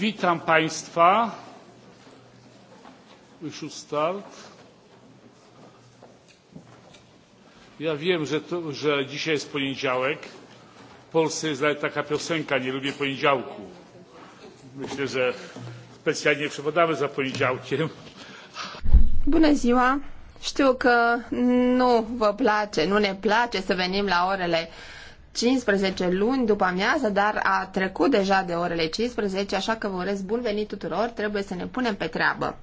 Witam Państwa. We should start. Ja wiem, że, to, że dzisiaj jest poniedziałek. W Polsce jest nawet taka piosenka, nie lubię poniedziałku. Myślę, że specjalnie przepadamy za poniedziałkiem. Bună ziua! Știu că nu vă place, nu ne place să venim la orele 15 luni după amiază, dar a trecut deja de orele 15, așa că vă urez bun venit tuturor, trebuie să ne punem pe treabă.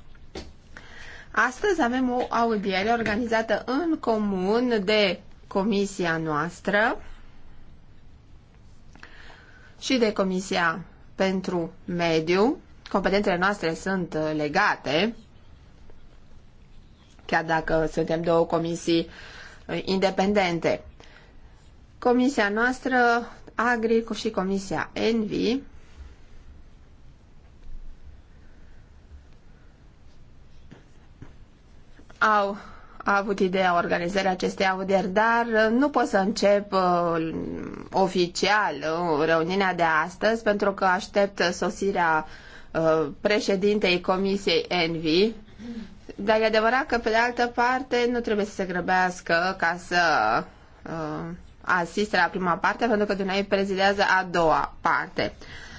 Astăzi avem o audiere organizată în comun de comisia noastră și de comisia pentru mediu. Competențele noastre sunt legate, chiar dacă suntem două comisii uh, independente. Comisia noastră, Agri și Comisia Envi, au a avut ideea organizării acestei audieri, dar nu pot să încep uh, oficial uh, reuniunea de astăzi pentru că aștept sosirea uh, președintei Comisiei Envi. Dar e adevărat că, pe de altă parte, nu trebuie să se grăbească ca să uh, asiste la prima parte, pentru că dumneavoastră prezidează a doua parte.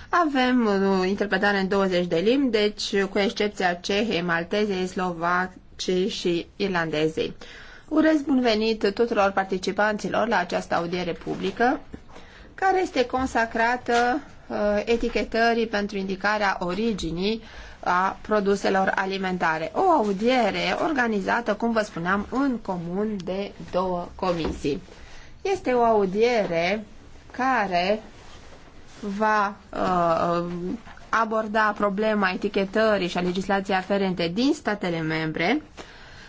Avem interpretare în 20 de limbi, deci cu excepția cehei, maltezei, slovacii și irlandezei. Urez bun venit tuturor participanților la această audiere publică, care este consacrată uh, etichetării pentru indicarea originii a produselor alimentare. O audiere organizată, cum vă spuneam, în comun de două comisii. Este o audiere care va uh, aborda problema etichetării și a legislației aferente din statele membre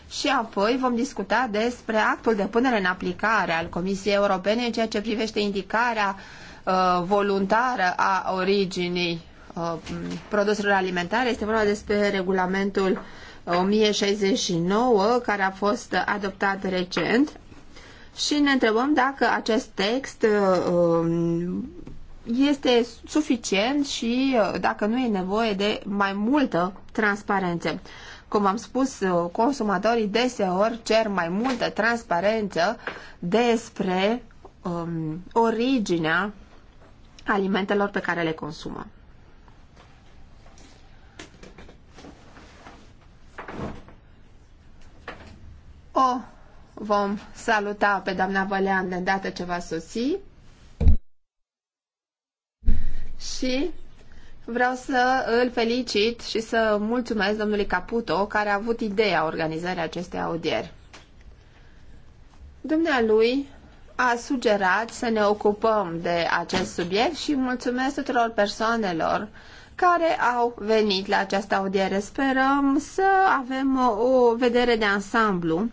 și apoi vom discuta despre actul de punere în aplicare al Comisiei Europene în ceea ce privește indicarea uh, voluntară a originii uh, produselor alimentare. Este vorba despre regulamentul 1069 uh, care a fost adoptat recent și ne întrebăm dacă acest text um, este suficient și uh, dacă nu e nevoie de mai multă transparență. Cum am spus, uh, consumatorii deseori cer mai multă transparență despre um, originea alimentelor pe care le consumă. O vom saluta pe doamna Vălean de îndată ce va sosi. Și vreau să îl felicit și să mulțumesc domnului Caputo, care a avut ideea organizării acestei audieri. Dumnealui a sugerat să ne ocupăm de acest subiect și mulțumesc tuturor persoanelor care au venit la această audiere. Sperăm să avem o vedere de ansamblu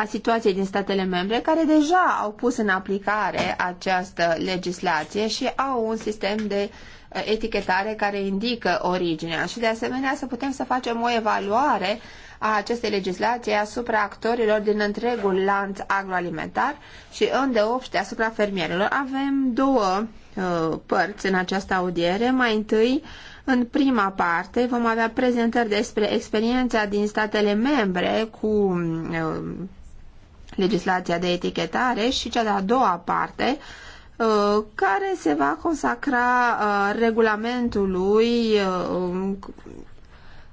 a situației din statele membre care deja au pus în aplicare această legislație și au un sistem de uh, etichetare care indică originea și de asemenea să putem să facem o evaluare a acestei legislații asupra actorilor din întregul lanț agroalimentar și îndeopște asupra fermierilor. Avem două uh, părți în această audiere. Mai întâi, în prima parte, vom avea prezentări despre experiența din statele membre cu uh, legislația de etichetare și cea de-a doua parte uh, care se va consacra uh, regulamentului uh,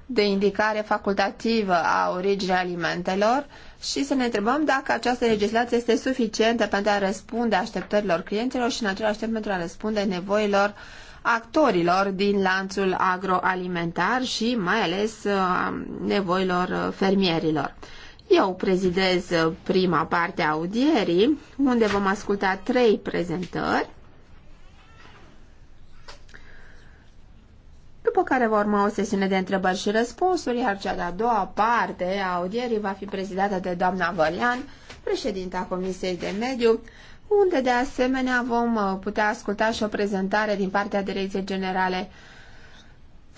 de indicare facultativă a originii alimentelor și să ne întrebăm dacă această legislație este suficientă pentru a răspunde așteptărilor clienților și în același timp pentru a răspunde nevoilor actorilor din lanțul agroalimentar și mai ales nevoilor fermierilor. Eu prezidez uh, prima parte a audierii, unde vom asculta trei prezentări, după care va urma o sesiune de întrebări și răspunsuri, iar cea de-a doua parte a audierii va fi prezidată de doamna Vălian, președinta Comisiei de Mediu, unde de asemenea vom uh, putea asculta și o prezentare din partea Direcției Generale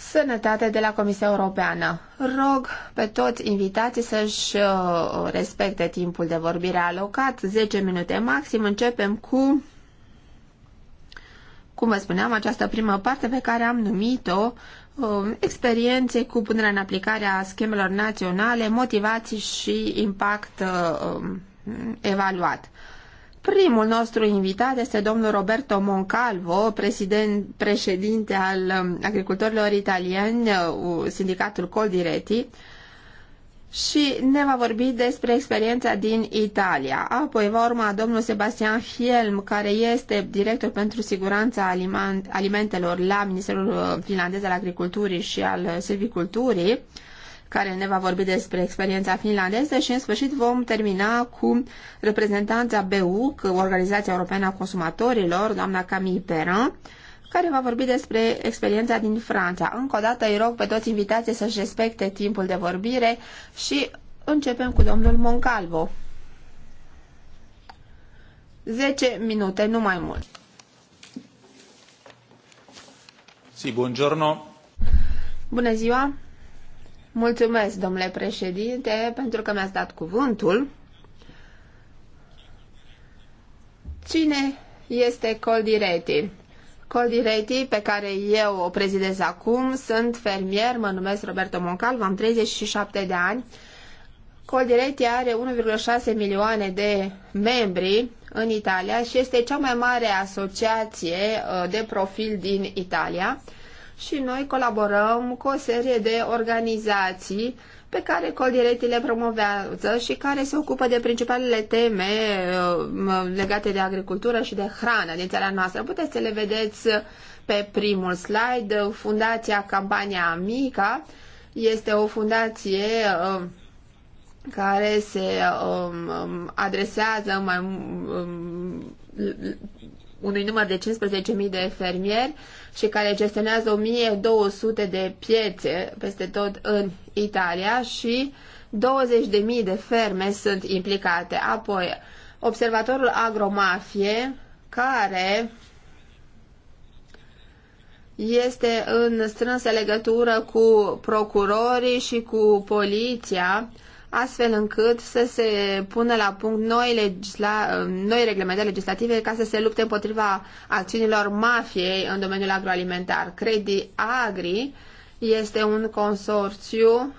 Sănătate de la Comisia Europeană. Rog pe toți invitații să-și uh, respecte timpul de vorbire alocat, 10 minute maxim. Începem cu, cum vă spuneam, această primă parte pe care am numit-o uh, experiențe cu punerea în aplicare a schemelor naționale, motivații și impact uh, um, evaluat. Primul nostru invitat este domnul Roberto Moncalvo, președinte al um, agricultorilor italieni, uh, sindicatul Coldiretti, și ne va vorbi despre experiența din Italia. Apoi va urma domnul Sebastian Hielm, care este director pentru siguranța alimentelor la Ministerul uh, Finlandez al Agriculturii și al uh, Silviculturii, care ne va vorbi despre experiența finlandeză și în sfârșit vom termina cu reprezentanța BEUC, Organizația Europeană a Consumatorilor, doamna Camille Perrin, care va vorbi despre experiența din Franța. Încă o dată îi rog pe toți invitații să-și respecte timpul de vorbire și începem cu domnul Moncalvo. 10 minute, nu mai mult. Si, buongiorno. Bună ziua. Mulțumesc, domnule președinte, pentru că mi-ați dat cuvântul. Cine este Coldireti? Coldireti, pe care eu o prezidez acum, sunt fermier, mă numesc Roberto Moncal, am 37 de ani. Coldireti are 1,6 milioane de membri în Italia și este cea mai mare asociație uh, de profil din Italia și noi colaborăm cu o serie de organizații pe care Coldiretti le promovează și care se ocupă de principalele teme uh, legate de agricultură și de hrană din țara noastră. Puteți să le vedeți pe primul slide. Fundația Campania Amica este o fundație uh, care se uh, um, adresează mai um, unui număr de 15.000 de fermieri și care gestionează 1.200 de piețe peste tot în Italia și 20.000 de ferme sunt implicate. Apoi, observatorul agromafie, care este în strânsă legătură cu procurorii și cu poliția astfel încât să se pună la punct noi, legisla, noi reglementări legislative ca să se lupte împotriva acțiunilor mafiei în domeniul agroalimentar. Credi Agri este un consorțiu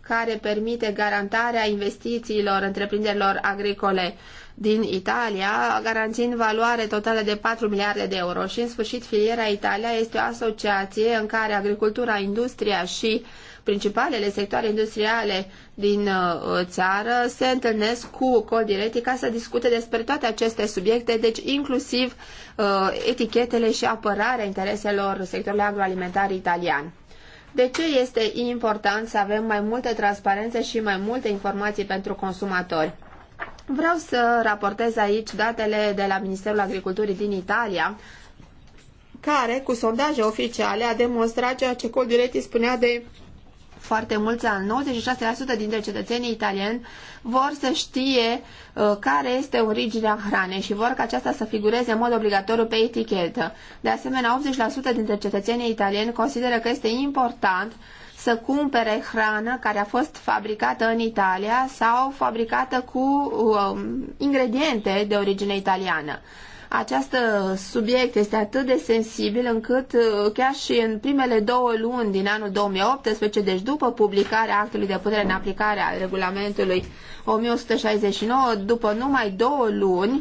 care permite garantarea investițiilor întreprinderilor agricole din Italia, garanțind valoare totală de 4 miliarde de euro. Și, în sfârșit, filiera Italia este o asociație în care agricultura, industria și principalele sectoare industriale din uh, țară se întâlnesc cu Coldiretti ca să discute despre toate aceste subiecte, deci inclusiv uh, etichetele și apărarea intereselor sectorului agroalimentar italian. De ce este important să avem mai multă transparență și mai multe informații pentru consumatori? Vreau să raportez aici datele de la Ministerul Agriculturii din Italia, care, cu sondaje oficiale, a demonstrat ceea ce Coldiretti spunea de foarte mulți ani, 96% dintre cetățenii italieni vor să știe uh, care este originea hranei și vor ca aceasta să figureze în mod obligatoriu pe etichetă. De asemenea, 80% dintre cetățenii italieni consideră că este important să cumpere hrană care a fost fabricată în Italia sau fabricată cu uh, ingrediente de origine italiană. Acest subiect este atât de sensibil încât uh, chiar și în primele două luni din anul 2018, deci după publicarea actului de putere în aplicare al regulamentului 1169, după numai două luni,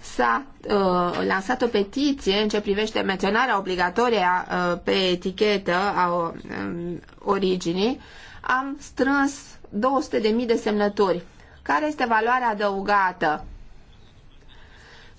s-a uh, lansat o petiție în ce privește menționarea obligatorie uh, pe etichetă a uh, originii, am strâns 200.000 de semnături. Care este valoarea adăugată?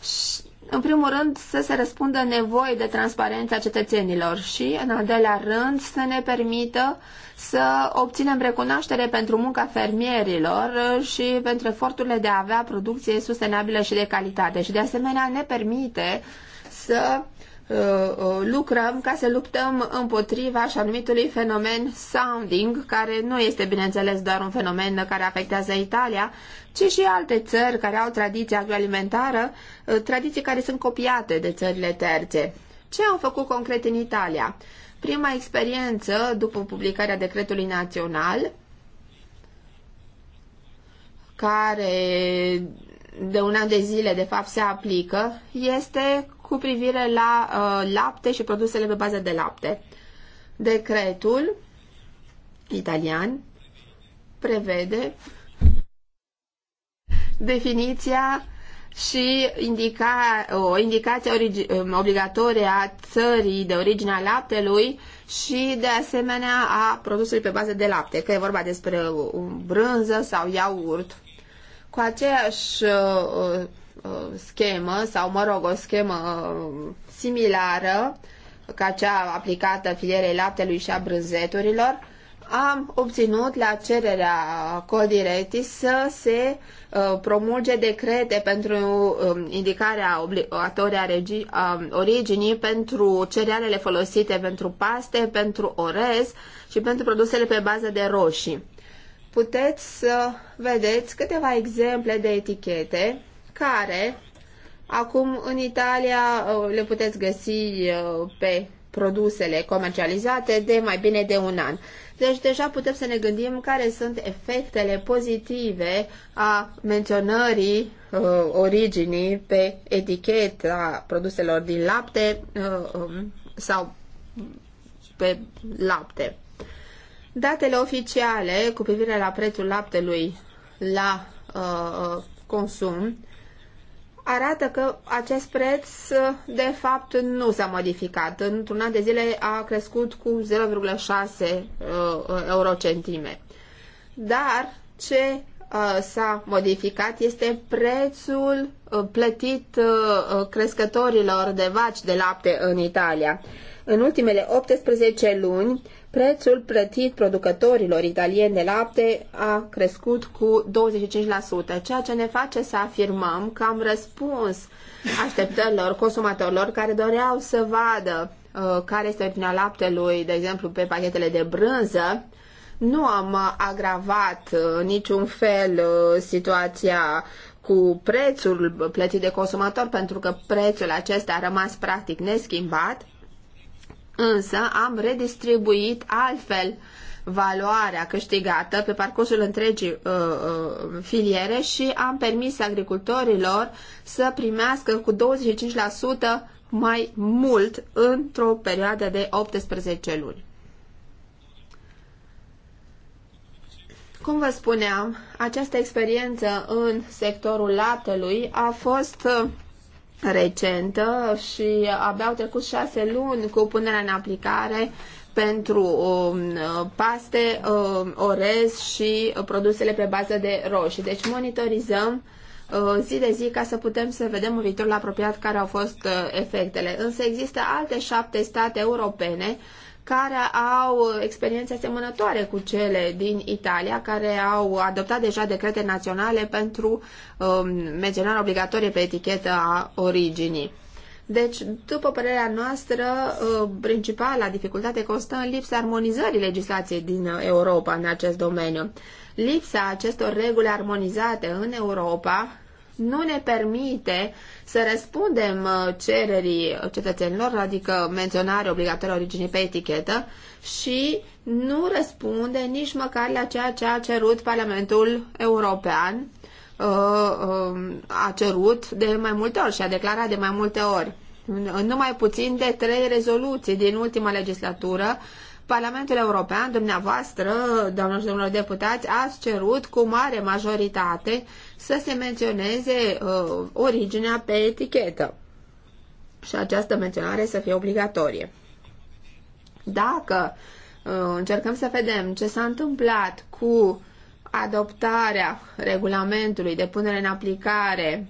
Și în primul rând, să se răspundă nevoii de transparență a cetățenilor și, în al doilea rând, să ne permită să obținem recunoaștere pentru munca fermierilor și pentru eforturile de a avea producție sustenabilă și de calitate. Și, de asemenea, ne permite să uh, Uh, uh, lucrăm ca să luptăm împotriva așa numitului fenomen sounding, care nu este, bineînțeles, doar un fenomen care afectează Italia, ci și alte țări care au tradiție agroalimentară, uh, tradiții care sunt copiate de țările terțe. Ce am făcut concret în Italia? Prima experiență după publicarea decretului național, care de un an de zile, de fapt, se aplică, este cu privire la uh, lapte și produsele pe bază de lapte. Decretul italian prevede definiția și indica, o indicație origi, um, obligatorie a țării de origine a laptelui și de asemenea a produsului pe bază de lapte, că e vorba despre uh, brânză sau iaurt. Cu aceeași uh, Uh, schemă sau, mă rog, o schemă uh, similară ca cea aplicată filierei laptelui și a brânzeturilor, am obținut la cererea Codirecti să se uh, promulge decrete pentru um, indicarea obligatorie a um, originii pentru cerealele folosite pentru paste, pentru orez și pentru produsele pe bază de roșii. Puteți să vedeți câteva exemple de etichete care acum în Italia uh, le puteți găsi uh, pe produsele comercializate de mai bine de un an. Deci deja putem să ne gândim care sunt efectele pozitive a menționării uh, originii pe eticheta produselor din lapte uh, um, sau pe lapte. Datele oficiale cu privire la prețul laptelui la uh, uh consum arată că acest preț de fapt nu s-a modificat. Într-un an de zile a crescut cu 0,6 uh, eurocentime. Dar ce uh, s-a modificat este prețul uh, plătit crescătorilor de vaci de lapte în Italia. În ultimele 18 luni, Prețul plătit producătorilor italieni de lapte a crescut cu 25%, ceea ce ne face să afirmăm că am răspuns așteptărilor consumatorilor care doreau să vadă uh, care este originea laptelui, de exemplu, pe pachetele de brânză. Nu am agravat uh, niciun fel uh, situația cu prețul plătit de consumator, pentru că prețul acesta a rămas practic neschimbat Însă am redistribuit altfel valoarea câștigată pe parcursul întregii uh, uh, filiere și am permis agricultorilor să primească cu 25% mai mult într-o perioadă de 18 luni. Cum vă spuneam, această experiență în sectorul latelui a fost uh, recentă și abia au trecut șase luni cu punerea în aplicare pentru um, paste, um, orez și produsele pe bază de roșii. Deci monitorizăm uh, zi de zi ca să putem să vedem în viitorul apropiat care au fost uh, efectele. Însă există alte șapte state europene care au experiențe asemănătoare cu cele din Italia, care au adoptat deja decrete naționale pentru um, menționarea obligatorie pe etichetă a originii. Deci, după părerea noastră, uh, principala dificultate constă în lipsa armonizării legislației din Europa în acest domeniu. Lipsa acestor reguli armonizate în Europa nu ne permite să răspundem uh, cererii cetățenilor, adică menționarea obligatorie a originii pe etichetă și nu răspunde nici măcar la ceea ce a cerut Parlamentul European, uh, um, a cerut de mai multe ori și a declarat de mai multe ori. În numai puțin de trei rezoluții din ultima legislatură, Parlamentul European, dumneavoastră, doamnelor și domnilor deputați, ați cerut cu mare majoritate să se menționeze uh, originea pe etichetă și această menționare să fie obligatorie. Dacă uh, încercăm să vedem ce s-a întâmplat cu adoptarea regulamentului de punere în aplicare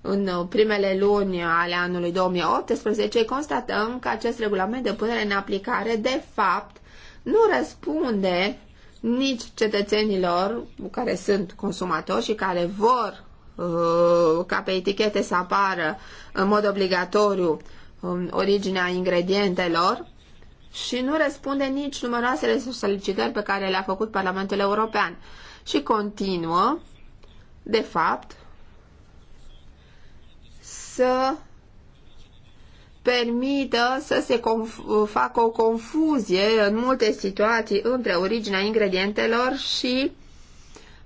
în primele luni ale anului 2018, constatăm că acest regulament de punere în aplicare, de fapt, nu răspunde nici cetățenilor care sunt consumatori și care vor uh, ca pe etichete să apară în mod obligatoriu um, originea ingredientelor și nu răspunde nici numeroasele solicitări pe care le-a făcut Parlamentul European și continuă, de fapt, să permită să se facă o confuzie în multe situații între originea ingredientelor și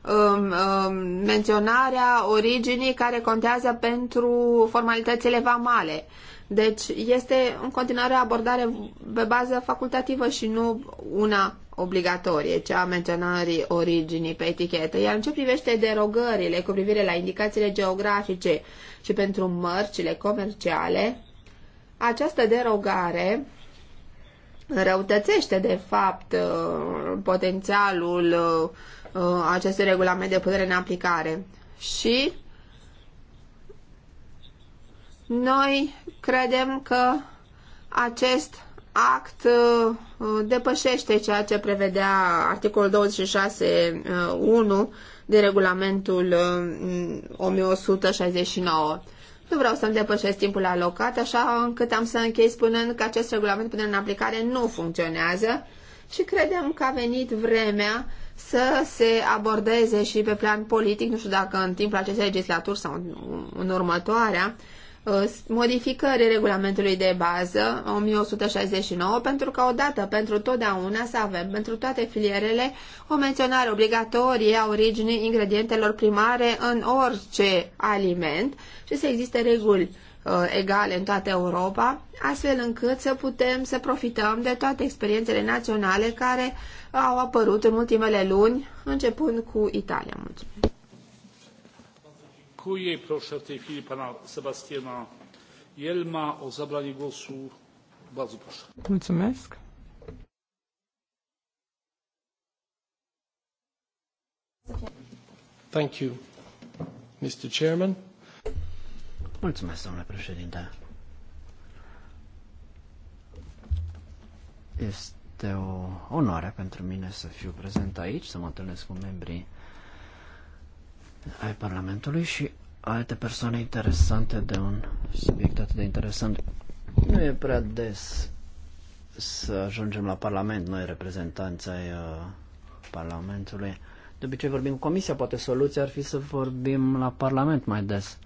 um, um, menționarea originii care contează pentru formalitățile vamale. Deci este în continuare o abordare pe bază facultativă și nu una obligatorie, cea a menționării originii pe etichetă. Iar în ce privește derogările cu privire la indicațiile geografice și pentru mărcile comerciale, această derogare răutățește, de fapt, uh, potențialul uh, uh, acestui regulament de putere în aplicare. Și noi credem că acest act depășește ceea ce prevedea articolul 26.1 de regulamentul 1169. Mm, nu vreau să-mi depășesc timpul alocat, așa încât am să închei spunând că acest regulament până în aplicare nu funcționează și credem că a venit vremea să se abordeze și pe plan politic, nu știu dacă în timpul acestei legislaturi sau în următoarea, Uh, modificării regulamentului de bază 1169 pentru că odată pentru totdeauna să avem pentru toate filierele o menționare obligatorie a originii ingredientelor primare în orice aliment și să existe reguli uh, egale în toată Europa, astfel încât să putem să profităm de toate experiențele naționale care au apărut în ultimele luni, începând cu Italia. Mulțumesc! Dziękuję. Proszę w tej chwili pana Sebastiana Jelma o zabranie głosu. Bardzo proszę. Mulțumesc. Thank you, Mr. Chairman. Mulțumesc, domnule președinte. Este o onoare pentru mine să fiu prezent aici, să mă întâlnesc cu membrii ai Parlamentului și alte persoane interesante de un subiect atât de interesant. Nu e prea des să ajungem la Parlament, noi reprezentanți ai uh, Parlamentului. De obicei vorbim cu Comisia, poate soluția ar fi să vorbim la Parlament mai des.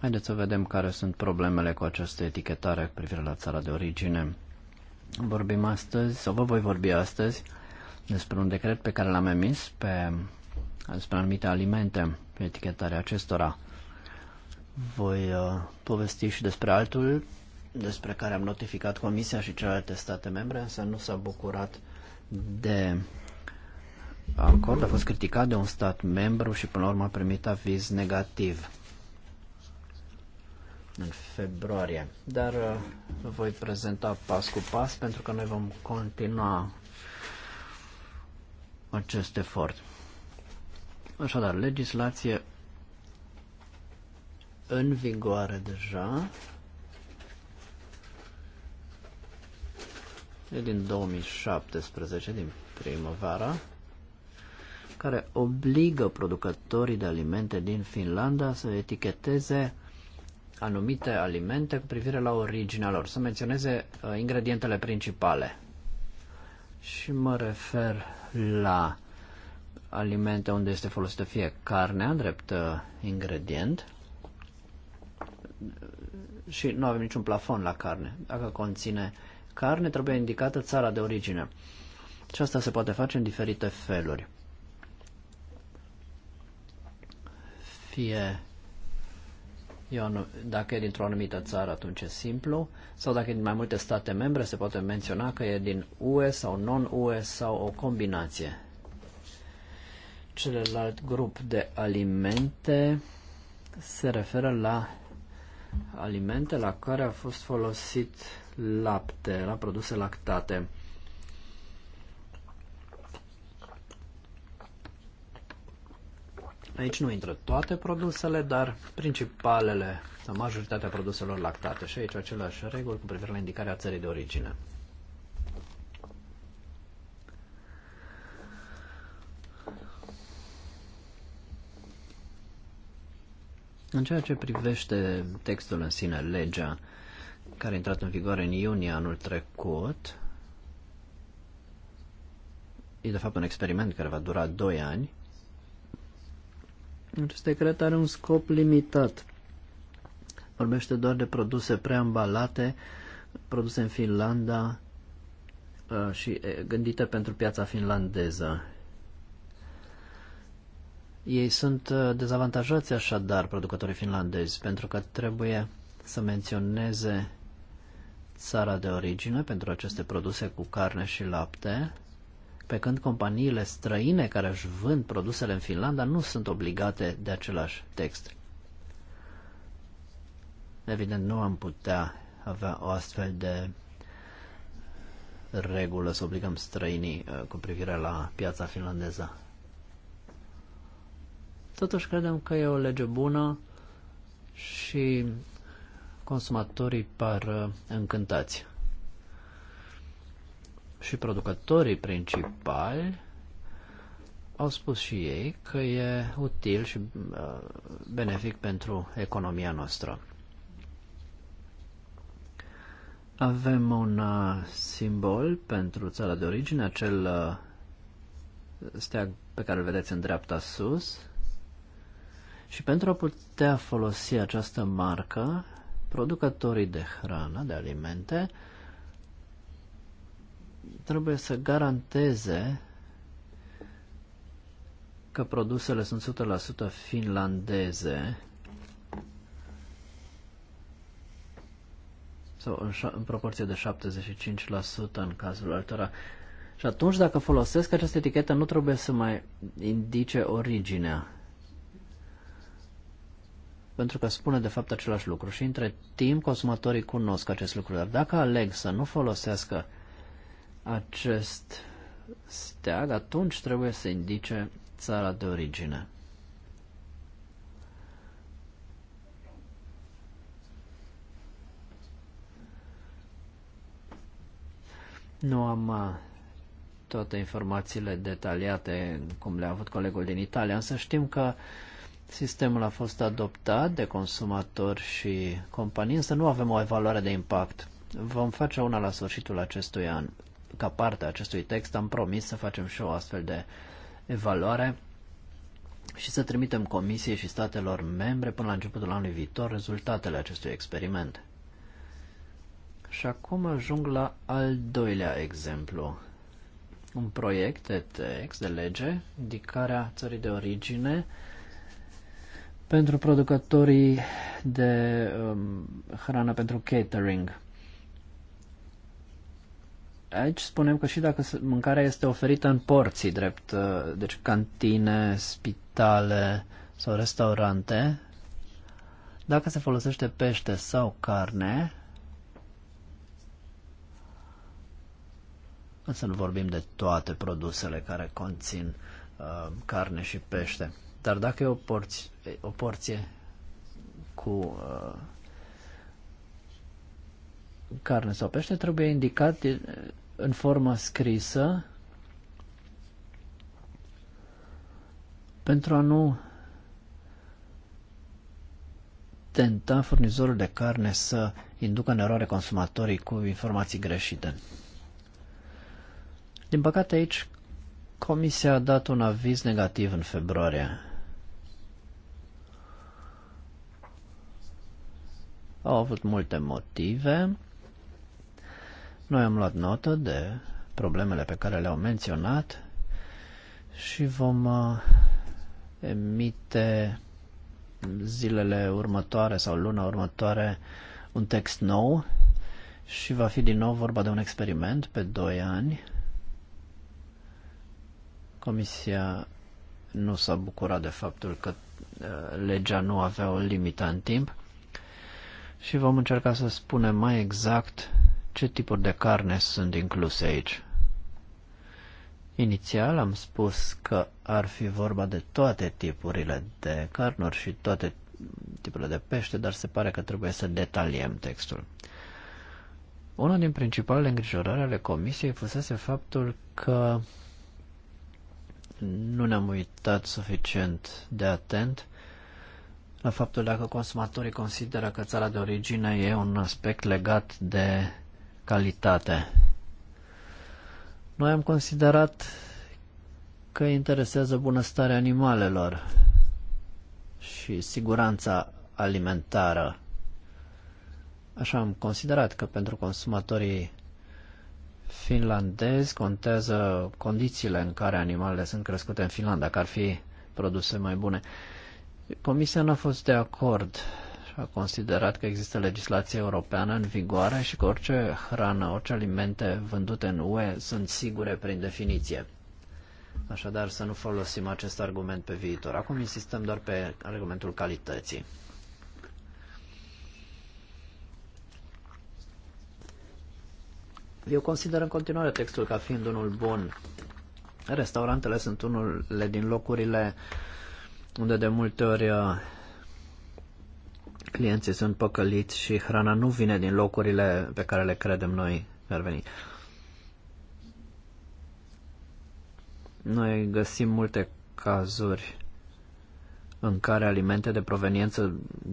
Haideți să vedem care sunt problemele cu această etichetare cu privire la țara de origine. Vorbim astăzi, sau vă voi vorbi astăzi, despre un decret pe care l-am emis pe, despre anumite alimente, pe etichetarea acestora. Voi uh, povesti și despre altul, despre care am notificat Comisia și celelalte state membre, însă nu s-a bucurat de acord, a fost criticat de un stat membru și până la urmă a primit aviz negativ în februarie. Dar uh, voi prezenta pas cu pas pentru că noi vom continua acest efort. Așadar, legislație în vigoare deja e din 2017, din primăvara, care obligă producătorii de alimente din Finlanda să eticheteze anumite alimente cu privire la originea lor, să menționeze uh, ingredientele principale și mă refer la alimente unde este folosită fie carnea drept uh, ingredient și nu avem niciun plafon la carne. Dacă conține carne, trebuie indicată țara de origine. Și asta se poate face în diferite feluri. Fie E dacă e dintr-o anumită țară, atunci e simplu, sau dacă e din mai multe state membre, se poate menționa că e din UE sau non-UE sau o combinație. Celălalt grup de alimente se referă la alimente la care a fost folosit lapte, la produse lactate. Aici nu intră toate produsele, dar principalele sau majoritatea produselor lactate și aici aceleași reguli cu privire la indicarea țării de origine. În ceea ce privește textul în sine, legea care a intrat în vigoare în iunie anul trecut, e de fapt un experiment care va dura 2 ani, acest decret are un scop limitat. Vorbește doar de produse preambalate, produse în Finlanda uh, și gândite pentru piața finlandeză. Ei sunt uh, dezavantajați așadar, producătorii finlandezi, pentru că trebuie să menționeze țara de origine pentru aceste produse cu carne și lapte pe când companiile străine care își vând produsele în Finlanda nu sunt obligate de același text. Evident, nu am putea avea o astfel de regulă să obligăm străinii uh, cu privire la piața finlandeză. Totuși credem că e o lege bună și consumatorii par uh, încântați și producătorii principali au spus și ei că e util și uh, benefic pentru economia noastră. Avem un uh, simbol pentru țara de origine, acel uh, steag pe care îl vedeți în dreapta sus. Și pentru a putea folosi această marcă, producătorii de hrană, de alimente, trebuie să garanteze că produsele sunt 100% finlandeze sau în, în proporție de 75% în cazul altora. Și atunci, dacă folosesc această etichetă, nu trebuie să mai indice originea. Pentru că spune de fapt același lucru și între timp consumatorii cunosc acest lucru. Dar dacă aleg să nu folosească acest steag, atunci trebuie să indice țara de origine. Nu am uh, toate informațiile detaliate cum le-a avut colegul din Italia, însă știm că sistemul a fost adoptat de consumatori și companii, însă nu avem o evaluare de impact. Vom face una la sfârșitul acestui an ca parte a acestui text am promis să facem și o astfel de evaluare și să trimitem Comisiei și statelor membre până la începutul anului viitor rezultatele acestui experiment. Și acum ajung la al doilea exemplu. Un proiect de text de lege, indicarea țării de origine pentru producătorii de um, hrană pentru catering. Aici spunem că și dacă mâncarea este oferită în porții, drept, uh, deci cantine, spitale sau restaurante, dacă se folosește pește sau carne, să nu vorbim de toate produsele care conțin uh, carne și pește, dar dacă e o, porți, o porție cu uh, carne sau pește, trebuie indicat în forma scrisă pentru a nu tenta furnizorul de carne să inducă în eroare consumatorii cu informații greșite. Din păcate aici, Comisia a dat un aviz negativ în februarie. Au avut multe motive. Noi am luat notă de problemele pe care le-au menționat și vom uh, emite zilele următoare sau luna următoare un text nou și va fi din nou vorba de un experiment pe 2 ani. Comisia nu s-a bucurat de faptul că uh, legea nu avea o limită în timp și vom încerca să spunem mai exact ce tipuri de carne sunt incluse aici. Inițial am spus că ar fi vorba de toate tipurile de carnuri și toate tipurile de pește, dar se pare că trebuie să detaliem textul. Una din principalele îngrijorări ale comisiei fusese faptul că nu ne-am uitat suficient de atent la faptul dacă consumatorii consideră că țara de origine e un aspect legat de calitate. Noi am considerat că interesează bunăstarea animalelor și siguranța alimentară. Așa am considerat că pentru consumatorii finlandezi contează condițiile în care animalele sunt crescute în Finlanda, dacă ar fi produse mai bune. Comisia n-a fost de acord a considerat că există legislație europeană în vigoare și că orice hrană, orice alimente vândute în UE sunt sigure prin definiție. Așadar, să nu folosim acest argument pe viitor. Acum insistăm doar pe argumentul calității. Eu consider în continuare textul ca fiind unul bun. Restaurantele sunt unul din locurile unde de multe ori uh, clienții sunt păcăliți și hrana nu vine din locurile pe care le credem noi că ar veni. Noi găsim multe cazuri în care alimente de proveniență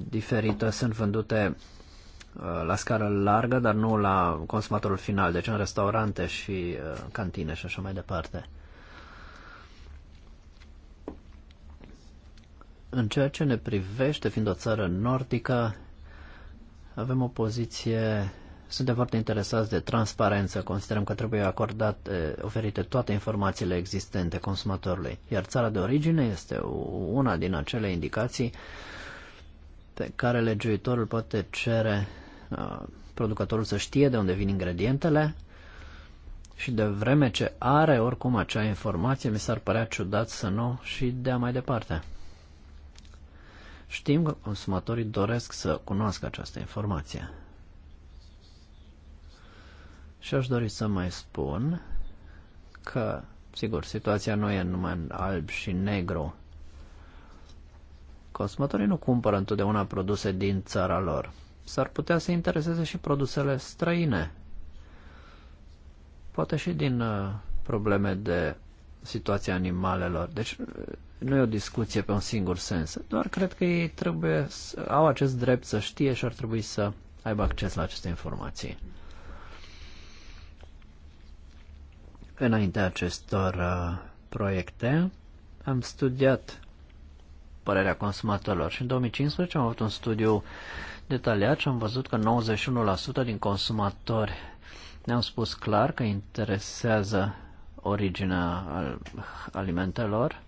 diferită sunt vândute uh, la scară largă, dar nu la consumatorul final, deci în restaurante și uh, cantine și așa mai departe. În ceea ce ne privește, fiind o țară nordică, avem o poziție, suntem foarte interesați de transparență, considerăm că trebuie acordat, oferite toate informațiile existente consumatorului, iar țara de origine este una din acele indicații pe care legiuitorul poate cere producătorul să știe de unde vin ingredientele și de vreme ce are oricum acea informație, mi s-ar părea ciudat să nu și dea mai departe. Știm că consumatorii doresc să cunoască această informație. Și aș dori să mai spun că, sigur, situația nu e numai în alb și negru. Consumatorii nu cumpără întotdeauna produse din țara lor. S-ar putea să intereseze și produsele străine. Poate și din uh, probleme de situația animalelor. Deci nu e o discuție pe un singur sens, doar cred că ei trebuie să, au acest drept să știe și ar trebui să aibă acces la aceste informații. Înaintea acestor uh, proiecte am studiat părerea consumatorilor și în 2015 am avut un studiu detaliat și am văzut că 91% din consumatori ne-au spus clar că interesează originea al alimentelor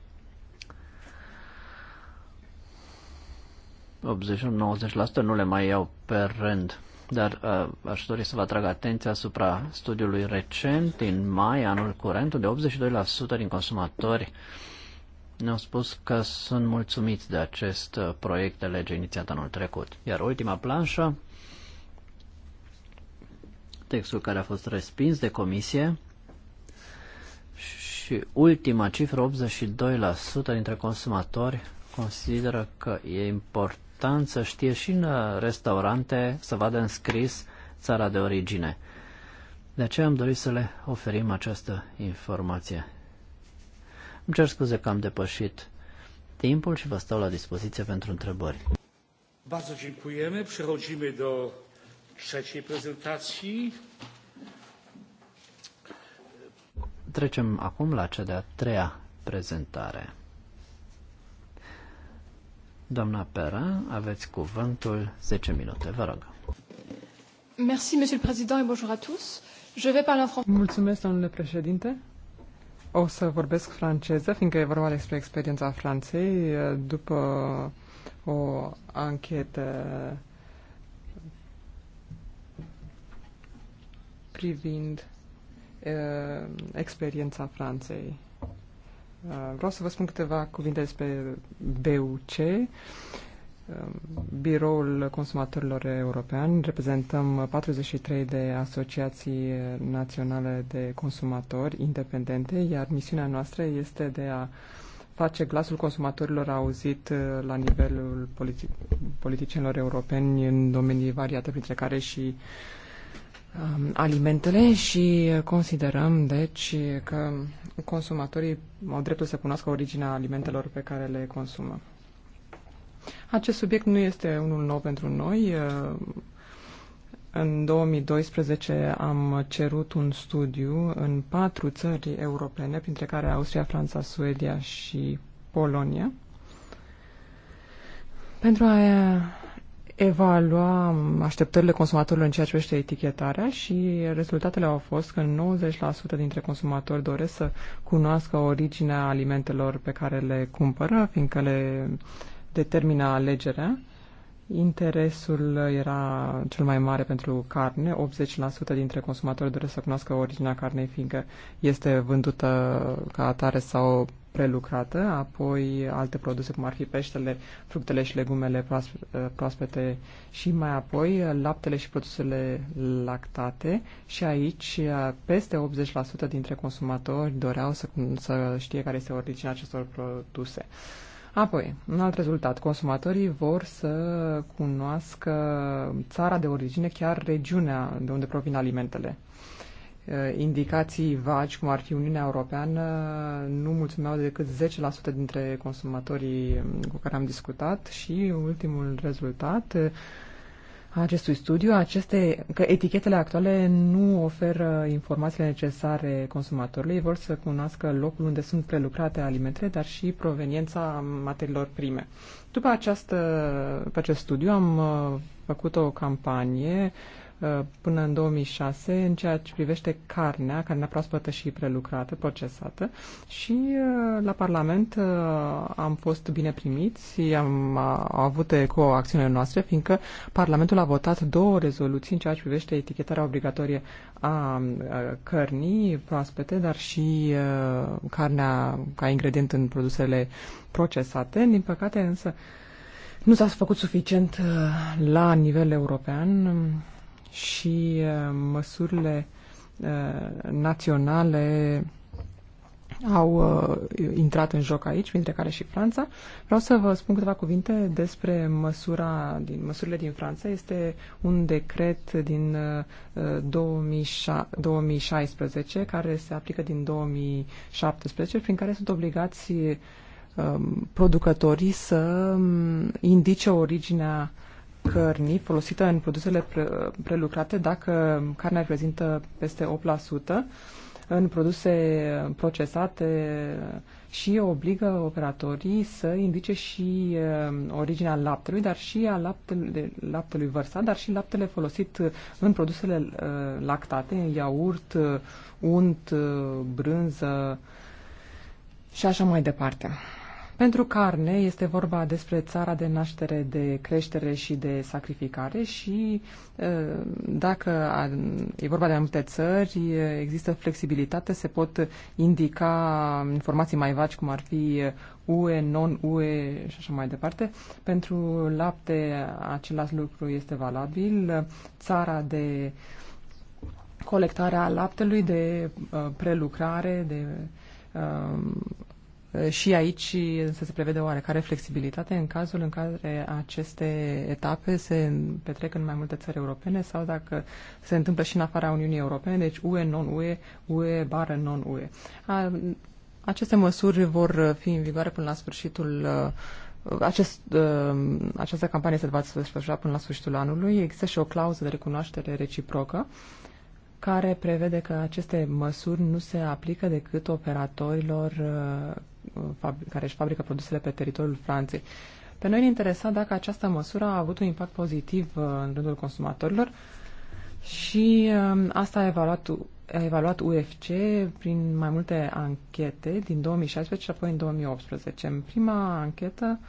80-90% nu le mai iau pe rând. Dar uh, aș dori să vă atrag atenția asupra studiului recent din mai anul curent, unde 82% din consumatori ne-au spus că sunt mulțumiți de acest uh, proiect de lege inițiat anul trecut. Iar ultima planșă, textul care a fost respins de comisie, și ultima cifră, 82% dintre consumatori consideră că e important important să știe și în uh, restaurante să vadă înscris țara de origine. De aceea am dorit să le oferim această informație. Îmi cer scuze că am depășit timpul și vă stau la dispoziție pentru întrebări. Bardzo dziękujemy. Przechodzimy do trzeciej prezentacji. Trecem acum la cea de-a treia prezentare. Doamna Pera, aveți cuvântul 10 minute, vă rog. Merci, monsieur le président, et bonjour à tous. Je vais parler en français. Mulțumesc, domnule președinte. O să vorbesc franceză, fiindcă e vorba despre experiența Franței după o anchetă privind uh, experiența Franței. Uh, vreau să vă spun câteva cuvinte despre BUC, um, Biroul Consumatorilor European. Reprezentăm 43 de asociații naționale de consumatori independente, iar misiunea noastră este de a face glasul consumatorilor auzit uh, la nivelul politicienilor europeni în domenii variate, printre care și uh, Um, alimentele și considerăm, deci, că consumatorii au dreptul să cunoască originea alimentelor pe care le consumă. Acest subiect nu este unul nou pentru noi. Uh, în 2012 am cerut un studiu în patru țări europene, printre care Austria, Franța, Suedia și Polonia, pentru a evalua așteptările consumatorilor în ceea ce privește etichetarea și rezultatele au fost că 90% dintre consumatori doresc să cunoască originea alimentelor pe care le cumpără, fiindcă le determină alegerea. Interesul era cel mai mare pentru carne. 80% dintre consumatori doresc să cunoască originea carnei, fiindcă este vândută ca atare sau prelucrată, apoi alte produse cum ar fi peștele, fructele și legumele eh, proaspete și mai apoi laptele și produsele lactate și aici eh, peste 80% dintre consumatori doreau să, să știe care este originea acestor produse. Apoi, un alt rezultat, consumatorii vor să cunoască țara de origine, chiar regiunea de unde provin alimentele. Eh, indicații vagi, cum ar fi Uniunea Europeană, nu mulțumeau decât 10% dintre consumatorii mm, cu care am discutat și ultimul rezultat a eh, acestui studiu, aceste, că etichetele actuale nu oferă informațiile necesare consumatorului, vor să cunoască locul unde sunt prelucrate alimentele, dar și proveniența materiilor prime. După această, pe acest studiu am eh, făcut o campanie uh, Uh, până în 2006 în ceea ce privește carnea, carnea proaspătă și prelucrată, procesată și uh, la Parlament uh, am fost bine primiți, am, am avut cu acțiunile noastre, fiindcă Parlamentul a votat două rezoluții în ceea ce privește etichetarea obligatorie a cărnii proaspete, dar și carnea ca ingredient în produsele procesate. Din păcate însă nu s-a făcut suficient la nivel european și uh, măsurile uh, naționale au uh, intrat în joc aici, printre care și Franța. Vreau să vă spun câteva cuvinte despre măsura din, măsurile din Franța. Este un decret din uh, 2006, 2016 care se aplică din 2017, prin care sunt obligați uh, producătorii să um, indice originea uh, cărnii folosită în produsele pre- prelucrate dacă carnea reprezintă peste 8% în produse procesate și obligă operatorii să indice și um, originea laptelui, dar și a laptele laptelui vărsat, dar și laptele folosit în produsele uh, lactate, iaurt, unt, brânză și așa mai departe. Pentru carne este vorba despre țara de naștere, de creștere și de sacrificare și uh, dacă e vorba de multe țări, există flexibilitate, se pot indica informații mai vagi, cum ar fi UE, non-UE și așa mai departe. Pentru lapte același lucru este valabil. Țara de colectare a laptelui, de uh, prelucrare, de uh, Eh, și aici însă se prevede oarecare flexibilitate în cazul în care aceste etape se petrec în mai multe țări europene sau dacă se întâmplă și în afara Uniunii Europene, deci UE, non-UE, UE, bară, non-UE. Aceste măsuri vor fi în vigoare până la sfârșitul eh, acest, eh, această campanie se va desfășura până la sfârșitul anului. Există și o clauză de recunoaștere reciprocă care prevede că aceste măsuri nu se aplică decât operatorilor care își fabrică produsele pe teritoriul Franței. Pe noi ne interesa dacă această măsură a avut un impact pozitiv uh, în rândul consumatorilor și um, asta a evaluat, a evaluat UFC prin mai multe anchete din 2016 și apoi în 2018. În prima anchetă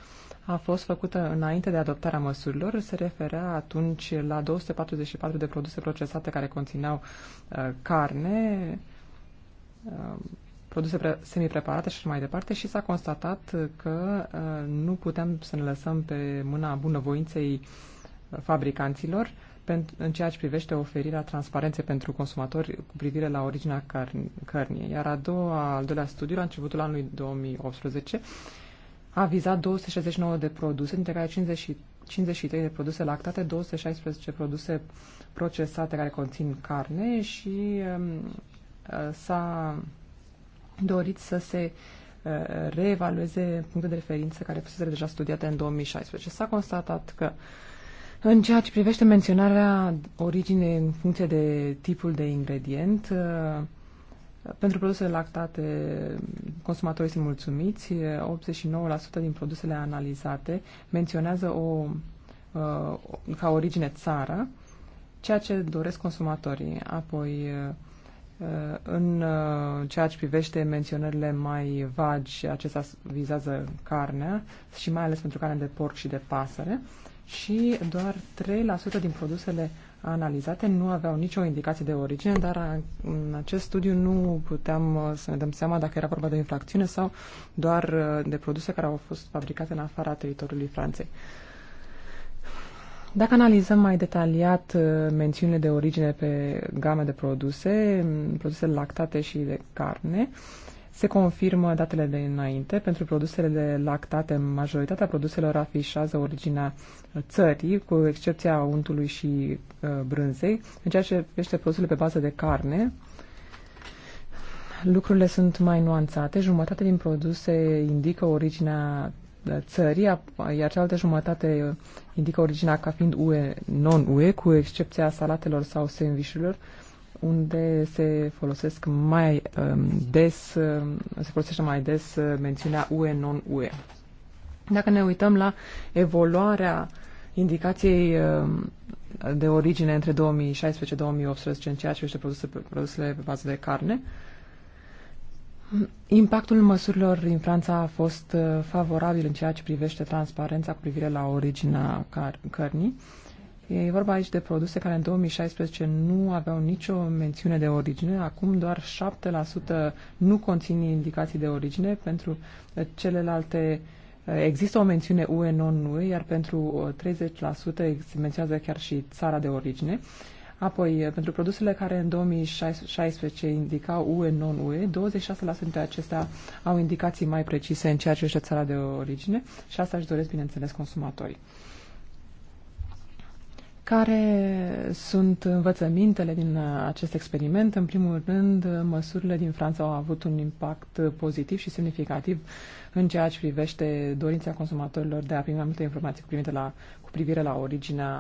a fost făcută înainte de adoptarea măsurilor, se referea atunci la 244 de produse procesate care conțineau uh, carne, uh, produse semi-preparate și mai departe și s-a constatat că uh, nu putem să ne lăsăm pe mâna bunăvoinței uh, fabricanților pentru în ceea ce privește oferirea transparenței pentru consumatori cu privire la originea cărnii. Iar a doua, al doilea studiu, la începutul anului 2018, a vizat 269 de produse, dintre care 50, 53 de produse lactate, 216 produse procesate care conțin carne și um, uh, s-a dorit să se uh, reevalueze puncte de referință care fusese deja studiate în 2016. S-a constatat că în ceea ce privește menționarea originei în funcție de tipul de ingredient, uh, pentru produsele lactate, consumatorii sunt mulțumiți. 89% uh, din produsele analizate menționează o, ca origine țară, ceea ce doresc consumatorii. Apoi, Uh, în uh, ceea ce privește menționările mai vagi, acesta vizează carnea și mai ales pentru carne de porc și de pasăre și doar 3% din produsele analizate nu aveau nicio indicație de origine, dar în acest studiu nu puteam uh, să ne dăm seama dacă era vorba de infracțiune sau doar de produse care au fost fabricate în afara teritoriului Franței. Dacă analizăm mai detaliat uh, mențiunile de origine pe game de produse, mm, produse lactate și de carne, se confirmă datele de înainte. Pentru produsele de lactate, majoritatea produselor afișează originea țării, cu excepția untului și uh, brânzei. În ceea ce este produsele pe bază de carne, lucrurile sunt mai nuanțate. Jumătate din produse indică originea țării, iar cealaltă jumătate uh, indică originea ca fiind UE, non-UE, cu excepția salatelor sau sandvișurilor, unde se folosesc mai um, des, um, se folosește mai des uh, mențiunea UE, non-UE. Dacă ne uităm la evoluarea indicației um, de origine între 2016-2018 în ceea ce privește produsele, produsele pe bază de carne, Impactul măsurilor în Franța a fost uh, favorabil în ceea ce privește transparența cu privire la originea car- cărnii. E vorba aici de produse care în 2016 nu aveau nicio mențiune de origine, acum doar 7% nu conțin indicații de origine, pentru uh, celelalte uh, există o mențiune UE non UE, iar pentru 30% menționează chiar și țara de origine. Uh, Apoi, eh, pentru produsele care în 2016 indicau UE, non-UE, 26% dintre acestea au indicații mai precise în ceea ce este țara de origine și asta își doresc, bineînțeles, consumatorii. Care sunt învățămintele din eh, acest experiment? În primul rând, eh, măsurile din Franța au avut un impact pozitiv și semnificativ în ceea ce privește dorința consumatorilor de a primi mai multe informații cu privire la cu privire la originea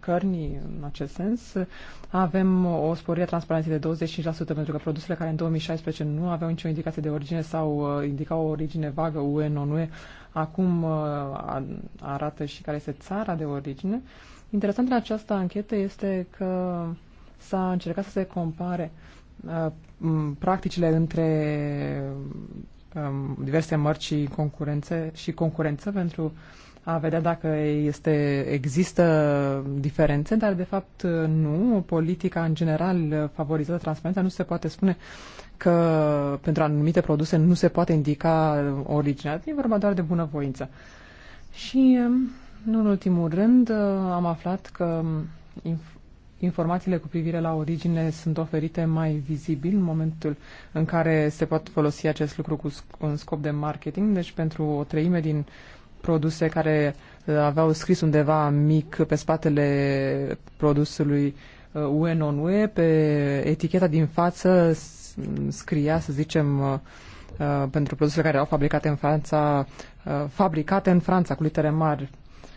cărnii în acest sens. Avem o sporire a transparenței de 25% pentru că produsele care în 2016 nu aveau nicio indicație de origine sau uh, indicau o origine vagă UE, non-UE, acum uh, arată și care este țara de origine. Interesant în această anchetă este că s-a încercat să se compare uh, practicile între um, diverse mărci și concurențe și concurență pentru uh, a vedea dacă este, există diferențe, dar de fapt nu. Politica în general favorizează transparența. Nu se poate spune că pentru anumite produse nu se poate indica originea. E vorba doar de bunăvoință. Și, nu în ultimul rând, am aflat că inf- informațiile cu privire la origine sunt oferite mai vizibil în momentul în care se pot folosi acest lucru cu, un scop de marketing. Deci, pentru o treime din uh, produse care uh, aveau scris undeva mic pe spatele produsului uh, UE non-UE, pe eticheta din față scria, să zicem, uh, pentru produsele care au fabricate în Franța, fabricate în Franța cu litere mari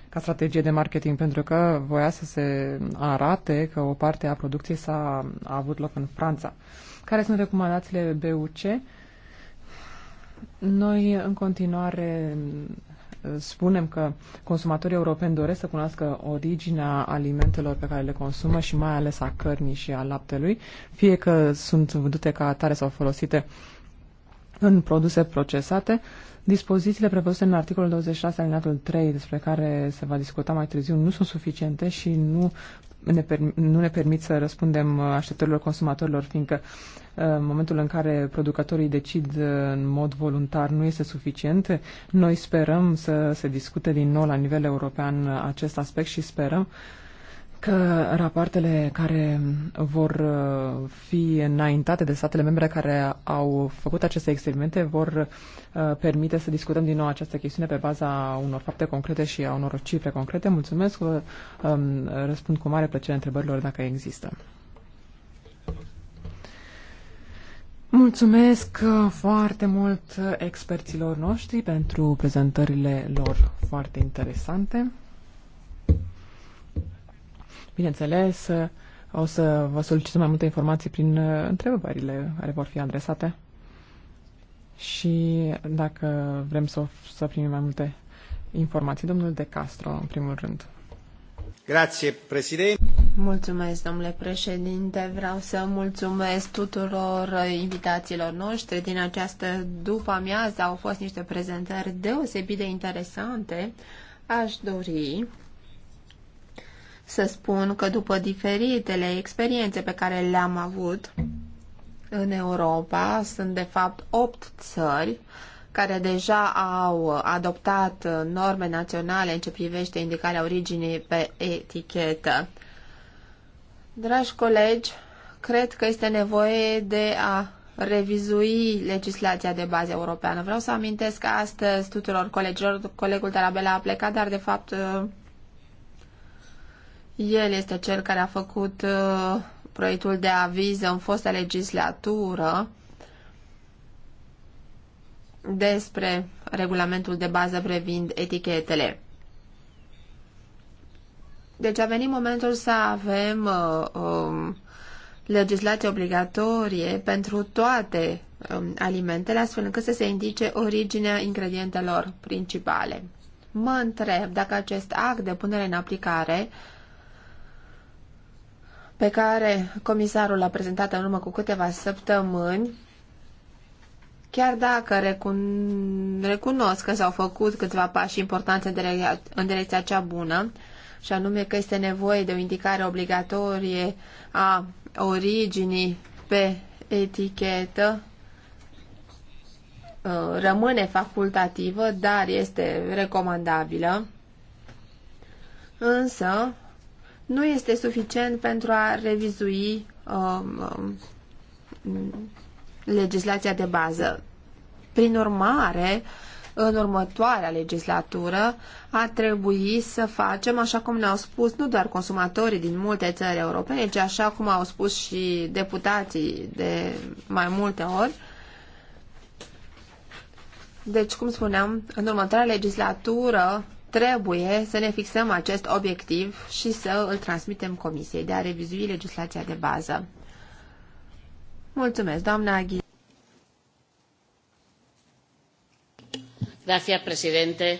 ca strategie de marketing, pentru că voia să se arate că o parte a producției s-a a avut loc în Franța. Care sunt recomandațiile BUC? Noi, în continuare, spunem că consumatorii europeni doresc să cunoască originea alimentelor pe care le consumă și mai ales a cărnii și a laptelui, fie că sunt vândute ca atare sau folosite în produse procesate, dispozițiile prevăzute în articolul 26 alineatul 3, despre care se va discuta mai târziu, nu sunt suficiente și nu ne nu ne permit să răspundem uh, așteptărilor consumatorilor, fiindcă uh, în momentul în care producătorii decid uh, în mod voluntar nu este suficient, noi sperăm să se discute din nou la nivel european acest aspect și sperăm uh, că rapoartele care vor uh, fi înaintate de statele membre care au făcut aceste experimente vor uh, permite să discutăm din nou această chestiune pe baza unor fapte concrete și a unor cifre concrete. Mulțumesc, vă um, răspund cu mare plăcere întrebărilor dacă există. Mulțumesc uh, foarte mult experților noștri pentru prezentările lor foarte interesante. Bineînțeles, o să vă solicităm mai multe informații prin uh, întrebările care vor fi adresate și dacă vrem să, să primim mai multe informații. Domnul De Castro, în primul rând. Grazie, președinte. Mulțumesc, domnule președinte. Vreau să mulțumesc tuturor invitațiilor noștri din această după amiază. Au fost niște prezentări deosebit de interesante. Aș dori să spun că după diferitele experiențe pe care le-am avut în Europa, sunt de fapt opt țări care deja au adoptat norme naționale în ce privește indicarea originii pe etichetă. Dragi colegi, cred că este nevoie de a revizui legislația de bază europeană. Vreau să amintesc astăzi tuturor colegilor, colegul Tarabela a plecat, dar de fapt el este cel care a făcut uh, proiectul de aviz în fosta legislatură despre regulamentul de bază privind etichetele. Deci a venit momentul să avem uh, um, legislație obligatorie pentru toate um, alimentele, astfel încât să se indice originea ingredientelor principale. Mă întreb dacă acest act de punere în aplicare uh, pe care comisarul l-a prezentat în urmă cu câteva săptămâni, chiar dacă recun- recunosc că s-au făcut câțiva pași importanți în, dire- în direcția cea bună, și anume că este nevoie de o indicare obligatorie a originii pe etichetă, uh, rămâne facultativă, dar este recomandabilă. Însă, nu este suficient pentru a revizui um, um, legislația de bază. Prin urmare, în următoarea legislatură a trebui să facem, așa cum ne-au spus nu doar consumatorii din multe țări europene, ci așa cum au spus și deputații de mai multe ori. Deci, cum spuneam, în următoarea legislatură Trebuie să ne fixăm acest obiectiv și să îl transmitem Comisiei de a revizui legislația de bază. Mulțumesc, doamna Aghi. Gracias, presidente.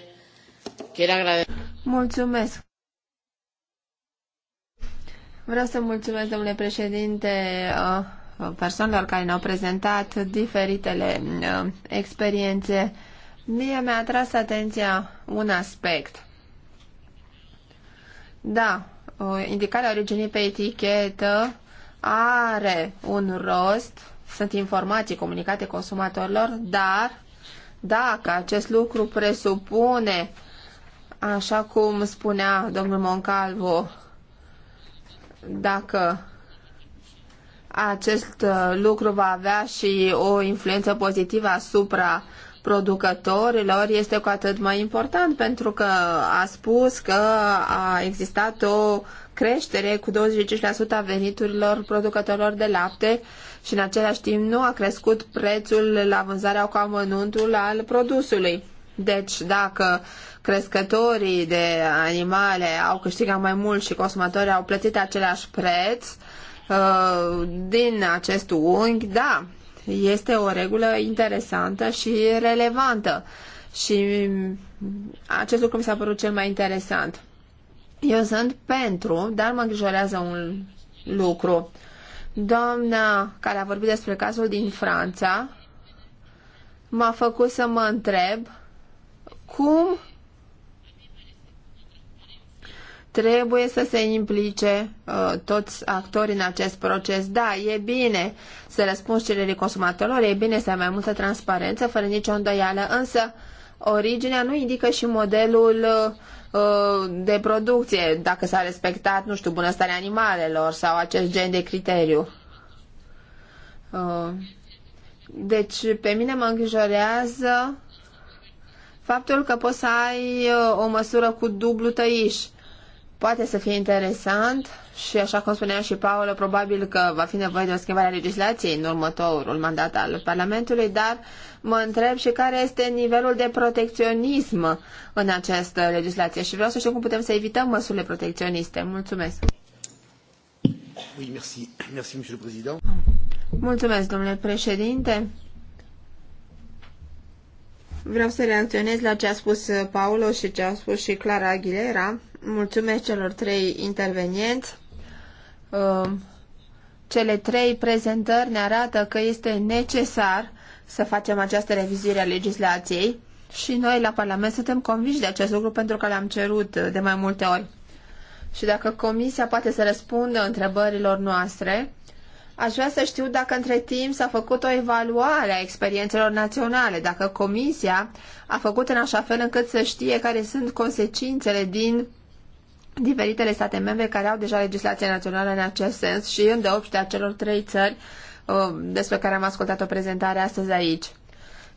Quiero agradecer. Mulțumesc. Vreau să mulțumesc, domnule președinte, uh, persoanelor care ne-au prezentat diferitele uh, experiențe Mie mi-a atras atenția un aspect. Da, indicarea originii pe etichetă are un rost, sunt informații comunicate consumatorilor, dar dacă acest lucru presupune, așa cum spunea domnul Moncalvo, dacă acest uh, lucru va avea și o influență pozitivă asupra producătorilor este cu atât mai important pentru că a spus că a existat o creștere cu 25% a veniturilor producătorilor de lapte și în același timp nu a crescut prețul la vânzarea cu amănuntul al produsului. Deci dacă crescătorii de animale au câștigat mai mult și consumatorii au plătit același preț, uh, din acest unghi, da, este o regulă interesantă și relevantă. Și acest lucru mi s-a părut cel mai interesant. Eu sunt pentru, dar mă îngrijorează un lucru. Doamna care a vorbit despre cazul din Franța m-a făcut să mă întreb cum trebuie să se implice uh, toți actorii în acest proces. Da, e bine să răspunzi cererii consumatorilor, e bine să ai mai multă transparență, fără nicio îndoială, însă originea nu indică și modelul uh, de producție, dacă s-a respectat, nu știu, bunăstarea animalelor sau acest gen de criteriu. Uh, deci, pe mine mă îngrijorează faptul că poți să ai uh, o măsură cu dublu tăiș poate să fie interesant și, așa cum spunea și Paolo, probabil că va fi nevoie de o schimbare a legislației în următorul mandat al Parlamentului, dar mă întreb și care este nivelul de protecționism în această legislație și vreau să știu cum putem să evităm măsurile protecționiste. Mulțumesc! Oui, merci. Merci, monsieur le président. Mulțumesc, domnule președinte. Vreau să reacționez la ce a spus Paolo și ce a spus și Clara Aguilera Mulțumesc celor trei intervenienți. Um, cele trei prezentări ne arată că este necesar să facem această revizuire a legislației și noi la Parlament suntem convinși de acest lucru pentru că l-am cerut de mai multe ori. Și dacă Comisia poate să răspundă întrebărilor noastre, aș vrea să știu dacă între timp s-a făcut o evaluare a experiențelor naționale, dacă Comisia a făcut în așa fel încât să știe care sunt consecințele din diferitele state membre care au deja legislație națională în acest sens și îndeopștea celor trei țări uh, despre care am ascultat o prezentare astăzi aici.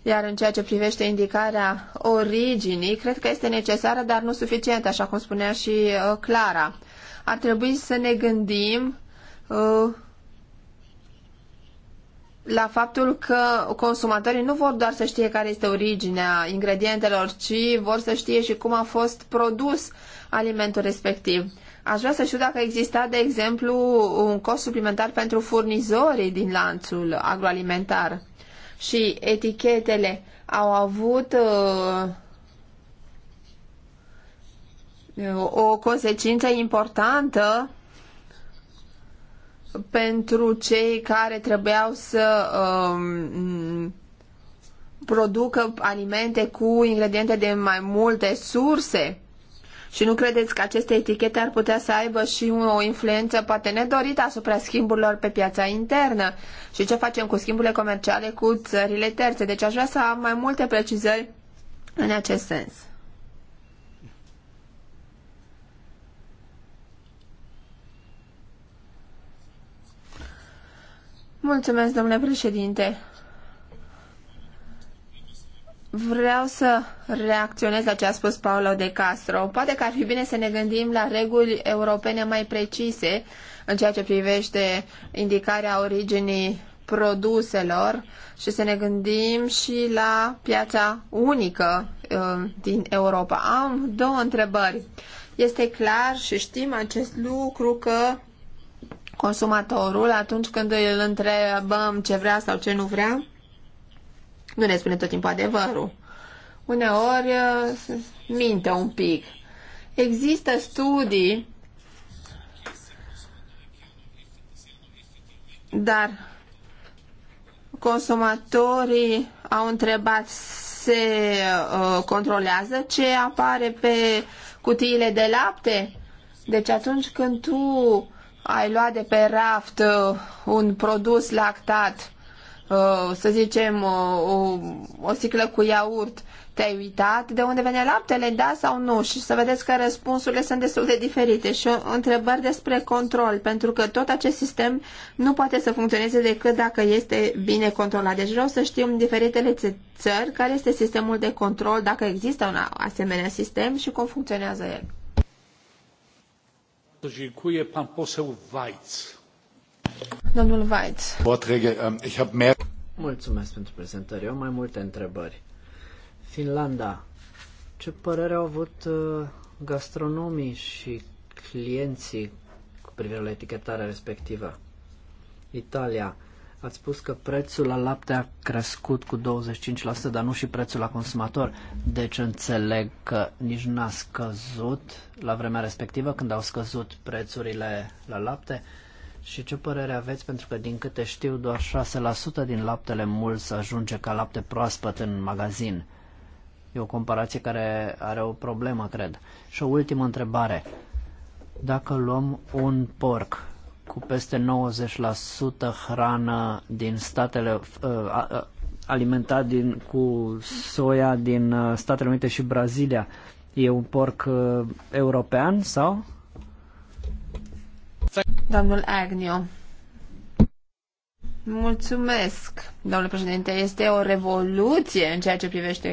Iar în ceea ce privește indicarea originii, cred că este necesară, dar nu suficientă, așa cum spunea și uh, Clara. Ar trebui să ne gândim uh, la faptul că consumatorii nu vor doar să știe care este originea ingredientelor, ci vor să știe și cum a fost produs alimentul respectiv. Aș vrea să știu dacă exista, de exemplu, un cost suplimentar pentru furnizorii din lanțul agroalimentar și etichetele au avut uh, o consecință importantă pentru cei care trebuiau să um, producă alimente cu ingrediente de mai multe surse? Și nu credeți că aceste etichete ar putea să aibă și o influență poate nedorită asupra schimburilor pe piața internă? Și ce facem cu schimburile comerciale cu țările terțe? Deci aș vrea să am mai multe precizări în acest sens. Mulțumesc, domnule președinte. Vreau să reacționez la ce a spus Paolo de Castro. Poate că ar fi bine să ne gândim la reguli europene mai precise în ceea ce privește indicarea originii produselor și să ne gândim și la piața unică uh, din Europa. Am două întrebări. Este clar și știm acest lucru că consumatorul atunci când îl întrebăm ce vrea sau ce nu vrea? Nu ne spune tot timpul adevărul. Uneori uh, minte un pic. Există studii, dar consumatorii au întrebat se uh, controlează ce apare pe cutiile de lapte. Deci atunci când tu ai lua de pe raft uh, un produs lactat, uh, să zicem uh, o, o sticlă cu iaurt, te-ai uitat de unde vine laptele, da sau nu? Și să vedeți că răspunsurile sunt destul de diferite și întrebări despre control, pentru că tot acest sistem nu poate să funcționeze decât dacă este bine controlat. Deci vreau să știm diferitele țări care este sistemul de control, dacă există un asemenea sistem și cum funcționează el. Ähm, Mulțumesc pentru prezentare. Eu am mai multe întrebări. Finlanda. Ce părere au avut uh, gastronomii și clienții cu privire la etichetarea respectivă? Italia. Ați spus că prețul la lapte a crescut cu 25%, dar nu și prețul la consumator. Deci înțeleg că nici n-a scăzut la vremea respectivă când au scăzut prețurile la lapte. Și ce părere aveți? Pentru că din câte știu, doar 6% din laptele mult ajunge ca lapte proaspăt în magazin. E o comparație care are o problemă, cred. Și o ultimă întrebare. Dacă luăm un porc cu peste 90% hrană din statele uh, alimentat din, cu soia din uh, Statele Unite și Brazilia. E un porc uh, european sau? Domnul Agnew, Mulțumesc, domnule președinte. Este o revoluție în ceea ce privește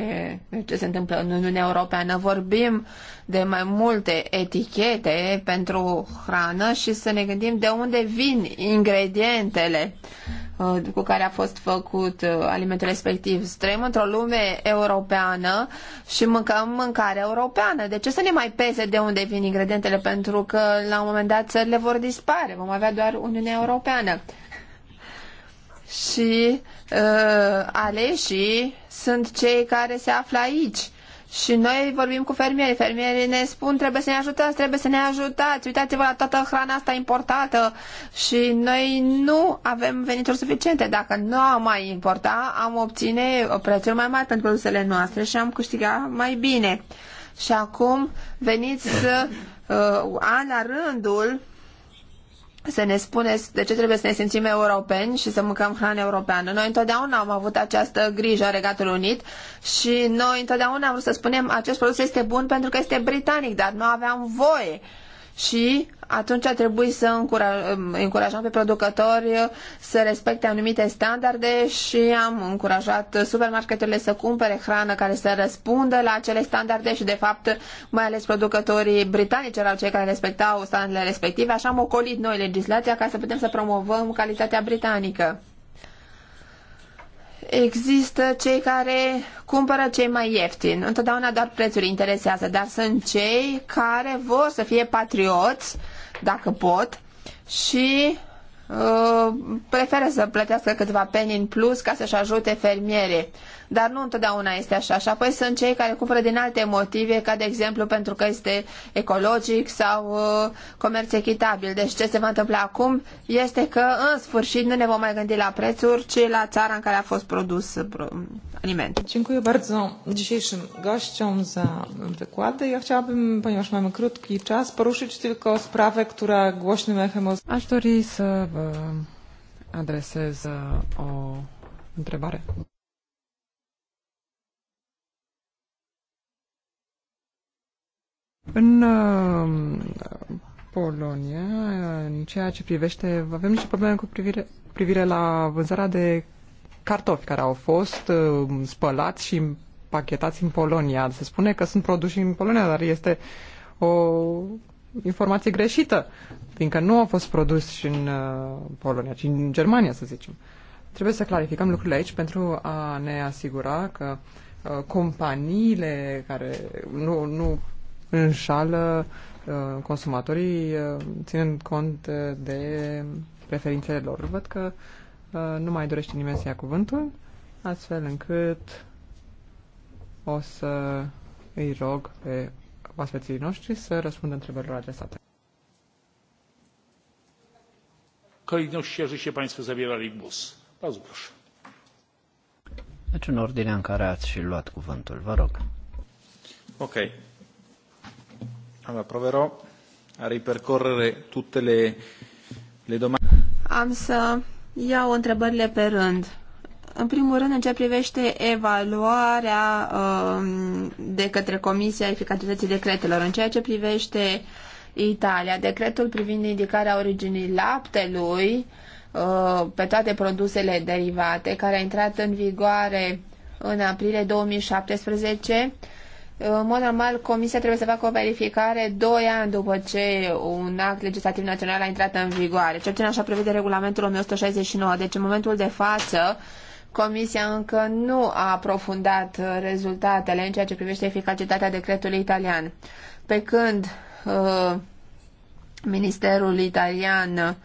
ce se întâmplă în Uniunea Europeană. Vorbim de mai multe etichete pentru hrană și să ne gândim de unde vin ingredientele uh, cu care a fost făcut uh, alimentul respectiv. Străim într-o lume europeană și mâncăm mâncare europeană. De ce să ne mai pese de unde vin ingredientele? Pentru că la un moment dat țările vor dispare. Vom avea doar Uniunea Europeană și uh, aleșii sunt cei care se află aici. Și noi vorbim cu fermierii. Fermierii ne spun trebuie să ne ajutați, trebuie să ne ajutați. Uitați-vă la toată hrana asta importată și noi nu avem venituri suficiente. Dacă nu am mai importa, am obține prețuri mai mari pentru produsele noastre și am câștigat mai bine. Și acum veniți să, uh, an la rândul, să ne spuneți de ce trebuie să ne simțim europeni și să mâncăm hrană europeană. Noi întotdeauna am avut această grijă în Regatul Unit și noi întotdeauna am vrut să spunem acest produs este bun pentru că este britanic, dar nu aveam voie și atunci ar trebui să încurajăm pe producători să respecte anumite standarde și am încurajat supermarketurile să cumpere hrană care să răspundă la acele standarde și de fapt mai ales producătorii britanici erau cei care respectau standardele respective, așa am ocolit noi legislația ca să putem să promovăm calitatea britanică. Există cei care cumpără cei mai ieftini. Întotdeauna doar prețul interesează, dar sunt cei care vor să fie patrioți, dacă pot, și uh, preferă să plătească câteva peni în plus ca să-și ajute fermierii dar nu întotdeauna este așa. Și apoi sunt cei care cumpără din alte motive, ca de exemplu pentru că este ecologic sau uh, comerț echitabil. Deci ce se va întâmpla acum este că în sfârșit nu ne vom mai gândi la prețuri, ci la țara în care a fost produs uh, aliment. Dziękuję bardzo dzisiejszym gościom za wykłady. Ja chciałabym, ponieważ mamy krótki czas, poruszyć tylko sprawę, która głośnym echem... Aș dori să vă adresez uh, o întrebare. În uh, Polonia, în ceea ce privește, avem niște probleme cu privire, cu privire la vânzarea de cartofi care au fost uh, spălați și pachetați în Polonia. Se spune că sunt produși în Polonia, dar este o informație greșită, fiindcă nu au fost produși în uh, Polonia, ci în Germania, să zicem. Trebuie să clarificăm lucrurile aici pentru a ne asigura că companiile care nu, nu înșală uh, consumatorii uh, ținând cont de preferințele lor. Văd că uh, nu mai dorește nimeni să ia cuvântul, astfel încât o să îi rog pe oaspeții noștri să răspundă întrebărilor adresate. Kolejności, jeżeli się Państwo zabierali głos. Bardzo Deci în ordinea în care ați și luat cuvântul, vă rog. Ok. Allora, proverò a ripercorrere tutte le, le domande. Am să iau întrebările pe rând. În primul rând, în ce privește evaluarea um, de către Comisia Eficacității Decretelor, în ceea ce privește Italia, decretul privind indicarea originii laptelui uh, pe toate produsele derivate, care a intrat în vigoare în aprilie 2017, în mod normal, Comisia trebuie să facă o verificare doi ani după ce un act legislativ național a intrat în vigoare. ceea ce așa prevede regulamentul 1169. Deci, în momentul de față, Comisia încă nu a aprofundat rezultatele în ceea ce privește eficacitatea decretului italian. Pe când uh, Ministerul italian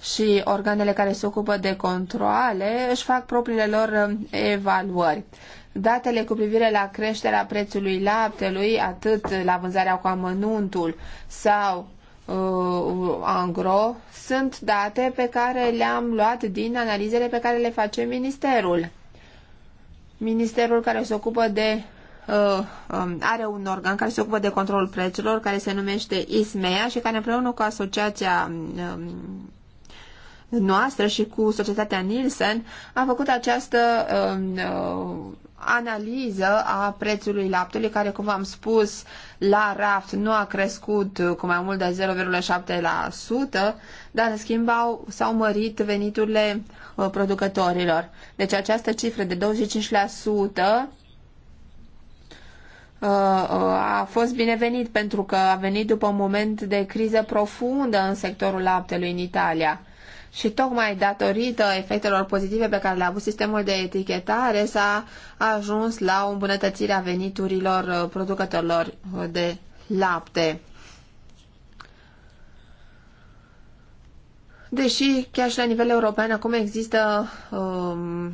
și organele care se ocupă de controle își fac propriile lor uh, evaluări. Datele cu privire la creșterea prețului laptelui, atât la vânzarea cu amănuntul sau uh, angro, sunt date pe care le-am luat din analizele pe care le face ministerul. Ministerul care se ocupă de uh, um, are un organ care se ocupă de controlul prețurilor, care se numește ISMEA și care împreună cu asociația um, noastră și cu societatea Nielsen a făcut această um, uh, analiză a prețului laptelui, care, cum v-am spus, la raft nu a crescut cu mai mult de 0,7%, dar, în schimb, au, s-au mărit veniturile uh, producătorilor. Deci această cifră de 25% uh, uh, a fost binevenit pentru că a venit după un moment de criză profundă în sectorul laptelui în Italia și tocmai datorită efectelor pozitive pe care le-a avut sistemul de etichetare s-a ajuns la o îmbunătățire a veniturilor uh, producătorilor de lapte. Deși chiar și la nivel european acum există um,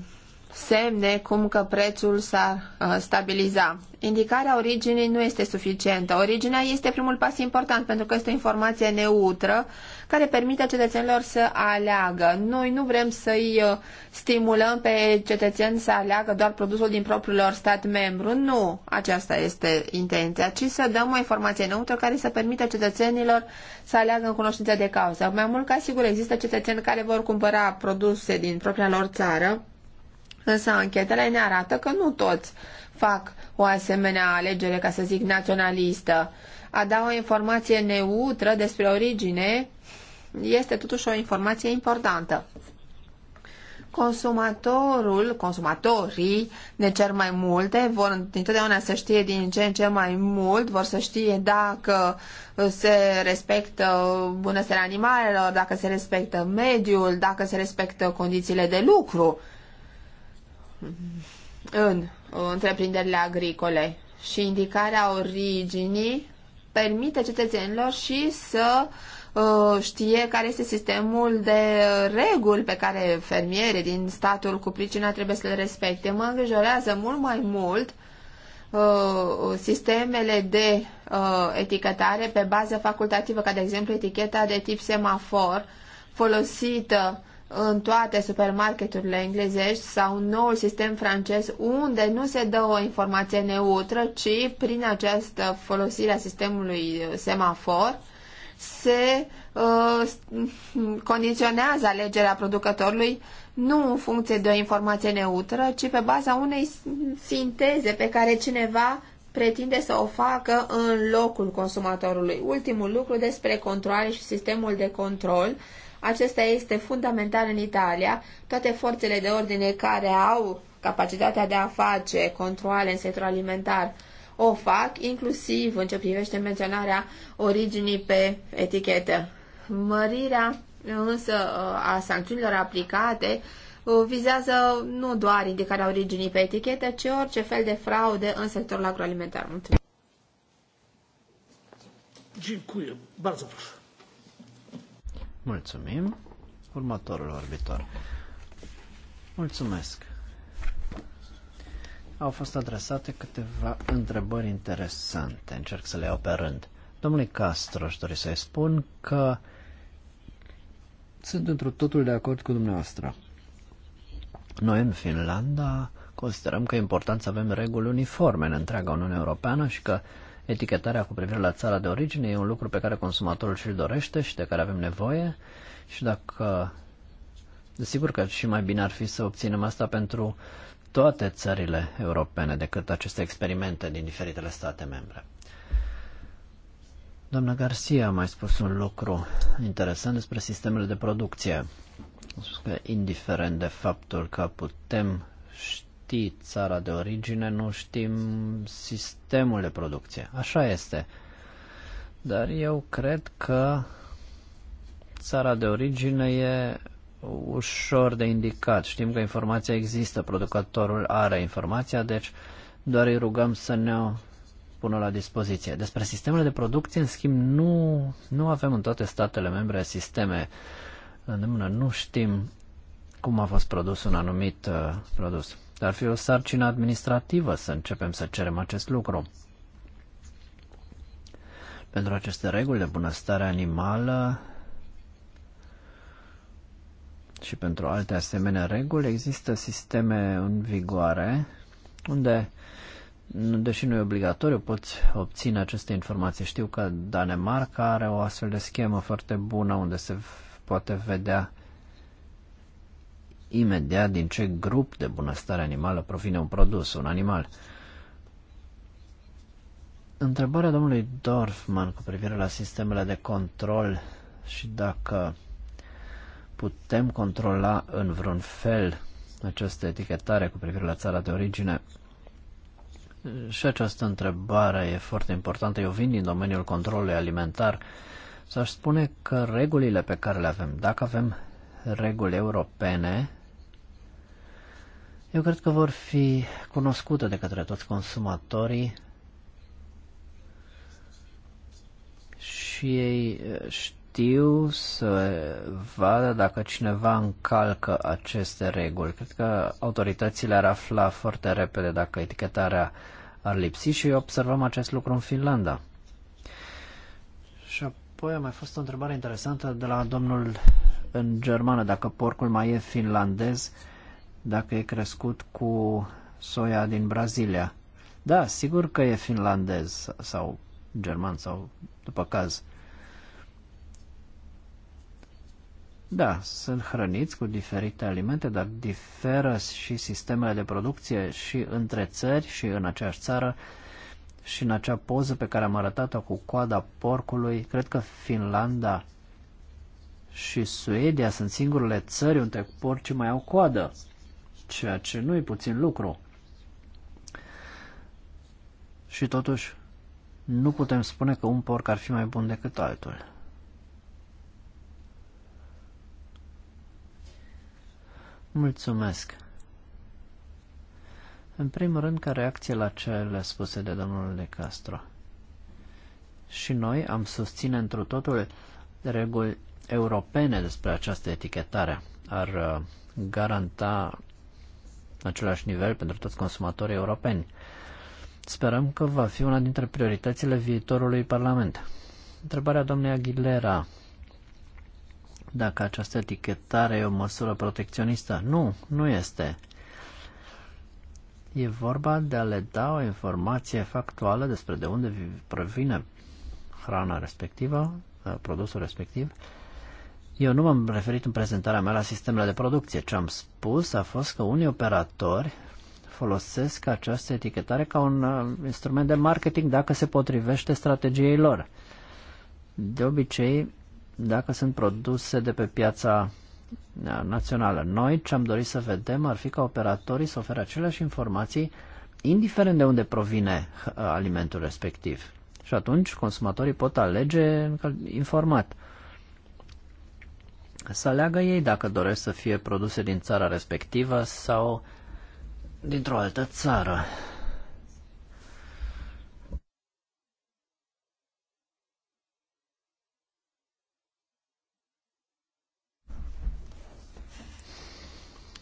semne cum că prețul s-ar uh, stabiliza. Indicarea originii nu este suficientă. Originea este primul pas important pentru că este o informație neutră care permite cetățenilor să aleagă. Noi nu vrem să-i uh, stimulăm pe cetățeni să aleagă doar produsul din propriul lor stat membru. Nu aceasta este intenția, ci să dăm o informație neutră care să permită cetățenilor să aleagă în cunoștință de cauză. Mai mult ca sigur există cetățeni care vor cumpăra produse din propria lor țară, însă anchetele ne arată că nu toți fac o asemenea alegere, ca să zic, naționalistă a da o informație neutră despre origine este totuși o informație importantă. Consumatorul, consumatorii ne cer mai multe, vor întotdeauna să știe din ce în ce mai mult, vor să știe dacă se respectă bunăstarea animalelor, dacă se respectă mediul, dacă se respectă condițiile de lucru în întreprinderile agricole și indicarea originii permite cetățenilor și să uh, Uh, știe care este sistemul de reguli pe care fermierii din statul cu pricina trebuie să le respecte. Mă îngrijorează mult mai mult uh, sistemele de uh, etichetare pe bază facultativă, ca de exemplu eticheta de tip semafor folosită în toate supermarketurile englezești sau un nou sistem francez unde nu se dă o informație neutră, ci prin această folosire a sistemului semafor se uh, condiționează alegerea producătorului nu în funcție de o informație neutră, ci pe baza unei sinteze pe care cineva pretinde să o facă în locul consumatorului. Ultimul lucru despre controle și sistemul de control. Acesta este fundamental în Italia. Toate forțele de ordine care au capacitatea de a face controle în sectorul alimentar o fac, inclusiv în ce privește menționarea originii pe etichetă. Mărirea însă a sancțiunilor aplicate uh, vizează nu doar indicarea originii pe etichetă, ci orice fel de fraude în sectorul agroalimentar. Mulțumesc. Mulțumim. Următorul orbitor. Mulțumesc au fost adresate câteva întrebări interesante. Încerc să le iau pe rând. Domnului Castro, aș dori să-i spun că sunt într totul de acord cu dumneavoastră. Noi în Finlanda considerăm că e important să avem reguli uniforme în întreaga Uniune Europeană și că etichetarea cu privire la țara de origine e un lucru pe care consumatorul și-l dorește și de care avem nevoie și dacă Desigur că și mai bine ar fi să obținem asta pentru toate țările europene decât aceste experimente din diferitele state membre. Doamna Garcia a mai spus un lucru interesant despre sistemele de producție. A spus că indiferent de faptul că putem ști țara de origine, nu știm sistemul de producție. Așa este. Dar eu cred că țara de origine e ușor de indicat. Știm că informația există, producătorul are informația, deci doar îi rugăm să ne -o pună la dispoziție. Despre sistemele de producție, în schimb, nu, nu avem în toate statele membre sisteme îndemână. Nu știm cum a fost produs un anumit uh, produs. Dar ar fi o sarcină administrativă să începem să cerem acest lucru. Pentru aceste reguli de bunăstare animală și pentru alte asemenea reguli, există sisteme în vigoare unde, deși nu e obligatoriu, poți obține aceste informații. Știu că Danemarca are o astfel de schemă foarte bună unde se poate vedea imediat din ce grup de bunăstare animală provine un produs, un animal. Întrebarea domnului Dorfman cu privire la sistemele de control și dacă putem controla în vreun fel această etichetare cu privire la țara de origine. Și această întrebare e foarte importantă. Eu vin din domeniul controlului alimentar. S-aș spune că regulile pe care le avem, dacă avem reguli europene, eu cred că vor fi cunoscute de către toți consumatorii și ei știu știu să vadă dacă cineva încalcă aceste reguli. Cred că autoritățile ar afla foarte repede dacă etichetarea ar lipsi și observăm acest lucru în Finlanda. Și apoi a mai fost o întrebare interesantă de la domnul în germană, dacă porcul mai e finlandez, dacă e crescut cu soia din Brazilia. Da, sigur că e finlandez sau german sau după caz. Da, sunt hrăniți cu diferite alimente, dar diferă și sistemele de producție și între țări și în aceeași țară și în acea poză pe care am arătat-o cu coada porcului, cred că Finlanda și Suedia sunt singurele țări unde porcii mai au coadă, ceea ce nu e puțin lucru. Și totuși, nu putem spune că un porc ar fi mai bun decât altul. Mulțumesc. În primul rând, ca reacție la cele spuse de domnul De Castro. Și noi am susține într totul reguli europene despre această etichetare. Ar uh, garanta același nivel pentru toți consumatorii europeni. Sperăm că va fi una dintre prioritățile viitorului Parlament. Întrebarea domnului Aguilera dacă această etichetare e o măsură protecționistă. Nu, nu este. E vorba de a le da o informație factuală despre de unde provine hrana respectivă, uh, produsul respectiv. Eu nu m-am referit în prezentarea mea la sistemele de producție. Ce am spus a fost că unii operatori folosesc această etichetare ca un uh, instrument de marketing dacă se potrivește strategiei lor. De obicei, dacă sunt produse de pe piața uh, națională. Noi ce am dorit să vedem ar fi ca operatorii să ofere aceleași informații indiferent de unde provine uh, alimentul respectiv. Și atunci consumatorii pot alege informat. Să aleagă ei dacă doresc să fie produse din țara respectivă sau dintr-o altă țară.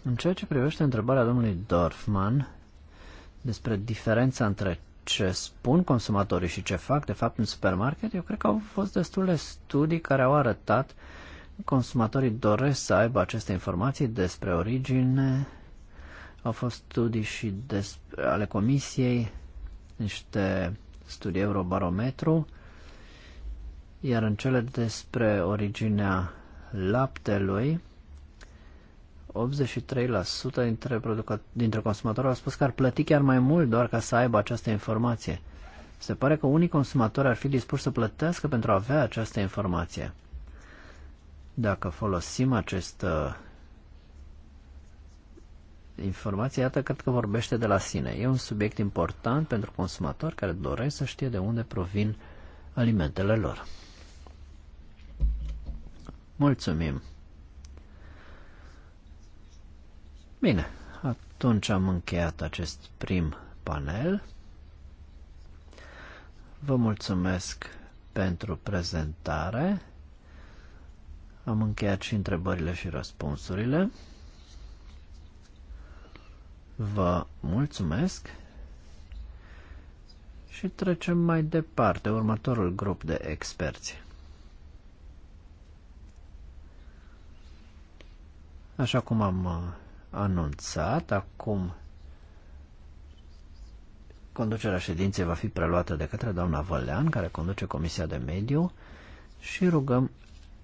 În ceea ce privește întrebarea domnului Dorfman despre diferența între ce spun consumatorii și ce fac de fapt în supermarket, eu cred că au fost destule studii care au arătat că consumatorii doresc să aibă aceste informații despre origine, au fost studii și despre, ale comisiei, niște studii Eurobarometru, iar în cele despre originea laptelui, 83% dintre, dintre consumatori au spus că ar plăti chiar mai mult doar ca să aibă această informație. Se pare că unii consumatori ar fi dispuși să plătească pentru a avea această informație. Dacă folosim acest uh, informație, iată, cred că vorbește de la sine. E un subiect important pentru consumatori care doresc să știe de unde provin alimentele lor. Mulțumim! Bine, atunci am încheiat acest prim panel. Vă mulțumesc pentru prezentare. Am încheiat și întrebările și răspunsurile. Vă mulțumesc și trecem mai departe, următorul grup de experți. Așa cum am uh, anunțat. Acum conducerea ședinței va fi preluată de către doamna Vălean, care conduce Comisia de Mediu și rugăm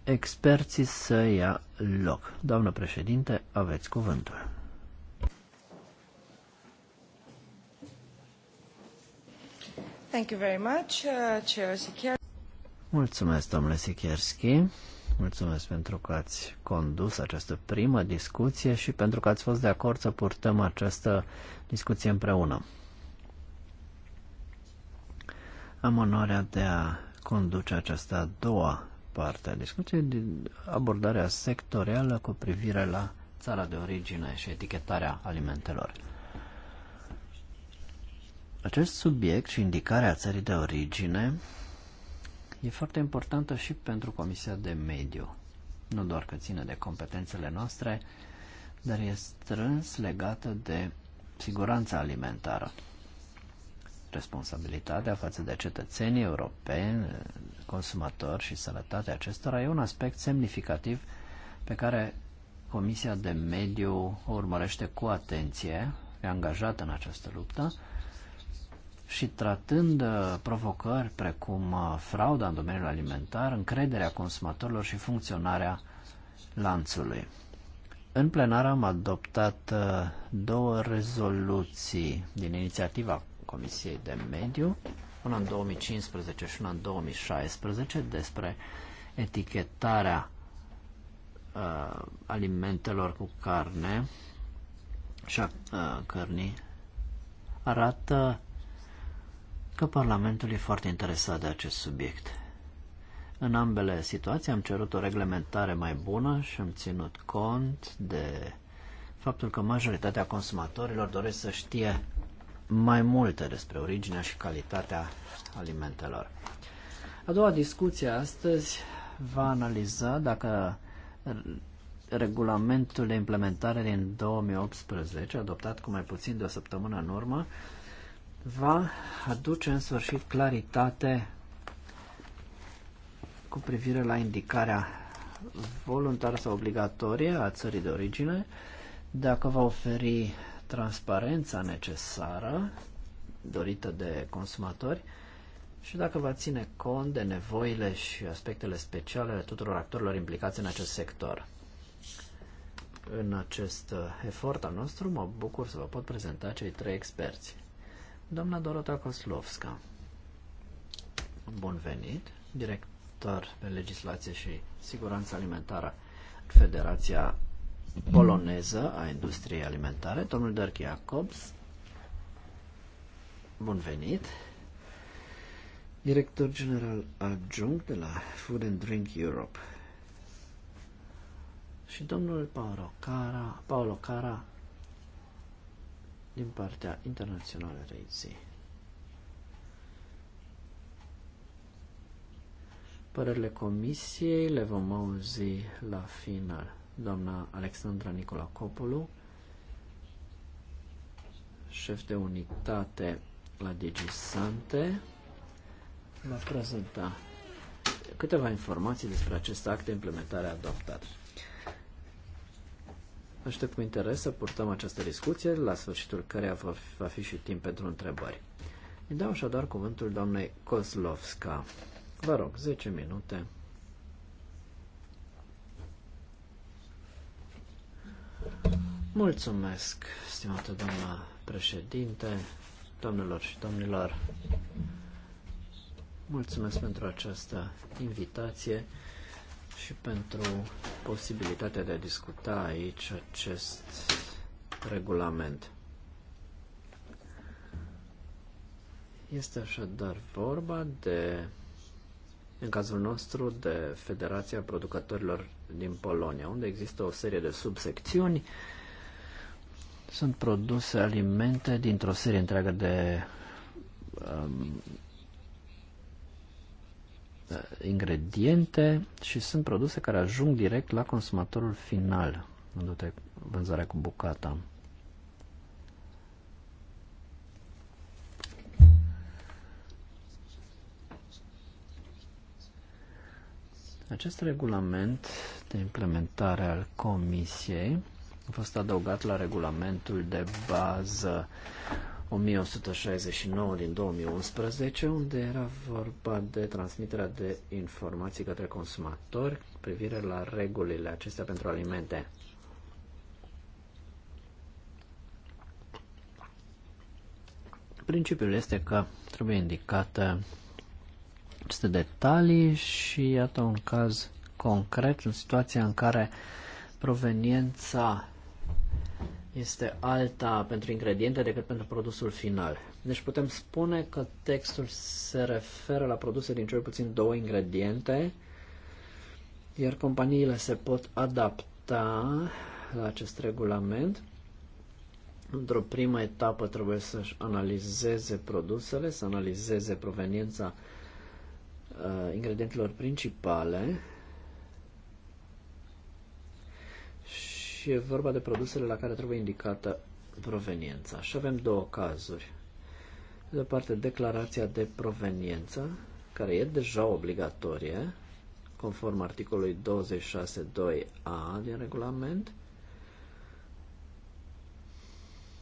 experții să ia loc. Doamnă președinte, aveți cuvântul. Thank you very much, uh, Chair Mulțumesc, domnule Sikierski mulțumesc pentru că ați condus această primă discuție și pentru că ați fost de acord să purtăm această discuție împreună. Am onoarea de a conduce această a doua parte a discuției, abordarea sectorială cu privire la țara de origine și etichetarea alimentelor. Acest subiect și indicarea țării de origine e foarte importantă și pentru Comisia de Mediu. Nu doar că ține de competențele noastre, dar e strâns legată de siguranța alimentară. Responsabilitatea față de cetățenii europeni, consumatori și sănătatea acestora e un aspect semnificativ pe care Comisia de Mediu o urmărește cu atenție, e angajată în această luptă și tratând uh, provocări precum uh, frauda în domeniul alimentar, încrederea consumatorilor și funcționarea lanțului. În plenar am adoptat uh, două rezoluții din inițiativa Comisiei de Mediu, una în 2015 și una în 2016, despre etichetarea uh, alimentelor cu carne și a uh, cărnii. Arată că Parlamentul e foarte interesat de acest subiect. În ambele situații am cerut o reglementare mai bună și am ținut cont de faptul că majoritatea consumatorilor doresc să știe mai multe despre originea și calitatea alimentelor. A doua discuție astăzi va analiza dacă regulamentul de implementare din 2018, adoptat cu mai puțin de o săptămână în urmă, va aduce în sfârșit claritate cu privire la indicarea voluntară sau obligatorie a țării de origine, dacă va oferi transparența necesară dorită de consumatori și dacă va ține cont de nevoile și aspectele speciale ale tuturor actorilor implicați în acest sector. În acest uh, efort al nostru mă bucur să vă pot prezenta cei trei experți. Doamna Dorota Koslovska, bun venit, director pe legislație și siguranță alimentară Federația Poloneză a Industriei Alimentare, domnul Dirk Jacobs, bun venit, director general adjunct de la Food and Drink Europe și domnul Paolo Cara, Paolo Cara din partea internațională Reizi. Părerile comisiei le vom auzi la final. Doamna Alexandra Copolu, șef de unitate la Digisante, va prezenta câteva informații despre acest act de implementare adoptat. Aștept cu interes să purtăm această discuție, la sfârșitul căreia va fi și timp pentru întrebări. Îi dau așadar cuvântul doamnei Kozlovska. Vă rog, 10 minute. Mulțumesc, stimată doamna președinte, domnilor și domnilor. Mulțumesc pentru această invitație și pentru posibilitatea de a discuta aici acest regulament. Este așadar vorba de, în cazul nostru, de Federația Producătorilor din Polonia, unde există o serie de subsecțiuni. Sunt produse alimente dintr-o serie întreagă de um, Uh, ingrediente și sunt produse care ajung direct la consumatorul final, vândute vânzarea cu bucata. Acest regulament de implementare al Comisiei a fost adăugat la regulamentul de bază 1169 din 2011, unde era vorba de transmiterea de informații către consumatori privire la regulile acestea pentru alimente. Principiul este că trebuie indicată aceste detalii și iată un caz concret în situația în care proveniența este alta pentru ingrediente decât pentru produsul final. Deci putem spune că textul se referă la produse din cel puțin două ingrediente, iar companiile se pot adapta la acest regulament. Într-o primă etapă trebuie să-și analizeze produsele, să analizeze proveniența uh, ingredientelor principale și e vorba de produsele la care trebuie indicată proveniența. Și avem două cazuri. De o parte, declarația de proveniență, care e deja obligatorie, conform articolului 26.2a din regulament,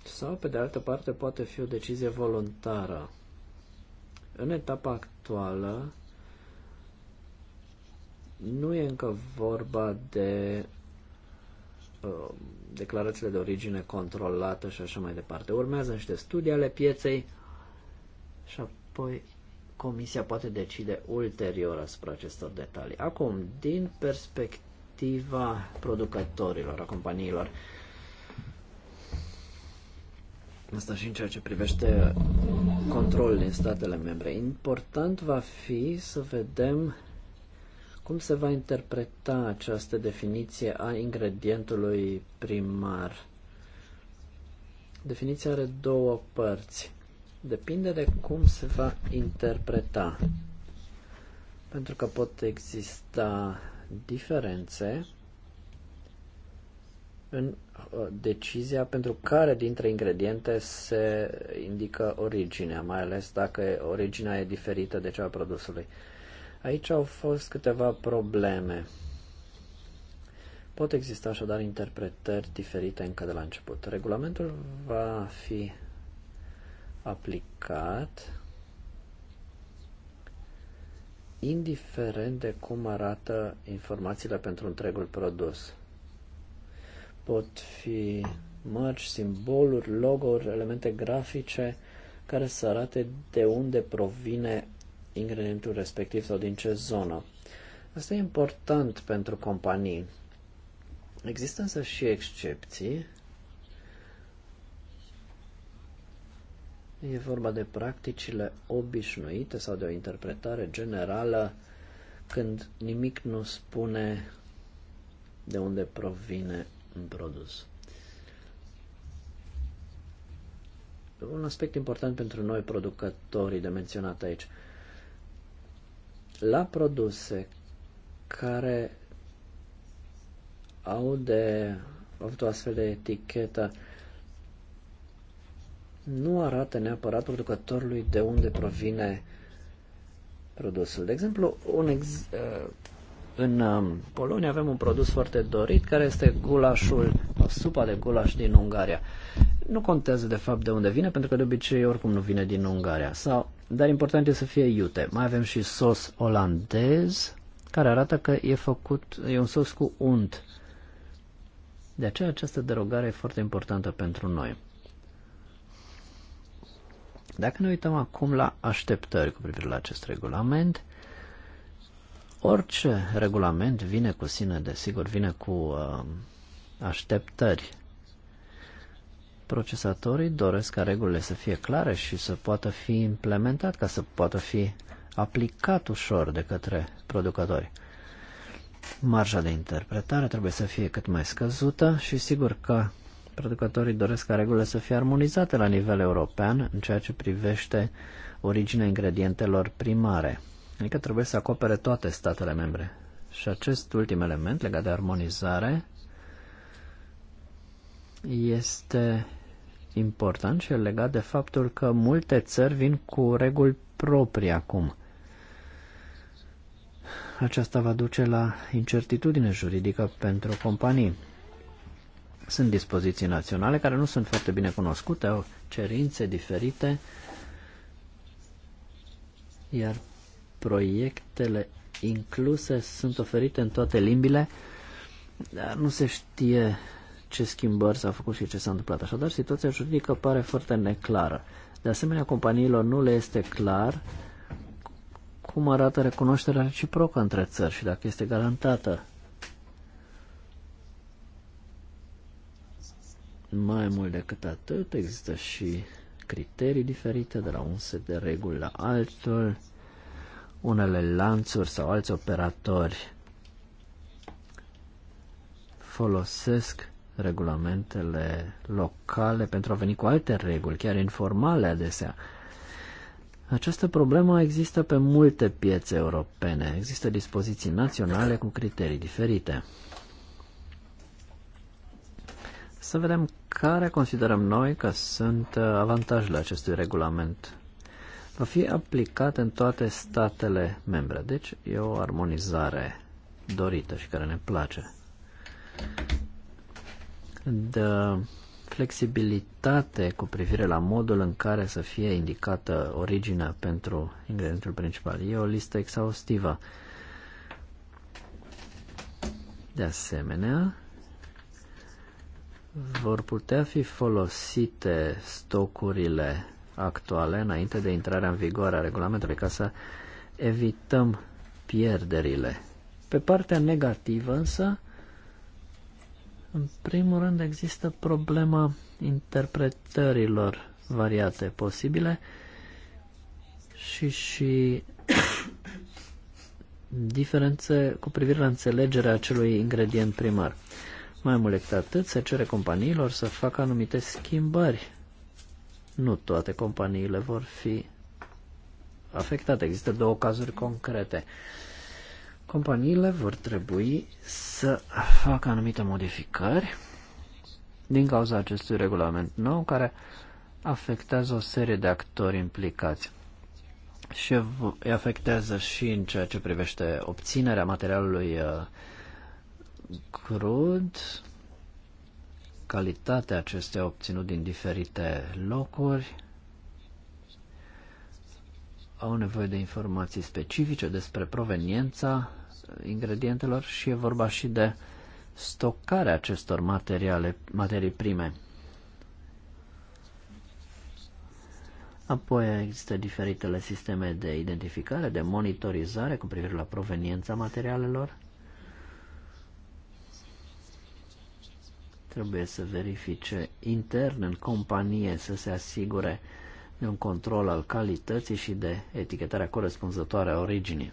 sau, pe de altă parte, poate fi o decizie voluntară. În etapa actuală, nu e încă vorba de Uh, declarațiile de origine controlată și așa mai departe. Urmează niște studii ale pieței și apoi comisia poate decide ulterior asupra acestor detalii. Acum, din perspectiva producătorilor, a companiilor, Asta și în ceea ce privește controlul din statele membre. Important va fi să vedem cum se va interpreta această definiție a ingredientului primar? Definiția are două părți. Depinde de cum se va interpreta. Pentru că pot exista diferențe în uh, decizia pentru care dintre ingrediente se indică originea, mai ales dacă originea e diferită de cea a produsului. Aici au fost câteva probleme. Pot exista așadar interpretări diferite încă de la început. Regulamentul va fi aplicat indiferent de cum arată informațiile pentru întregul produs. Pot fi mărci, simboluri, logo-uri, elemente grafice care să arate de unde provine ingredientul respectiv sau din ce zonă. Asta e important pentru companii. Există însă și excepții. E vorba de practicile obișnuite sau de o interpretare generală când nimic nu spune de unde provine un produs. Un aspect important pentru noi producătorii de menționat aici – la produse care au de au avut o astfel de etichetă nu arată neapărat producătorului de unde provine produsul. De exemplu, un ex, uh, în um, Polonia avem un produs foarte dorit care este gulașul, supa de gulaș din Ungaria nu contează de fapt de unde vine, pentru că de obicei oricum nu vine din Ungaria. Sau, dar important e să fie iute. Mai avem și sos olandez, care arată că e făcut, e un sos cu unt. De aceea această derogare e foarte importantă pentru noi. Dacă ne uităm acum la așteptări cu privire la acest regulament, orice regulament vine cu sine, desigur, vine cu uh, așteptări procesatorii doresc ca regulile să fie clare și să poată fi implementat, ca să poată fi aplicat ușor de către producători. Marja de interpretare trebuie să fie cât mai scăzută și sigur că producătorii doresc ca regulile să fie armonizate la nivel european în ceea ce privește originea ingredientelor primare. Adică trebuie să acopere toate statele membre. Și acest ultim element legat de armonizare este important și legat de faptul că multe țări vin cu reguli proprii acum. Aceasta va duce la incertitudine juridică pentru companii. Sunt dispoziții naționale care nu sunt foarte bine cunoscute, au cerințe diferite, iar proiectele incluse sunt oferite în toate limbile, dar nu se știe ce schimbări s-au făcut și ce s-a întâmplat. Așadar, situația juridică pare foarte neclară. De asemenea, companiilor nu le este clar cum arată recunoașterea reciprocă între țări și dacă este garantată. Mai mult decât atât, există și criterii diferite de la un set de reguli la altul, unele lanțuri sau alți operatori folosesc regulamentele locale pentru a veni cu alte reguli, chiar informale adesea. Această problemă există pe multe piețe europene. Există dispoziții naționale cu criterii diferite. Să vedem care considerăm noi că sunt uh, avantajele acestui regulament. Va fi aplicat în toate statele membre, deci e o armonizare dorită și care ne place de flexibilitate cu privire la modul în care să fie indicată originea pentru ingredientul principal. E o listă exhaustivă. De asemenea, vor putea fi folosite stocurile actuale înainte de intrarea în vigoare a regulamentului ca să evităm pierderile. Pe partea negativă însă, în primul rând există problema interpretărilor variate posibile și și diferențe cu privire la înțelegerea acelui ingredient primar. Mai mult decât atât, se cere companiilor să facă anumite schimbări. Nu toate companiile vor fi afectate. Există două cazuri concrete. Uh, companiile vor trebui să facă anumite modificări din cauza acestui regulament nou care afectează o serie de actori implicați și îi afectează și în ceea ce privește obținerea materialului uh, crud, calitatea acesteia obținut din diferite locuri, au nevoie de informații specifice despre proveniența ingredientelor și e vorba și de stocarea acestor materiale, materii prime. Apoi există diferitele sisteme de identificare, de monitorizare cu privire la proveniența materialelor. Trebuie să verifice intern în companie să se asigure uh, de un control al calității și de etichetarea corespunzătoare a originii.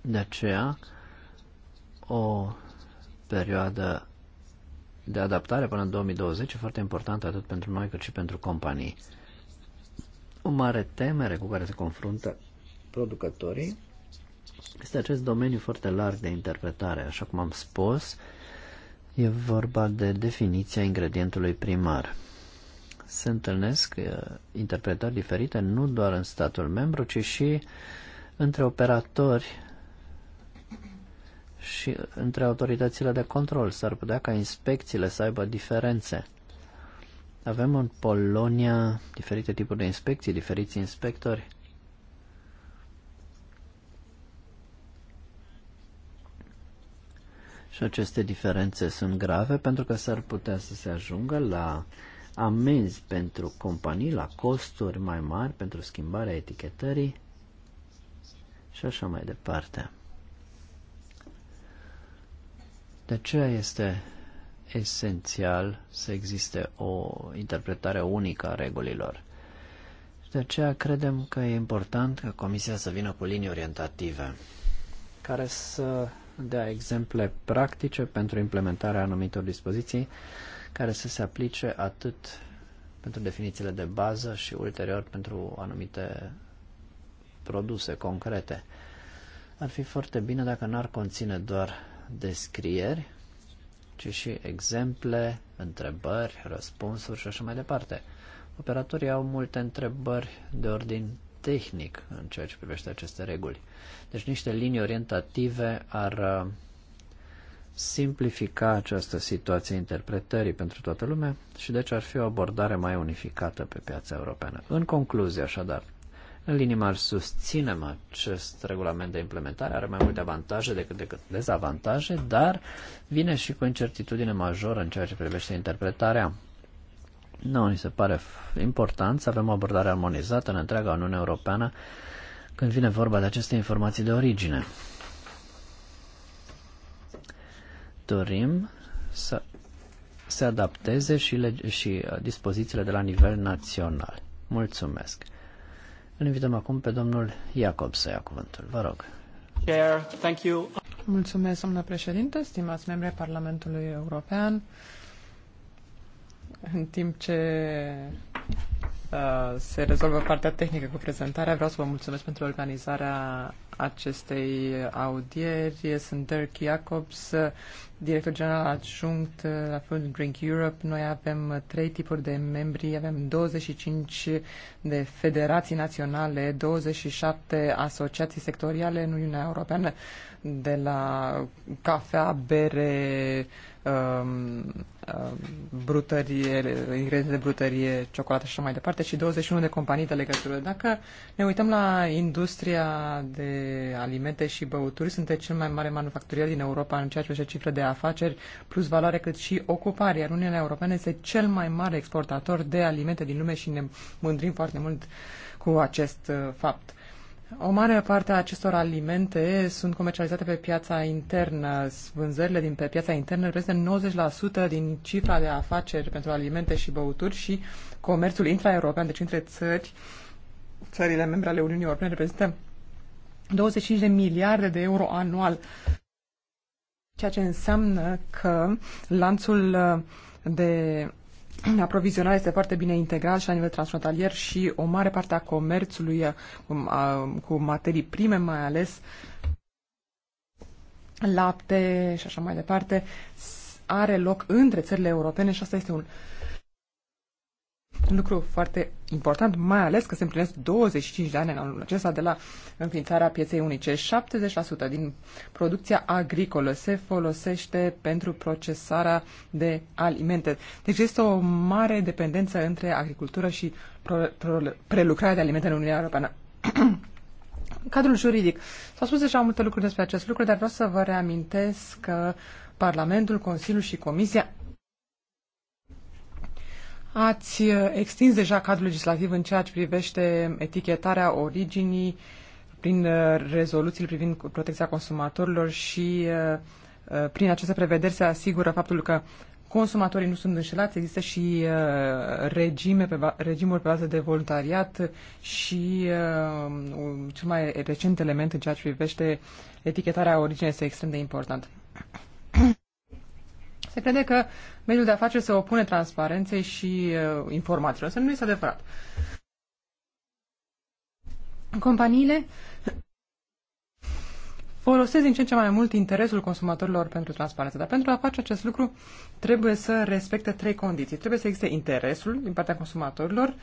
De aceea, o perioadă de adaptare până în 2020 e foarte importantă atât pentru noi cât și pentru companii. O mare temere cu care se confruntă producătorii este acest domeniu foarte larg de interpretare. Așa cum am spus, E vorba de definiția ingredientului primar. Se întâlnesc interpretări diferite nu doar în statul membru, ci și între operatori și între autoritățile de control. S-ar putea ca inspecțiile să aibă diferențe. Avem în Polonia diferite tipuri de inspecții, diferiți inspectori Și aceste diferențe sunt grave pentru că s-ar putea să se ajungă la amenzi pentru companii, la costuri mai mari pentru schimbarea etichetării și așa mai departe. De aceea este esențial să existe o interpretare unică a regulilor. de aceea credem că e important ca Comisia să vină cu linii orientative care să dea exemple practice pentru implementarea anumitor dispoziții care să se aplice atât pentru definițiile de bază și ulterior pentru anumite produse concrete. Ar fi foarte bine dacă n-ar conține doar descrieri, ci și exemple, întrebări, răspunsuri și așa mai departe. Operatorii au multe întrebări de ordin tehnic în ceea ce privește aceste reguli. Deci niște linii orientative ar uh, simplifica această situație interpretării pentru toată lumea și deci ar fi o abordare mai unificată pe piața europeană. În concluzie, așadar, în linii mari susținem acest regulament de implementare, are mai multe avantaje decât, decât dezavantaje, dar vine și cu incertitudine majoră în ceea ce privește interpretarea. Nu, mi se pare important să avem o abordare armonizată în întreaga Uniune Europeană când vine vorba de aceste informații de origine. Dorim să se adapteze și, lege- și uh, dispozițiile de la nivel național. Mulțumesc. Îl invităm acum pe domnul Iacob să ia cuvântul. Vă rog. Mulțumesc, domnule președinte, stimați membri Parlamentului European. În timp ce uh, se rezolvă partea tehnică cu prezentarea, vreau să vă mulțumesc pentru organizarea acestei audieri. Sunt Dirk Jacobs, director general adjunct uh, la Food Drink Europe. Noi avem trei tipuri de membri, avem 25 de federații naționale, 27 asociații sectoriale în Uniunea Europeană, de la cafea, bere, Um, um, brutărie, ingrediente de brutărie, ciocolată și așa mai departe, și 21 de companii de legătură. Dacă ne uităm la industria de alimente și băuturi, suntem cel mai mare manufacturier din Europa în ceea ce privește cifre de afaceri, plus valoare, cât și ocupare, iar Uniunea Europeană este cel mai mare exportator de alimente din lume și ne mândrim foarte mult cu acest uh, fapt. O mare parte a acestor alimente sunt comercializate pe piața internă. Vânzările din pe piața internă reprezintă 90% din cifra de afaceri pentru alimente și băuturi și comerțul intraeuropean, deci între țări, țările membre ale Uniunii Europene, reprezintă 25 de miliarde de euro anual. Ceea ce înseamnă că lanțul de aprovizionarea este foarte bine integrat și la nivel transfrontalier și o mare parte a comerțului uh, cu, a, uh, cu materii prime, mai ales lapte și așa mai departe, are loc între țările europene și asta este un lucru foarte important, mai ales că se împlinesc 25 de ani în anul acesta de la înființarea pieței unice. 70% din producția agricolă se folosește pentru procesarea de alimente. Deci este o mare dependență între agricultură și prelucrarea de alimente în Uniunea Europeană. Cadrul juridic. S-au spus deja multe lucruri despre acest lucru, dar vreau să vă reamintesc că Parlamentul, Consiliul și Comisia Ați uh, extins deja cadrul legislativ în ceea ce privește etichetarea originii prin uh, rezoluțiile privind protecția consumatorilor și uh, prin aceste prevederi se asigură faptul că consumatorii nu sunt înșelați, există și regime pe, regimuri pe bază de voluntariat și cel mai recent element în ceea ce privește etichetarea originei este extrem de important. Se crede că mediul de afaceri se opune transparenței și uh, informațiilor. Să nu este adevărat. Companiile folosesc din ce în ce mai mult interesul consumatorilor pentru transparență. Dar pentru a face acest lucru trebuie să respecte trei condiții. Trebuie să existe interesul din partea consumatorilor,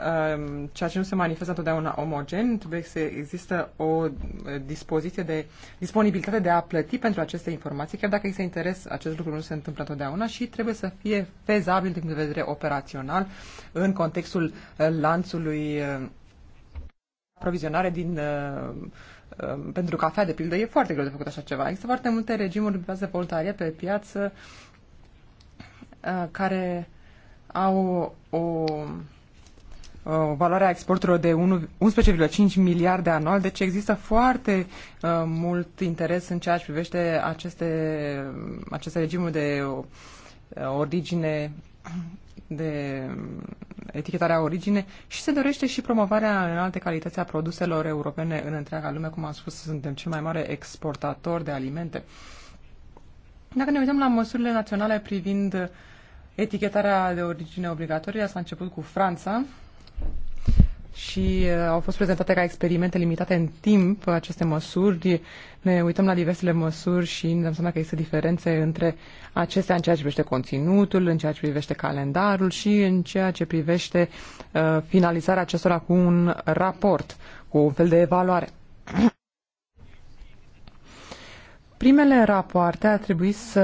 Um, ceea ce nu se manifestă întotdeauna omogen, trebuie să există o uh, dispoziție de disponibilitate de a plăti pentru aceste informații, chiar dacă există interes, acest lucru nu se întâmplă întotdeauna și trebuie să fie fezabil din punct de vedere operațional în contextul uh, lanțului uh, aprovizionare din pentru cafea, de pildă, e foarte greu de făcut așa ceva. Există foarte multe regimuri pe de voluntariat pe piață care au o Uh, o valoare a exporturilor de 11,5 miliarde anual, deci există foarte uh, mult interes în ceea ce privește aceste, aceste regimuri de uh, origine de etichetarea origine și se dorește și promovarea în alte calități a produselor europene în întreaga lume. Cum am spus, suntem cel mai mare exportator de alimente. Dacă ne uităm la măsurile naționale privind etichetarea de origine obligatorie, s-a început cu Franța, și uh, au fost prezentate ca experimente limitate în timp uh, aceste măsuri. Ne uităm la diversele măsuri și ne dăm seama că există diferențe între acestea în ceea ce privește conținutul, în ceea ce privește calendarul și în ceea ce privește uh, finalizarea acestora cu un raport, cu un fel de evaluare. Primele rapoarte ar trebui să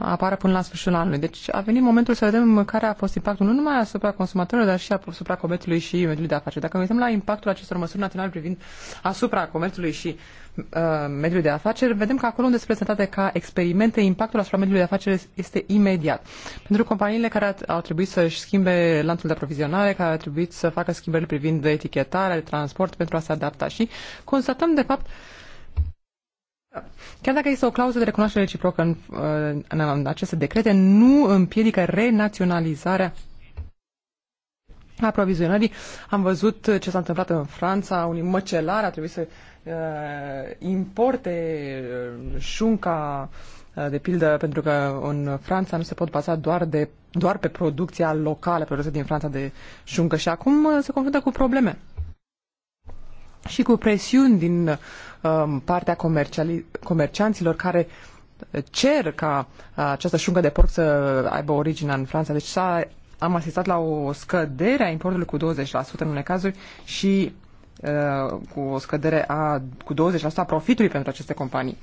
apară până la sfârșitul anului. Deci a venit momentul să vedem care a fost impactul nu numai asupra consumatorilor, dar și asupra comerțului și mediului de afaceri. Dacă ne uităm la impactul acestor măsuri naționale privind asupra comerțului și mediul uh, mediului de afaceri, vedem că acolo unde sunt prezentate ca experimente, impactul asupra mediului de afaceri este imediat. Pentru companiile care au trebuit să-și schimbe lanțul de aprovizionare, care au trebuit să facă schimbări privind etichetarea, transport pentru a se adapta și constatăm, de fapt, uh, Chiar dacă este o clauză de recunoaștere reciprocă în, în, în aceste decrete, nu împiedică renaționalizarea aprovizionării. Am văzut ce s-a întâmplat în Franța, un măcelar a trebuit să uh, importe uh, șunca uh, de pildă, pentru că în Franța nu se pot baza doar, de, doar pe producția locală, produsă din Franța de șuncă și acum uh, se confruntă cu probleme și cu presiuni din um, partea comercianților care cer ca uh, această șuncă de porc să aibă originea în Franța. Deci s-a, am asistat la o scădere a importului cu 20% în unele cazuri și uh, cu o scădere a, cu 20% a profitului pentru aceste companii.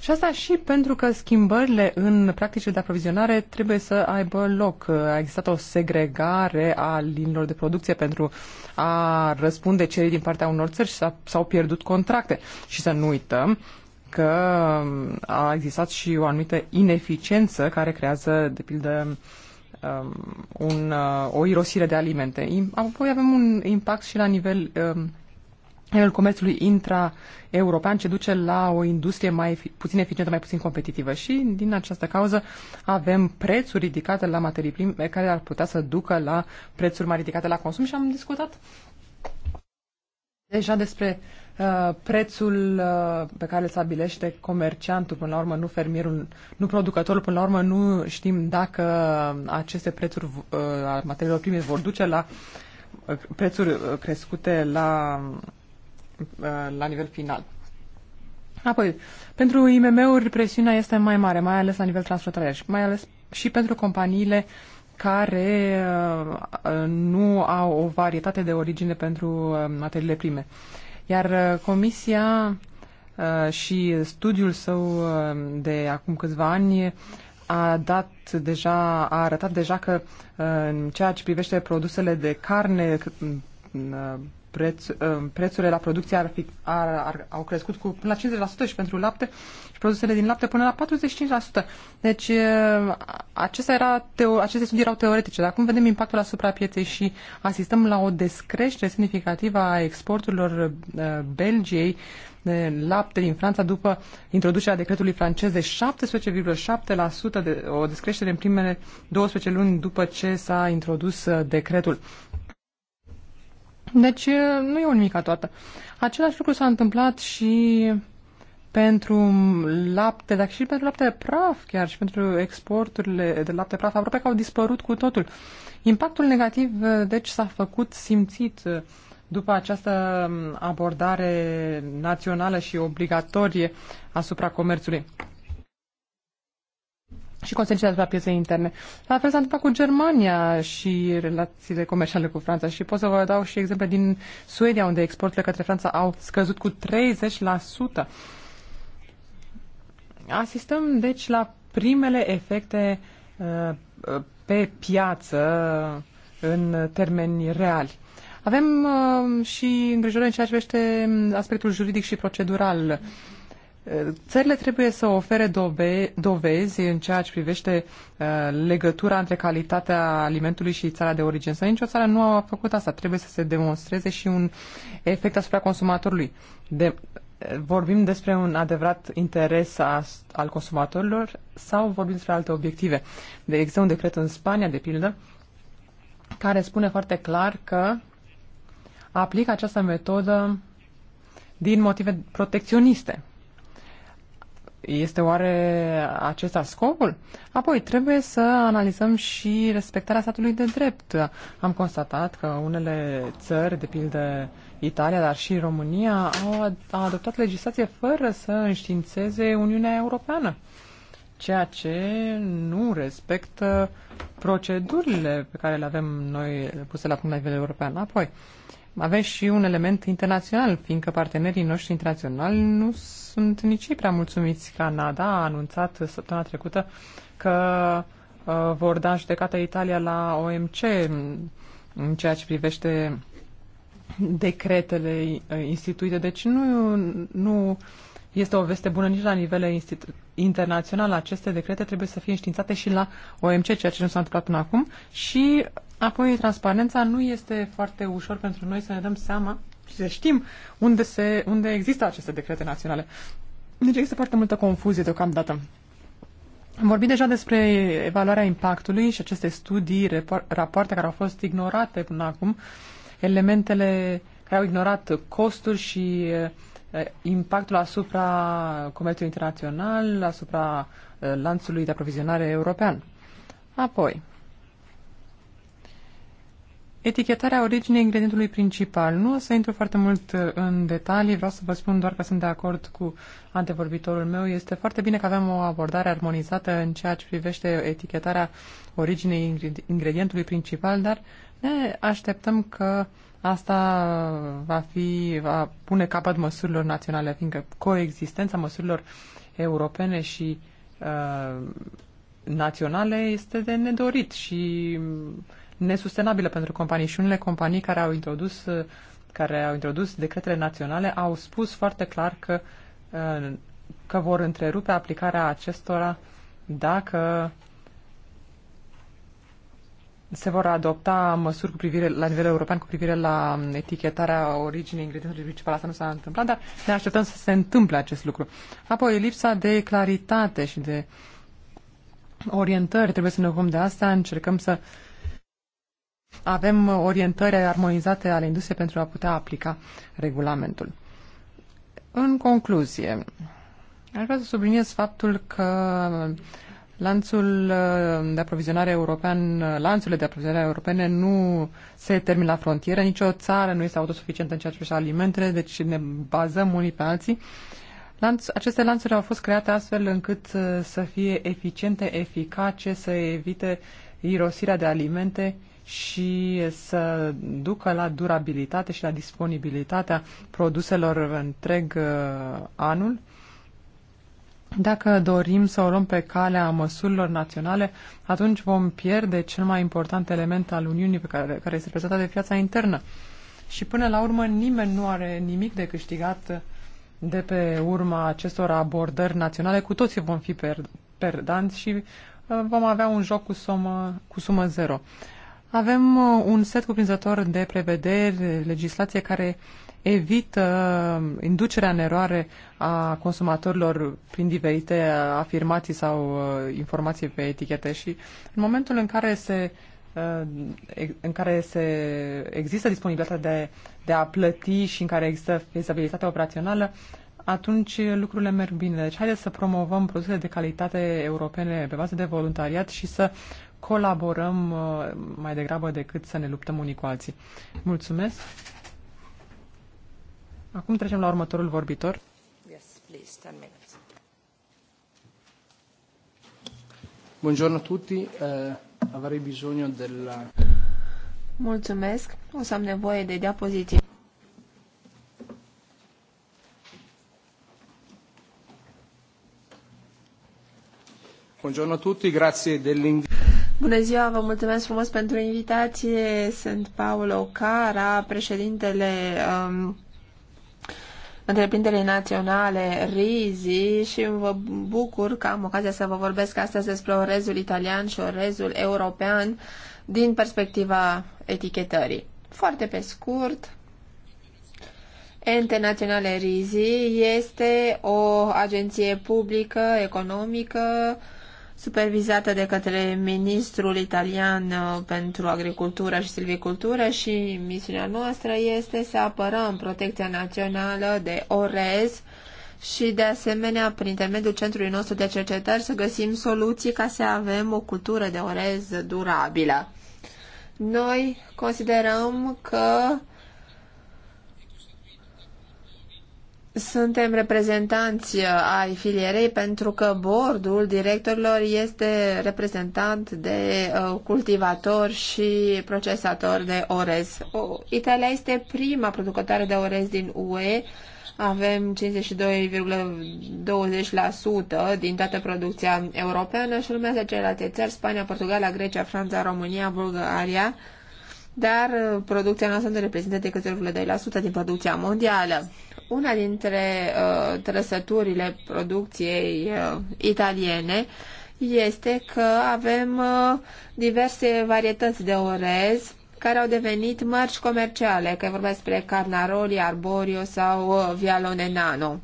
Și asta și pentru că schimbările în practicile de aprovizionare trebuie să aibă loc. A existat o segregare a linilor de producție pentru a răspunde cererii din partea unor țări și s-au pierdut contracte. Și să nu uităm că a existat și o anumită ineficiență care creează, de pildă, um, un, uh, o irosire de alimente. Apoi avem un impact și la nivel um, nivelul comerțului intra-european ce duce la o industrie mai puțin eficientă, mai puțin competitivă. Și din această cauză avem prețuri ridicate la materii prime care ar putea să ducă la prețuri mai ridicate la consum și am discutat deja despre uh, prețul uh, pe care îl stabilește comerciantul, până la urmă nu fermierul, nu producătorul, până la urmă nu știm dacă aceste prețuri uh, a materiilor prime vor duce la uh, prețuri uh, crescute la Uh, la nivel final. Apoi, pentru IMM-uri presiunea este mai mare, mai ales la nivel transfrontalier și mai ales și pentru companiile care uh, uh, nu au o varietate de origine pentru materiile prime. Iar Comisia și studiul său de acum câțiva ani a dat deja, a arătat deja că în ceea ce privește produsele de carne, preț, uh, prețurile la producție ar fi, ar, ar, au crescut cu până la 50% și pentru lapte și produsele din lapte până la 45%. Deci uh, acestea era teo, aceste studii erau teoretice, dar acum vedem impactul asupra pieței și asistăm la o descreștere semnificativă a exporturilor uh, Belgiei de lapte din Franța după introducerea decretului francez de 17,7%, de, o descreștere în primele 12 luni după ce s-a introdus decretul. Deci nu e o nimica toată. Același lucru s-a întâmplat și pentru lapte, dar și pentru lapte de praf chiar și pentru exporturile de lapte praf, aproape că au dispărut cu totul. Impactul negativ, deci, s-a făcut simțit după această abordare națională și obligatorie asupra comerțului și consecințele asupra pieței interne. La fel s-a întâmplat cu Germania și relațiile comerciale cu Franța și pot să vă dau și exemple din Suedia, unde exporturile către Franța au scăzut cu 30%. Asistăm, deci, la primele efecte uh, pe piață uh, în termeni reali. Avem uh, și îngrijorări în ceea ce privește um, aspectul juridic și procedural. Uh, Țările trebuie să ofere dovezi în ceea ce privește uh, legătura între calitatea alimentului și țara de origine. Să nicio țară nu a făcut asta. Trebuie să se demonstreze și un efect asupra consumatorului. De, uh, vorbim despre un adevărat interes a, al consumatorilor sau vorbim despre alte obiective. De exemplu, un decret în Spania, de pildă, care spune foarte clar că aplică această metodă din motive protecționiste. Este oare acesta scopul? Apoi, trebuie să analizăm și respectarea statului de drept. Am constatat că unele țări, de pildă Italia, dar și România, au adoptat legislație fără să înștiințeze Uniunea Europeană, ceea ce nu respectă procedurile pe care le avem noi puse la punct la nivel european. Apoi, uh, avem și un element internațional, fiindcă partenerii noștri internaționali nu sunt nici prea mulțumiți. Canada a anunțat săptămâna trecută că uh, vor da judecată Italia la OMC în ceea ce privește decretele uh, instituite. Deci nu, nu este o veste bună nici la nivel internațional. Aceste decrete trebuie să fie înștiințate și la OMC, ceea ce nu s-a întâmplat până acum. Și Apoi, transparența nu este foarte ușor pentru noi să ne dăm seama și să știm unde, se, unde există aceste decrete naționale. Deci există foarte multă confuzie deocamdată. Am vorbit deja despre evaluarea impactului și aceste studii, rapoarte care au fost ignorate până acum, elementele care au ignorat costuri și eh, impactul asupra comerțului internațional, asupra eh, lanțului de aprovizionare european. Apoi, Etichetarea originii ingredientului principal. Nu o să intru foarte mult uh, în detalii, vreau să vă spun doar că sunt de acord cu antevorbitorul meu. Este foarte bine că avem o abordare armonizată în ceea ce privește etichetarea originei ingredientului principal, dar ne așteptăm că asta va, fi, va pune capăt măsurilor naționale, fiindcă coexistența măsurilor europene și uh, naționale este de nedorit și nesustenabilă pentru companii și unele companii care au introdus, care au introdus decretele naționale au spus foarte clar că, uh, că vor întrerupe aplicarea acestora dacă se vor adopta măsuri cu privire la nivel european cu privire la etichetarea originii ingredientului principal. Asta nu s-a întâmplat, dar ne așteptăm să se întâmple acest lucru. Apoi, lipsa de claritate și de orientări. Trebuie să ne ocupăm de asta. Încercăm să uh, avem orientări armonizate ale industriei pentru a putea aplica regulamentul. În concluzie, aș vrea să subliniez faptul că lanțul de aprovizionare european, lanțurile de aprovizionare europene nu se termină la frontieră, nicio țară nu este autosuficientă în ceea ce privește alimentele, deci ne bazăm unii pe alții. Lanț, aceste lanțuri au fost create astfel încât uh, să fie eficiente, eficace, să evite irosirea de alimente și să ducă la durabilitate și la disponibilitatea produselor întreg uh, anul. Dacă dorim să o luăm pe calea măsurilor naționale, atunci vom pierde cel mai important element al Uniunii pe care, care este prezentat de piața internă. Și până la urmă nimeni nu are nimic de câștigat de pe urma acestor abordări naționale. Cu toții vom fi perdanți și uh, vom avea un joc cu sumă, cu sumă zero. Avem uh, un set cuprinzător de prevederi, legislație care evită uh, inducerea în eroare a consumatorilor prin diferite uh, afirmații sau informații pe etichete și în momentul în care se în care se există disponibilitatea de, de a plăti și în care există fezabilitatea operațională, atunci lucrurile merg bine. Deci haideți să promovăm produse de calitate europene pe bază de voluntariat și să colaborăm uh, mai degrabă decât să ne luptăm unii cu alții. Mulțumesc! Acum trecem la următorul vorbitor. Yes, please, 10 minutes. Buongiorno a tutti, uh, avrei bisogno della... Mulțumesc, o să am nevoie de diapozitive. Buongiorno a tutti, grazie dell'invito. Bună ziua, vă mulțumesc frumos pentru invitație. Sunt Paulo Cara, președintele um, întreprinderii naționale Rizi și vă bucur că am ocazia să vă vorbesc astăzi despre orezul italian și orezul european din perspectiva etichetării. Foarte pe scurt, Ente Naționale Rizi este o agenție publică, economică, uh, supervizată de către ministrul italian uh, pentru agricultură și silvicultură și misiunea noastră este să apărăm protecția națională de orez și de asemenea, prin intermediul centrului nostru de cercetări, să găsim soluții ca să avem o cultură de orez durabilă. Noi considerăm că Suntem reprezentanți uh, ai filierei pentru că bordul directorilor este reprezentant de uh, cultivatori și procesatori de orez. Italia este prima producătoare de orez din UE. Avem 52,20% din toată producția europeană și urmează celelalte țări, Spania, Portugalia, Grecia, Franța, România, Bulgaria, dar uh, producția noastră nu reprezintă decât 0,2% din producția mondială. Una dintre uh, trăsăturile producției uh, italiene este că avem uh, diverse varietăți de orez care au devenit mărci comerciale, că vorbesc despre Carnaroli, Arborio sau uh, Vialone Nano.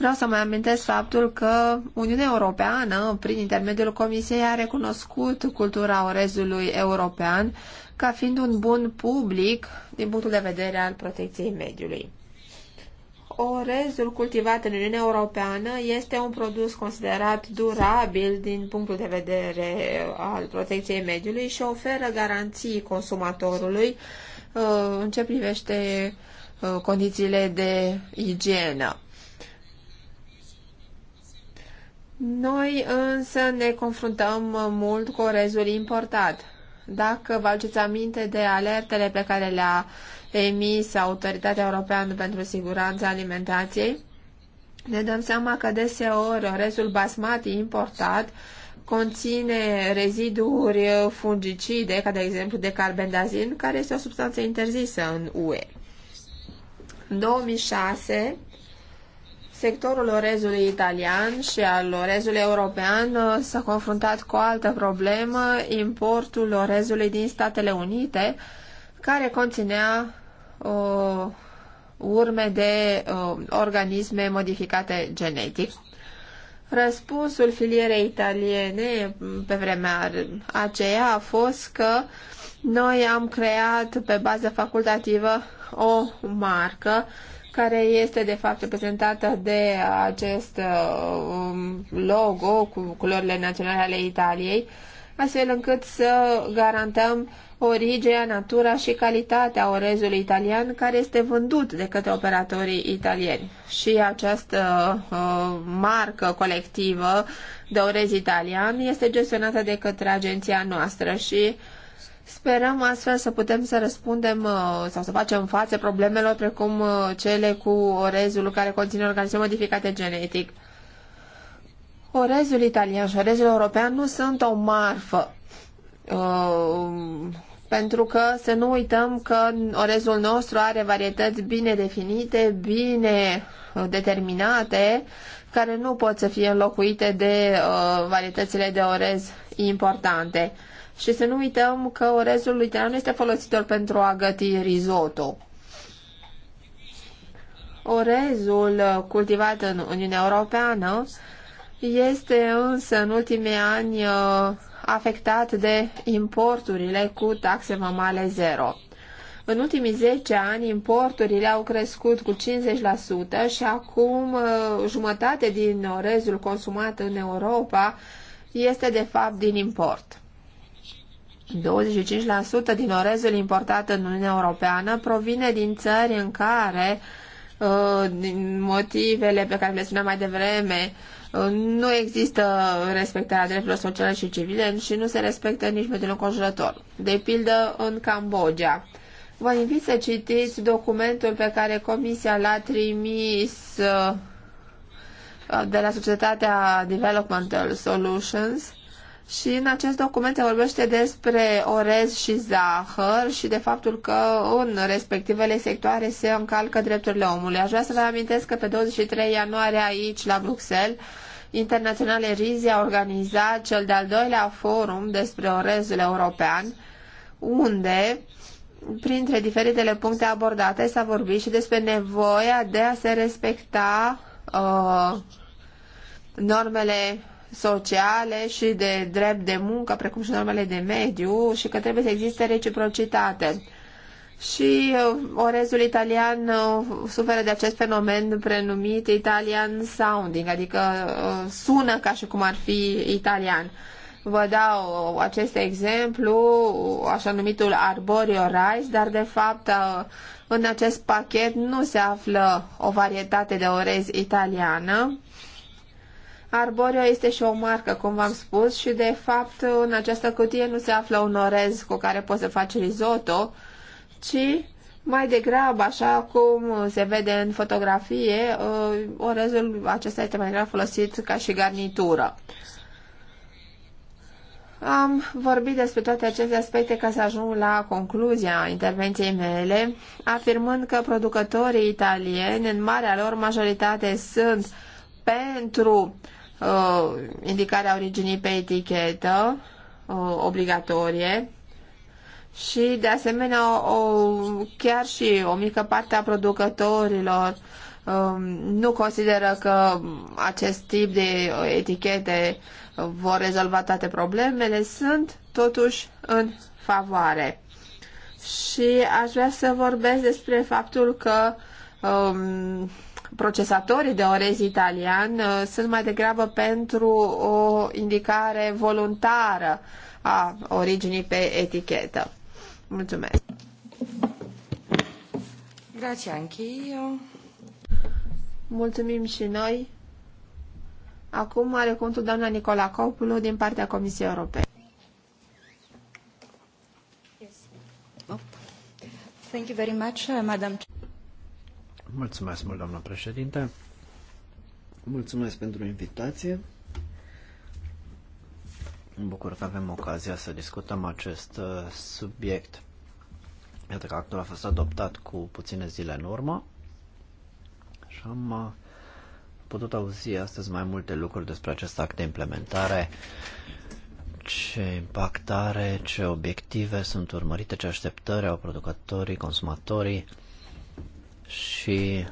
Vreau să mai amintesc faptul că Uniunea Europeană, prin intermediul Comisiei, a recunoscut cultura orezului european ca fiind un bun public din punctul de vedere al protecției mediului. Orezul cultivat în Uniunea Europeană este un produs considerat durabil din punctul de vedere al protecției mediului și oferă garanții consumatorului uh, în ce privește uh, condițiile de igienă. Noi însă ne confruntăm mult cu orezul importat. Dacă vă aduceți aminte de alertele pe care le-a emis Autoritatea Europeană pentru Siguranța Alimentației, ne dăm seama că deseori orezul basmati importat conține reziduri fungicide, ca de exemplu de carbendazin, care este o substanță interzisă în UE. În 2006, sectorul orezului italian și al orezului european uh, s-a confruntat cu o altă problemă, importul orezului din Statele Unite, care conținea uh, urme de uh, organisme modificate genetic. Răspunsul filierei italiene pe vremea aceea a fost că noi am creat pe bază facultativă o marcă care este de fapt reprezentată de acest um, logo cu culorile naționale ale Italiei, astfel încât să garantăm originea, natura și calitatea orezului italian care este vândut de către operatorii italieni. Și această uh, marcă colectivă de orez italian este gestionată de către agenția noastră și uh, Sperăm astfel să putem să răspundem uh, sau să facem față problemelor precum uh, cele cu orezul care conține organisme modificate genetic. Orezul italian și orezul european nu sunt o marfă. Uh, pentru că să nu uităm că orezul nostru are varietăți bine definite, bine determinate, care nu pot să fie înlocuite de varietățile de orez importante. Și să nu uităm că orezul lui nu este folositor pentru a găti risotto. Orezul cultivat în Uniunea Europeană este însă în ultimii ani uh, afectat de importurile cu taxe mamale zero. În ultimii 10 ani importurile au crescut cu 50% și acum uh, jumătate din orezul consumat în Europa este de fapt din import. 25% din orezul importat în Uniunea Europeană provine din țări în care, uh, din motivele pe care le spuneam mai devreme, uh, nu există respectarea drepturilor sociale și civile și nu se respectă nici mediul înconjurător. De pildă, în Cambodgia. Vă invit să citiți documentul pe care Comisia l-a trimis uh, de la societatea Developmental Solutions și în acest document se vorbește despre orez și zahăr și de faptul că în respectivele sectoare se încalcă drepturile omului. Aș vrea să vă amintesc că pe 23 ianuarie aici, la Bruxelles, Internaționale Rizi a organizat cel de-al doilea forum despre orezul european, unde, printre diferitele puncte abordate, s-a vorbit și despre nevoia de a se respecta uh, normele sociale și de drept de muncă, precum și normele de mediu și că trebuie să existe reciprocitate. Și uh, orezul italian uh, suferă de acest fenomen prenumit Italian Sounding, adică uh, sună ca și cum ar fi italian. Vă dau acest exemplu, așa numitul Arborio Rice, dar de fapt în acest pachet nu se află o varietate de orez italiană, Arborio este și o marcă, cum v-am spus, și de fapt în această cutie nu se află un orez cu care poți să faci risotto, ci mai degrabă, așa cum se vede în fotografie, uh, orezul acesta este mai degrabă folosit ca și garnitură. Am vorbit despre toate aceste aspecte ca să ajung la concluzia intervenției mele, afirmând că producătorii italieni, în marea lor majoritate, sunt pentru uh, indicarea originii pe etichetă uh, obligatorie și, de asemenea, o, chiar și o mică parte a producătorilor um, nu consideră că acest tip de etichete vor rezolva toate problemele, sunt totuși în favoare. Și aș vrea să vorbesc despre faptul că um, procesatorii de orez italian uh, sunt mai degrabă pentru o indicare voluntară a originii pe etichetă. Mulțumesc! Grazie anch'io. Mulțumim și noi. Acum are cuvântul doamna Nicola Copulu din partea Comisiei Europene. Oh. Thank you very much, uh, Madam. Mulțumesc mult, doamnă președinte. Mulțumesc pentru invitație. Îmi bucur că avem ocazia să discutăm acest uh, subiect. Iată că actul a fost adoptat cu puține zile în urmă și am uh, putut auzi astăzi mai multe lucruri despre acest act de implementare, ce impact are, ce obiective sunt urmărite, ce așteptări au producătorii, consumatorii și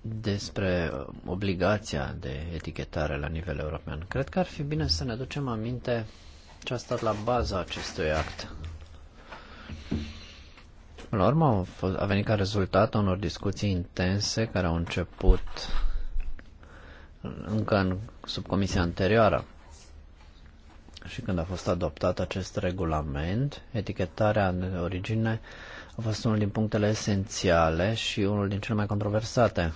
despre obligația de etichetare la nivel european. Cred că ar fi bine să ne ducem aminte ce a stat la baza acestui act. La urmă a venit ca rezultat unor discuții intense care au început încă în subcomisia anterioară și când a fost adoptat acest regulament, etichetarea în origine a fost unul din punctele esențiale și unul din cele mai controversate.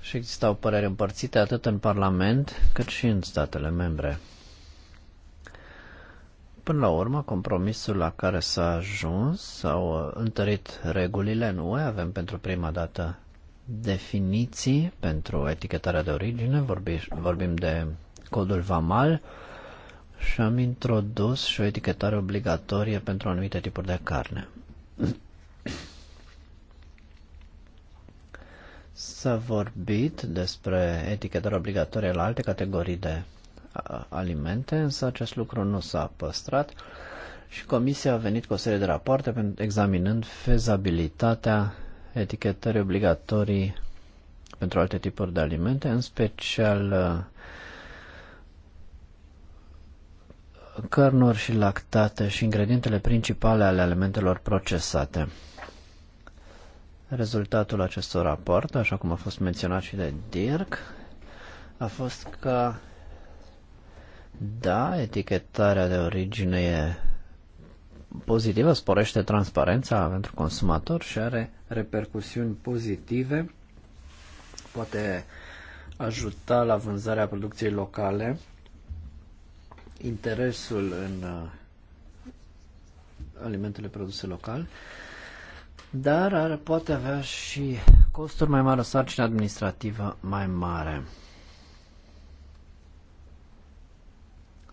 Și existau păreri împărțite atât în Parlament cât și în statele membre. Până la urmă, compromisul la care s-a ajuns s-au întărit regulile în UE. Avem pentru prima dată definiții pentru etichetarea de origine, vorbi, vorbim de codul VAMAL și am introdus și o etichetare obligatorie pentru anumite tipuri de carne. S-a vorbit despre etichetare obligatorie la alte categorii de alimente, însă acest lucru nu s-a păstrat și comisia a venit cu o serie de rapoarte examinând fezabilitatea etichetării obligatorii pentru alte tipuri de alimente, în special cărnuri și lactate și ingredientele principale ale alimentelor procesate. Rezultatul acestor raport, așa cum a fost menționat și de Dirk, a fost că, da, etichetarea de origine e pozitivă, sporește transparența pentru consumator și are repercusiuni pozitive, poate ajuta la vânzarea producției locale interesul în uh, alimentele produse local, dar ar, poate avea și costuri mai mari, o sarcină administrativă mai mare.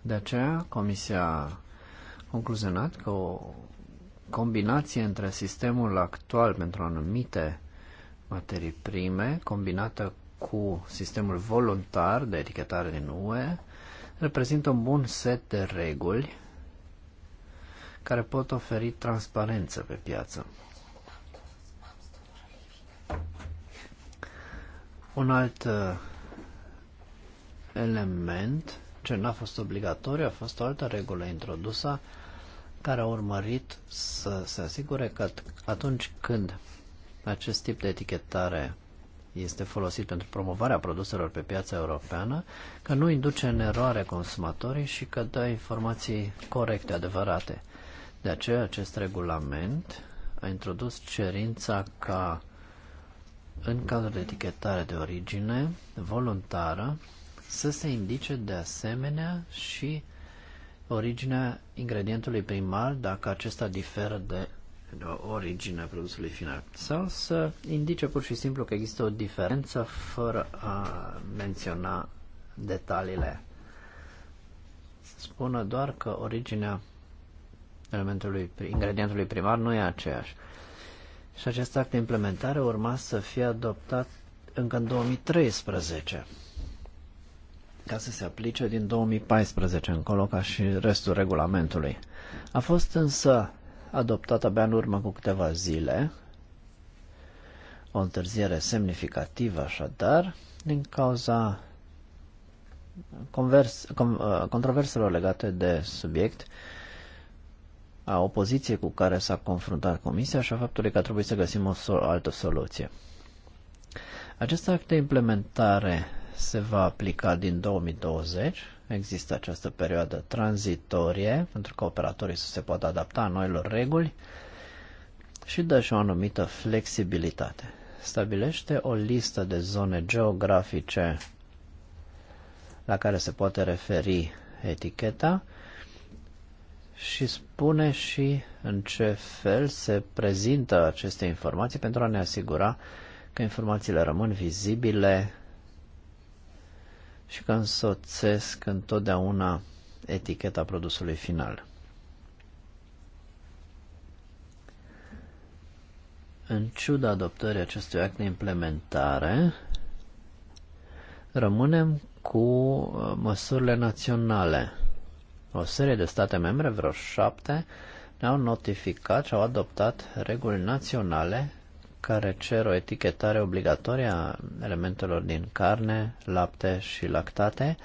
De aceea, Comisia a concluzionat că o combinație între sistemul actual pentru anumite materii prime, combinată cu sistemul voluntar de etichetare din UE, reprezintă un bun set de reguli care pot oferi transparență pe piață. Un alt uh, element ce n-a fost obligatoriu a fost o altă regulă introdusă care a urmărit să se asigure că atunci când acest tip de etichetare este folosit pentru promovarea produselor pe piața europeană, că nu induce în eroare consumatorii și că dă informații corecte, adevărate. De aceea, acest regulament a introdus cerința ca în cazul de etichetare de origine voluntară să se indice de asemenea și originea ingredientului primar dacă acesta diferă de originea produsului final sau să indice pur și simplu că există o diferență fără a menționa detaliile. Să spună doar că originea elementului, ingredientului primar nu e aceeași. Și acest act de implementare urma să fie adoptat încă în 2013 ca să se aplice din 2014 încolo ca și restul regulamentului. A fost însă adoptat abia în urmă cu câteva zile, o întârziere semnificativă așadar, din cauza convers, com, uh, controverselor legate de subiect, a opoziției cu care s-a confruntat Comisia și a faptului că trebuie să găsim o so- altă soluție. Acest act de implementare se va aplica din 2020 Există această perioadă tranzitorie pentru că operatorii să se poată adapta noilor reguli și dă și o anumită flexibilitate. Stabilește o listă de zone geografice la care se poate referi eticheta și spune și în ce fel se prezintă aceste informații pentru a ne asigura că informațiile rămân vizibile și că însoțesc întotdeauna eticheta produsului final. În ciuda adoptării acestui act de implementare, rămânem cu uh, măsurile naționale. O serie de state membre, vreo șapte, ne-au notificat și au adoptat reguli naționale care cer o etichetare obligatorie a elementelor din carne, lapte și lactate.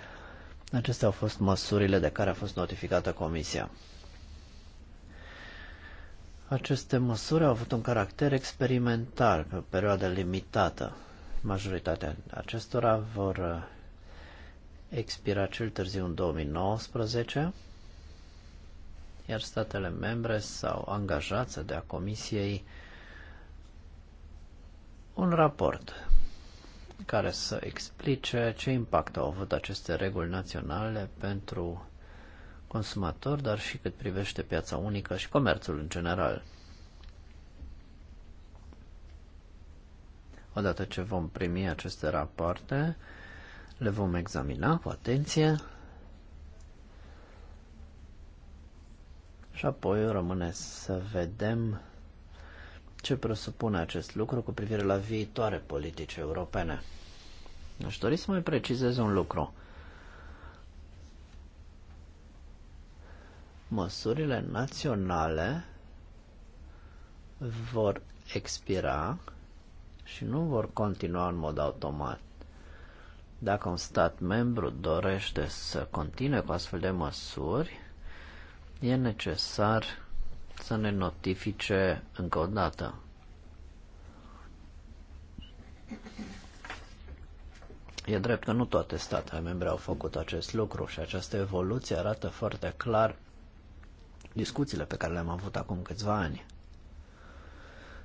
Acestea au fost măsurile de care a fost notificată Comisia. Aceste măsuri au avut un caracter experimental pe o perioadă limitată. Majoritatea acestora vor uh, expira cel târziu în 2019, iar statele membre s-au angajat să dea Comisiei un raport care să explice ce impact au avut aceste reguli naționale pentru consumator, dar și cât privește piața unică și comerțul în general. Odată ce vom primi aceste rapoarte, le vom examina cu atenție și apoi rămâne să vedem ce presupune acest lucru cu privire la viitoare politici europene. Aș dori să mai precizez un lucru. Măsurile naționale vor expira și nu vor continua în mod automat. Dacă un stat membru dorește să continue cu astfel de măsuri, e necesar să ne notifice încă o dată. E drept că nu toate statele membre au făcut acest lucru și această evoluție arată foarte clar discuțiile pe care le-am avut acum câțiva ani.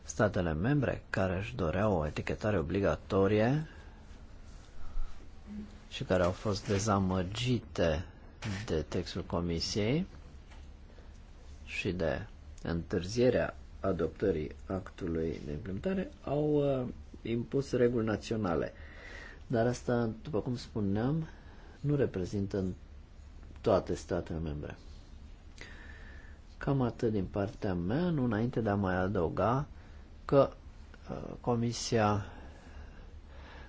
Statele membre care își doreau o etichetare obligatorie și care au fost dezamăgite de textul Comisiei și de întârzierea adoptării actului de implementare au uh, impus reguli naționale. Dar asta, după cum spuneam, nu reprezintă în toate statele membre. Cam atât din partea mea, nu înainte de a mai adăuga că uh, Comisia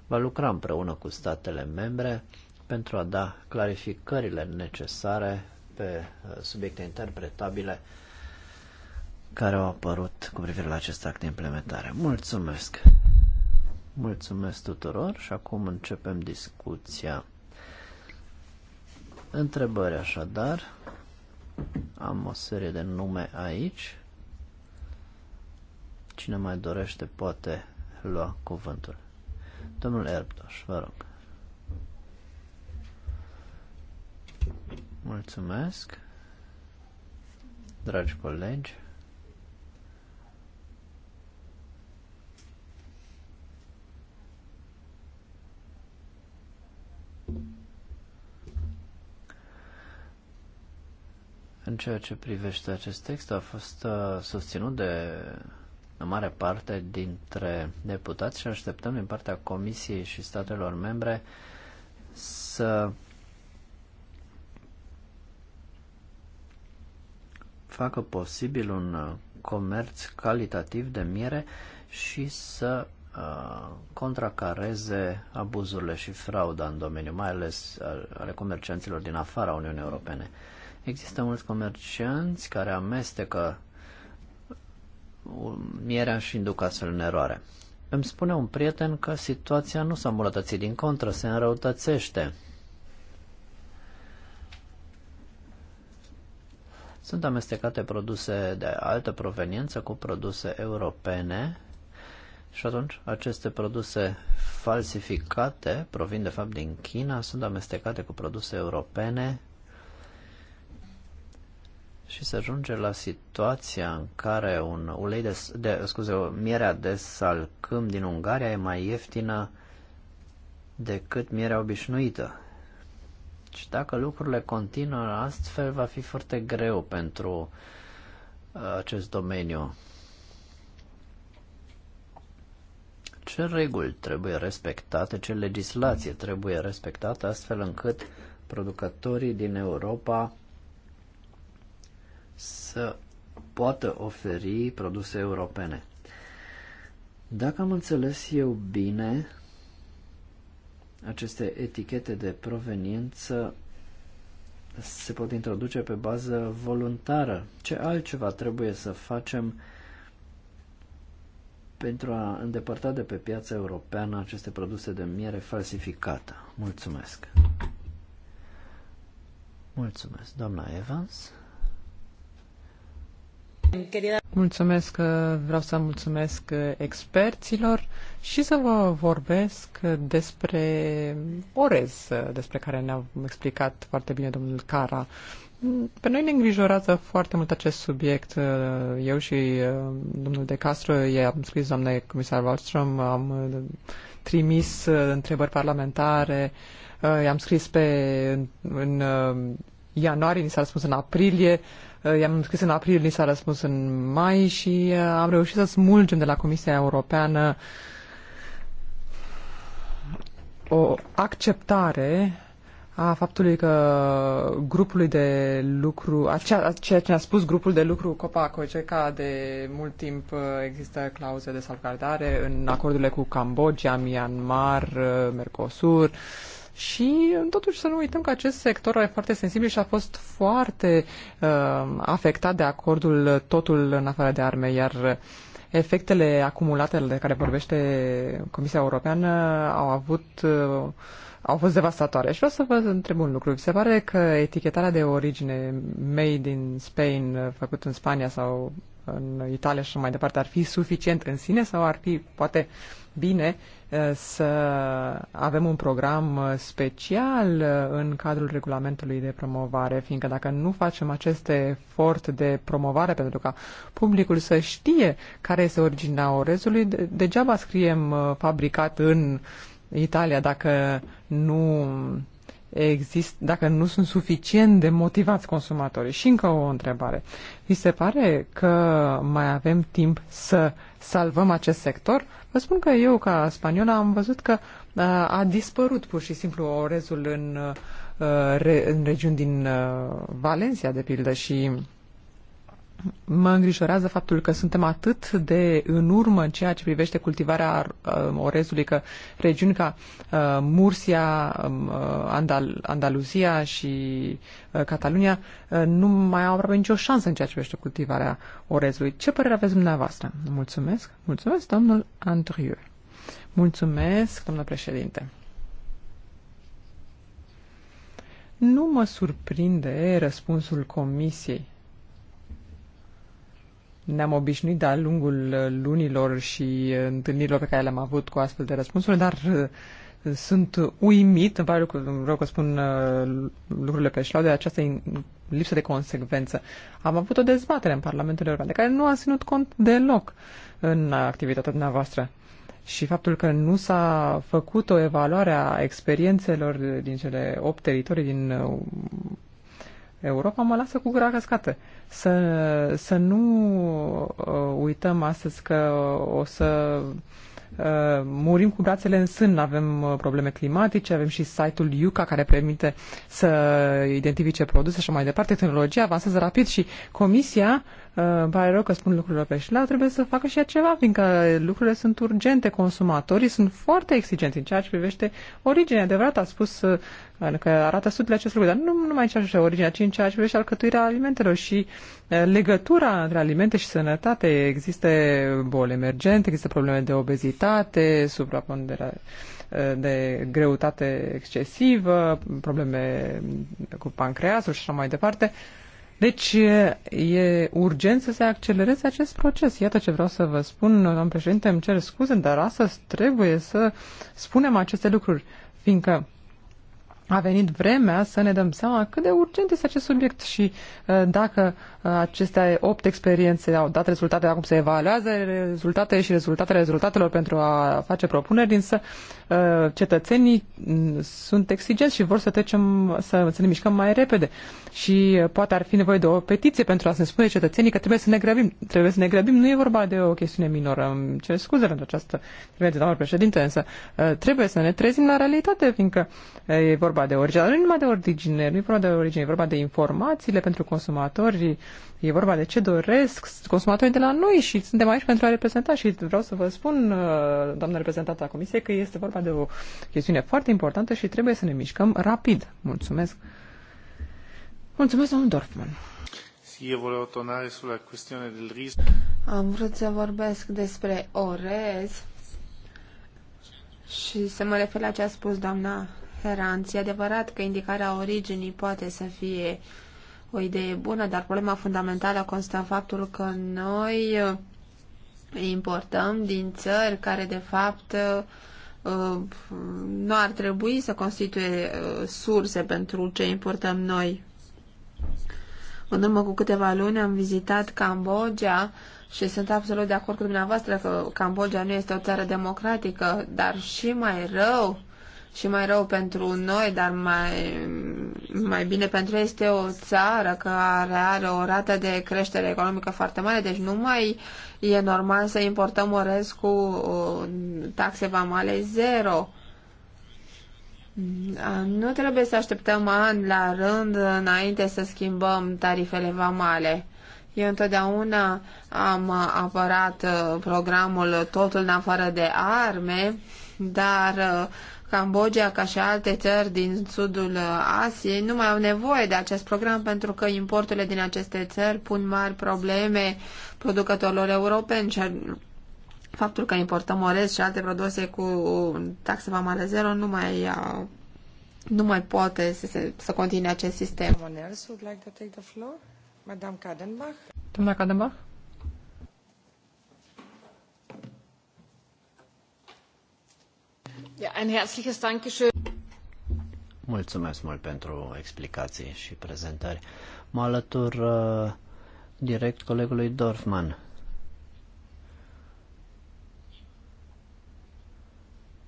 va lucra împreună cu statele membre pentru a da clarificările necesare pe uh, subiecte interpretabile care au apărut cu privire la acest act de implementare. Mulțumesc! Mulțumesc tuturor și acum începem discuția. Întrebări așadar. Am o serie de nume aici. Cine mai dorește poate lua cuvântul. Domnul Erbdoș, vă rog. Mulțumesc. Dragi colegi. În ceea ce privește acest text, a fost uh, susținut de o mare parte dintre deputați și așteptăm din partea Comisiei și statelor membre să facă posibil un uh, comerț calitativ de miere și să uh, contracareze abuzurile și frauda în domeniu, mai ales uh, ale comercianților din afara Uniunii Europene. Există mulți comercianți care amestecă mierea și induc astfel în eroare. Îmi spune un prieten că situația nu s-a îmbunătățit, din contră, se înrăutățește. Sunt amestecate produse de altă proveniență cu produse europene și atunci aceste produse falsificate, provin de fapt din China, sunt amestecate cu produse europene și se ajunge la situația în care un ulei de, de scuze, o mierea de salcâm din Ungaria e mai ieftină decât mierea obișnuită. Și dacă lucrurile continuă astfel, va fi foarte greu pentru uh, acest domeniu. Ce reguli trebuie respectate, ce legislație trebuie respectată astfel încât producătorii din Europa să poată oferi produse europene. Dacă am înțeles eu bine, aceste etichete de proveniență se pot introduce pe bază voluntară. Ce altceva trebuie să facem pentru a îndepărta de pe piața europeană aceste produse de miere falsificată? Mulțumesc! Mulțumesc, doamna Evans. Mulțumesc, vreau să mulțumesc experților și să vă vorbesc despre orez, despre care ne-a explicat foarte bine domnul Cara. Pe noi ne îngrijorează foarte mult acest subiect. Eu și uh, domnul De Castro i-am scris, doamne comisar Wallström, am uh, trimis uh, întrebări parlamentare, i-am scris pe, în ianuarie, ni s-a răspuns în aprilie, uh, i-am scris în aprilie, ni s-a răspuns în mai și uh, am reușit să smulgem de la Comisia Europeană o acceptare a faptului că grupului de lucru, a ceea, ce ne-a spus grupul de lucru Copaco, ca de mult timp uh, există clauze de salvgardare în acordurile cu Cambodgia, Myanmar, Mercosur, uh, și totuși să nu uităm că acest sector e foarte sensibil și a fost foarte uh, afectat de acordul totul în afară de arme, iar efectele acumulate de care vorbește Comisia Europeană au avut uh, au fost devastatoare. Și vreau să vă întreb un lucru. Vi se pare că etichetarea de origine made in Spain, făcut în Spania sau în Italia și mai departe, ar fi suficient în sine sau ar fi poate bine uh, să avem un program uh, special uh, în cadrul regulamentului de promovare, fiindcă dacă nu facem acest efort de promovare pentru ca publicul să știe care este originea orezului, degeaba scriem fabricat în Italia dacă nu exist, dacă nu sunt suficient de motivați consumatorii. Și încă o întrebare. Vi se pare că mai avem timp să salvăm acest sector, vă spun că eu, ca spaniolă, am văzut că uh, a dispărut pur și simplu orezul în, uh, în regiuni din uh, Valencia, de pildă, și mă îngrijorează faptul că suntem atât de în urmă în ceea ce privește cultivarea uh, orezului, că regiuni ca uh, Mursia, um, uh, Andal- Andaluzia și Catalunia nu mai au aproape nicio șansă în ceea ce privește cultivarea orezului. Ce părere aveți dumneavoastră? Mulțumesc. Mulțumesc, domnul Andriu. Mulțumesc, domnul președinte. Nu mă surprinde răspunsul comisiei ne-am obișnuit de-a lungul uh, lunilor și uh, întâlnirilor pe care le-am avut cu astfel de răspunsuri, dar uh, sunt uimit, îmi pare rău că spun lucrurile pe șlau, de această lipsă de consecvență. Am avut o dezbatere în Parlamentul European, de care nu a ținut cont deloc în activitatea dumneavoastră. Și faptul că nu s-a făcut o evaluare a experiențelor din cele 8 teritorii din Europa mă lasă cu gura căscată. Să, să nu uh, uităm astăzi că uh, o să uh, murim cu brațele în sân. Avem uh, probleme climatice, avem și site-ul Iuca care permite să identifice produse și mai departe. Tehnologia avansează rapid și Comisia îmi pare rău că spun lucrurile pe șleau, trebuie să facă și ea ceva, fiindcă lucrurile sunt urgente, consumatorii sunt foarte exigenți în ceea ce privește originea. Adevărat a spus uh, că arată studiile acest lucru, dar nu numai în ceea ce privește originea, ci în ceea ce privește alcătuirea alimentelor și uh, legătura între alimente și sănătate. Există boli emergente, există probleme de obezitate, supraponderea uh, de greutate excesivă, probleme cu pancreasul și așa mai departe. Uh, deci e urgent să se accelereze acest proces. Iată ce vreau să vă spun, domn președinte, îmi cer scuze, dar astăzi trebuie să spunem aceste lucruri, fiindcă a venit vremea să ne dăm seama cât de urgent este acest subiect și uh, dacă uh, aceste opt experiențe au dat rezultate, acum se evaluează rezultate și rezultatele rezultatelor pentru a face propuneri, însă uh, cetățenii mm, sunt exigenți și vor să trecem, să, să ne mișcăm mai repede și poate ar fi nevoie de o petiție pentru a se spune cetățenii că trebuie să ne grăbim. Trebuie să ne grăbim, nu e vorba de o chestiune minoră. Îmi cer scuze pentru această intervenție, doamnă președinte, însă trebuie să ne trezim la realitate, fiindcă e vorba vorba de origine, dar nu numai de origine, nu e vorba de origine, e vorba de informațiile pentru consumatori, e vorba de ce doresc consumatorii de la noi și suntem aici pentru a reprezenta și vreau să vă spun, uh, doamnă reprezentată a Comisiei, că este vorba de o chestiune foarte importantă și trebuie să ne mișcăm rapid. Mulțumesc! Mulțumesc, domnul Dorfman! Am vrut să vorbesc despre orez și să mă refer la ce a spus doamna Heranți. E adevărat că indicarea originii poate să fie o idee bună, dar problema fundamentală constă în faptul că noi uh, importăm din țări care, de fapt, uh, nu ar trebui să constituie uh, surse pentru ce importăm noi. În urmă cu câteva luni am vizitat Cambodgia și sunt absolut de acord cu dumneavoastră că Cambodgia nu este o țară democratică, dar și mai rău, și mai rău pentru noi, dar mai, mai bine pentru ei este o țară care are o rată de creștere economică foarte mare, deci nu mai e normal să importăm orez cu taxe vamale zero. Nu trebuie să așteptăm ani la rând înainte să schimbăm tarifele vamale. Eu întotdeauna am apărat uh, programul Totul în afară de arme, dar uh, Cambodgia, ca și alte țări din sudul Asiei, nu mai au nevoie de acest program pentru că importurile din aceste țări pun mari probleme producătorilor europeni și faptul că importăm orez și alte produse cu taxe vamale zero nu mai nu mai poate să, se, să continue acest sistem. Doamna Kadenbach? Mulțumesc mult pentru explicații și prezentări. Mă alătur uh, direct colegului Dorfman.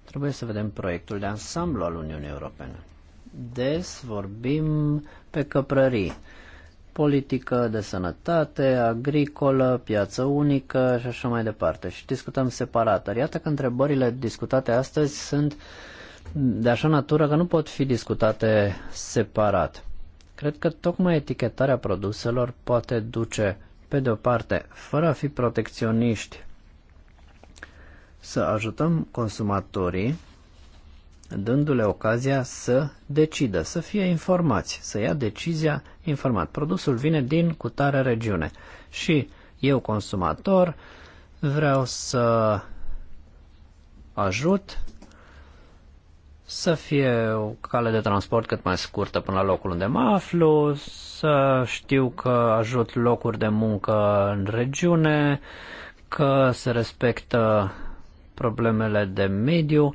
Trebuie să vedem proiectul de ansamblu al Uniunii Europene. Des vorbim pe căprării politică, de sănătate, agricolă, piață unică și așa mai departe. Și discutăm separat. Dar iată că întrebările discutate astăzi sunt de așa natură că nu pot fi discutate separat. Cred că tocmai etichetarea produselor poate duce, pe de o parte, fără a fi protecționiști, să ajutăm consumatorii dându-le ocazia să decidă, să fie informați, să ia decizia informat. Produsul vine din cutare regiune și eu, consumator, vreau să ajut să fie o cale de transport cât mai scurtă până la locul unde mă aflu, să știu că ajut locuri de muncă în regiune, că se respectă problemele de mediu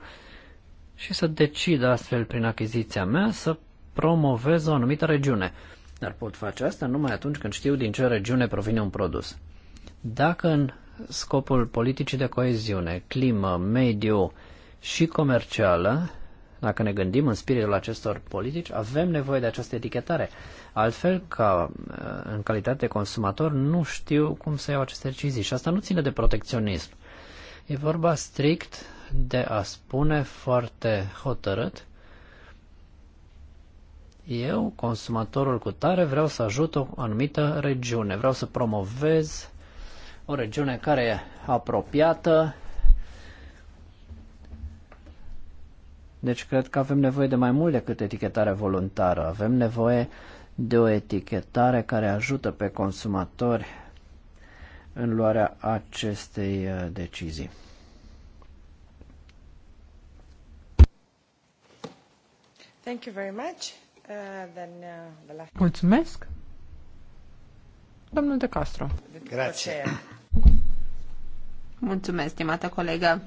și să decid astfel prin achiziția mea să promovez o anumită regiune. Dar pot face asta numai atunci când știu din ce regiune provine un produs. Dacă în scopul politicii de coeziune, climă, mediu și comercială, dacă ne gândim în spiritul acestor politici, avem nevoie de această etichetare. Altfel, ca uh, în calitate de consumator, nu știu cum să iau aceste decizii și asta nu ține de protecționism. E vorba strict de a spune foarte hotărât eu, consumatorul cu tare, vreau să ajut o anumită regiune, vreau să promovez o regiune care e apropiată. Deci cred că avem nevoie de mai mult decât etichetare voluntară. Avem nevoie de o etichetare care ajută pe consumatori în luarea acestei uh, decizii. Uh, uh, Mulțumesc. Domnul De Castro. Grazie. Mulțumesc, stimată colegă.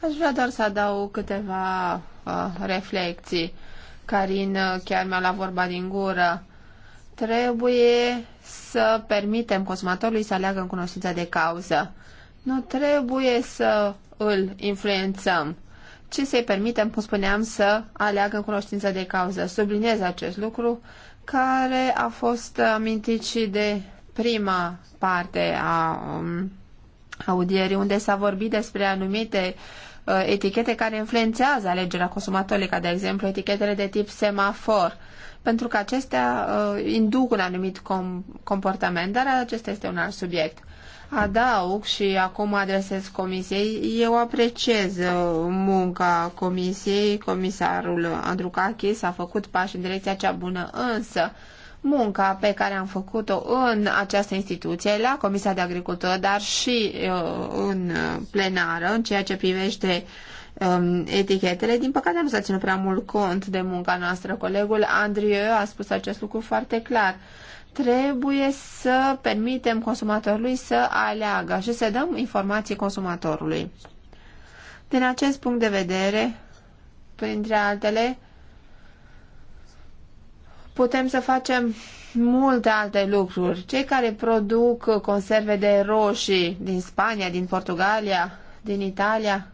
Aș vrea doar să adaug câteva uh, reflexii. Carin uh, chiar mi-a luat vorba din gură. Trebuie să permitem consumatorului să aleagă în cunoștința de cauză. Nu trebuie să îl influențăm ci să-i permitem, cum spuneam, să aleagă în cunoștință de cauză. Subliniez acest lucru care a fost amintit și de prima parte a um, audierii, unde s-a vorbit despre anumite uh, etichete care influențează alegerea consumatorului, ca de exemplu etichetele de tip semafor, pentru că acestea uh, induc un anumit com- comportament, dar acesta este un alt subiect. Adaug și acum adresez comisiei, eu apreciez uh, munca comisiei, comisarul Andrucachis a făcut pași în direcția cea bună, însă munca pe care am făcut-o în această instituție, la Comisia de Agricultură, dar și uh, în plenară, în ceea ce privește um, etichetele. Din păcate nu s-a ținut prea mult cont de munca noastră. Colegul Andrieu a spus acest lucru foarte clar trebuie să permitem consumatorului să aleagă și să dăm informații consumatorului. Din acest punct de vedere, printre altele, putem să facem multe alte lucruri. Cei care produc conserve de roșii din Spania, din Portugalia, din Italia,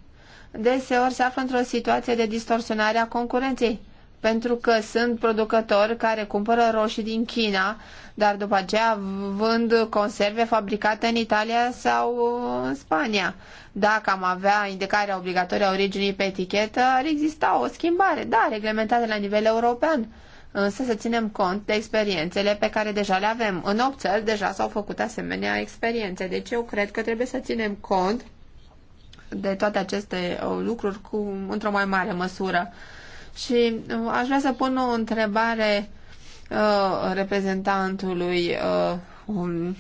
deseori se află într-o situație de distorsionare a concurenței pentru că sunt producători care cumpără roșii din China, dar după aceea vând conserve fabricate în Italia sau în Spania. Dacă am avea indicarea obligatorie a originii pe etichetă, ar exista o schimbare, da, reglementată la nivel european. Însă să ținem cont de experiențele pe care deja le avem. În 8 țări deja s-au făcut asemenea experiențe, deci eu cred că trebuie să ținem cont de toate aceste lucruri cu, într-o mai mare măsură. Și uh, aș vrea să pun o întrebare uh, reprezentantului uh, um,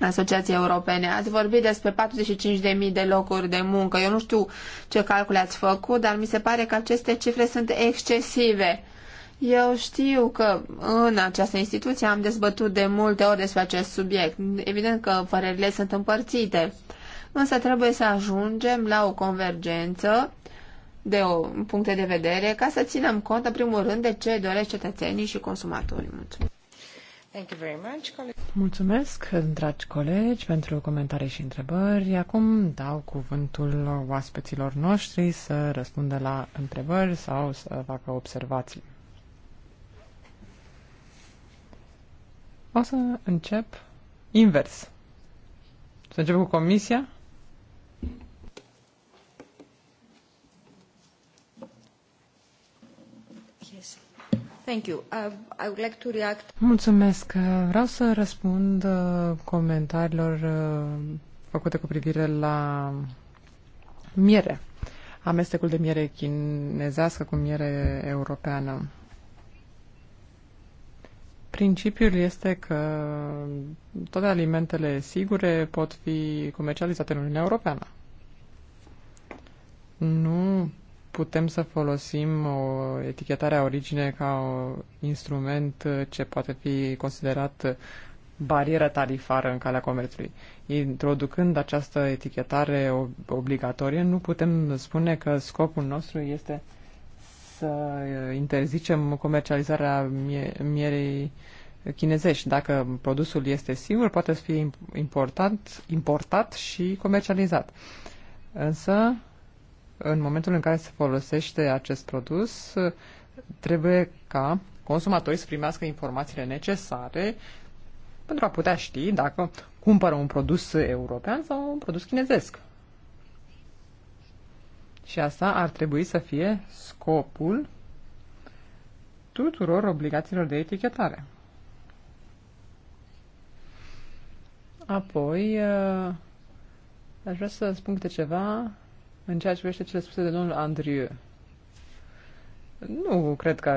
Asociației Europene. Ați vorbit despre 45.000 de locuri de muncă. Eu nu știu ce calcule ați făcut, dar mi se pare că aceste cifre sunt excesive. Eu știu că în această instituție am dezbătut de multe ori despre acest subiect. Evident că părerile sunt împărțite. Însă trebuie să ajungem la o convergență de o puncte de vedere ca să ținem cont, în primul rând, de ce doresc cetățenii și consumatorii. Mulțumesc! Thank you very much, Mulțumesc, dragi colegi, pentru comentarii și întrebări. Acum dau cuvântul oaspeților noștri să răspundă la întrebări sau să facă observații. O să încep invers. Să încep cu comisia? Uh, Vreau să răspund uh, comentariilor uh, făcute cu privire la miere, amestecul de miere chinezească cu miere europeană. Principiul este că toate alimentele sigure pot fi comercializate în Uniunea Europeană. Nu putem să folosim o etichetare a origine ca un instrument uh, ce poate fi considerat uh, barieră tarifară în calea comerțului. Introducând această etichetare obligatorie, nu putem spune că scopul nostru este să uh, interzicem comercializarea mierei chinezești. Dacă produsul este sigur, poate fi importat, importat și comercializat. Însă, în momentul în care se folosește acest produs, trebuie ca consumatorii să primească informațiile necesare pentru a putea ști dacă cumpără un produs european sau un produs chinezesc. Și asta ar trebui să fie scopul tuturor obligațiilor de etichetare. Apoi, uh, aș vrea să spun câte ceva în ceea ce privește cele spuse de domnul Andrieu, nu cred că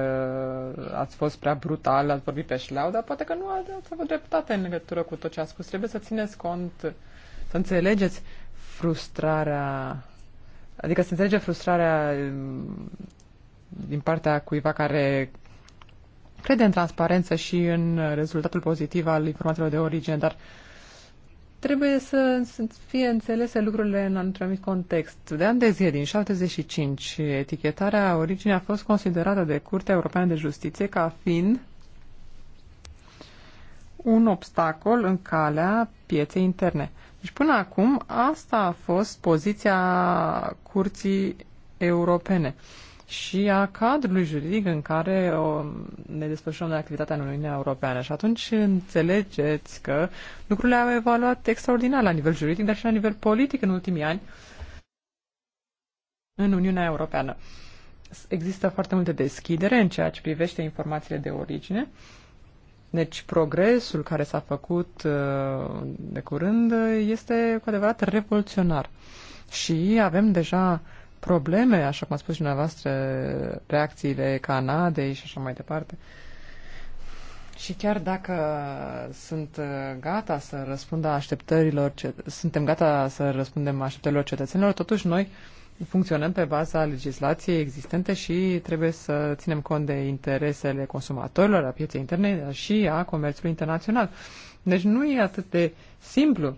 ați fost prea brutal, ați vorbit pe șleau, dar poate că nu ați avut dreptate în legătură cu tot ce a spus. Trebuie să țineți cont, să înțelegeți frustrarea, adică să înțelege frustrarea mm, din partea cuiva care crede în transparență și în rezultatul pozitiv al informațiilor de origine, dar uh, trebuie să fie înțelese lucrurile în anumit anumit context. De ani de zile, din 75, etichetarea originii a fost considerată de Curtea Europeană de Justiție ca fiind un obstacol în calea pieței interne. Deci până acum asta a fost poziția Curții Europene și a cadrului juridic în care o, ne desfășurăm de activitatea în Uniunea Europeană. Și atunci înțelegeți că lucrurile au evaluat extraordinar la nivel juridic, dar și la nivel politic în ultimii ani în Uniunea Europeană. Există foarte multă deschidere în ceea ce privește informațiile de origine. Deci progresul care s-a făcut uh, de curând este cu adevărat revoluționar. Și avem deja probleme, așa cum a spus și dumneavoastră, reacțiile Canadei și așa mai departe. Și chiar dacă sunt gata să răspundă așteptărilor, suntem gata să răspundem așteptărilor cetățenilor, totuși noi funcționăm pe baza legislației existente și trebuie să ținem cont de interesele consumatorilor, a pieței interne, și a comerțului internațional. Deci nu e atât de simplu,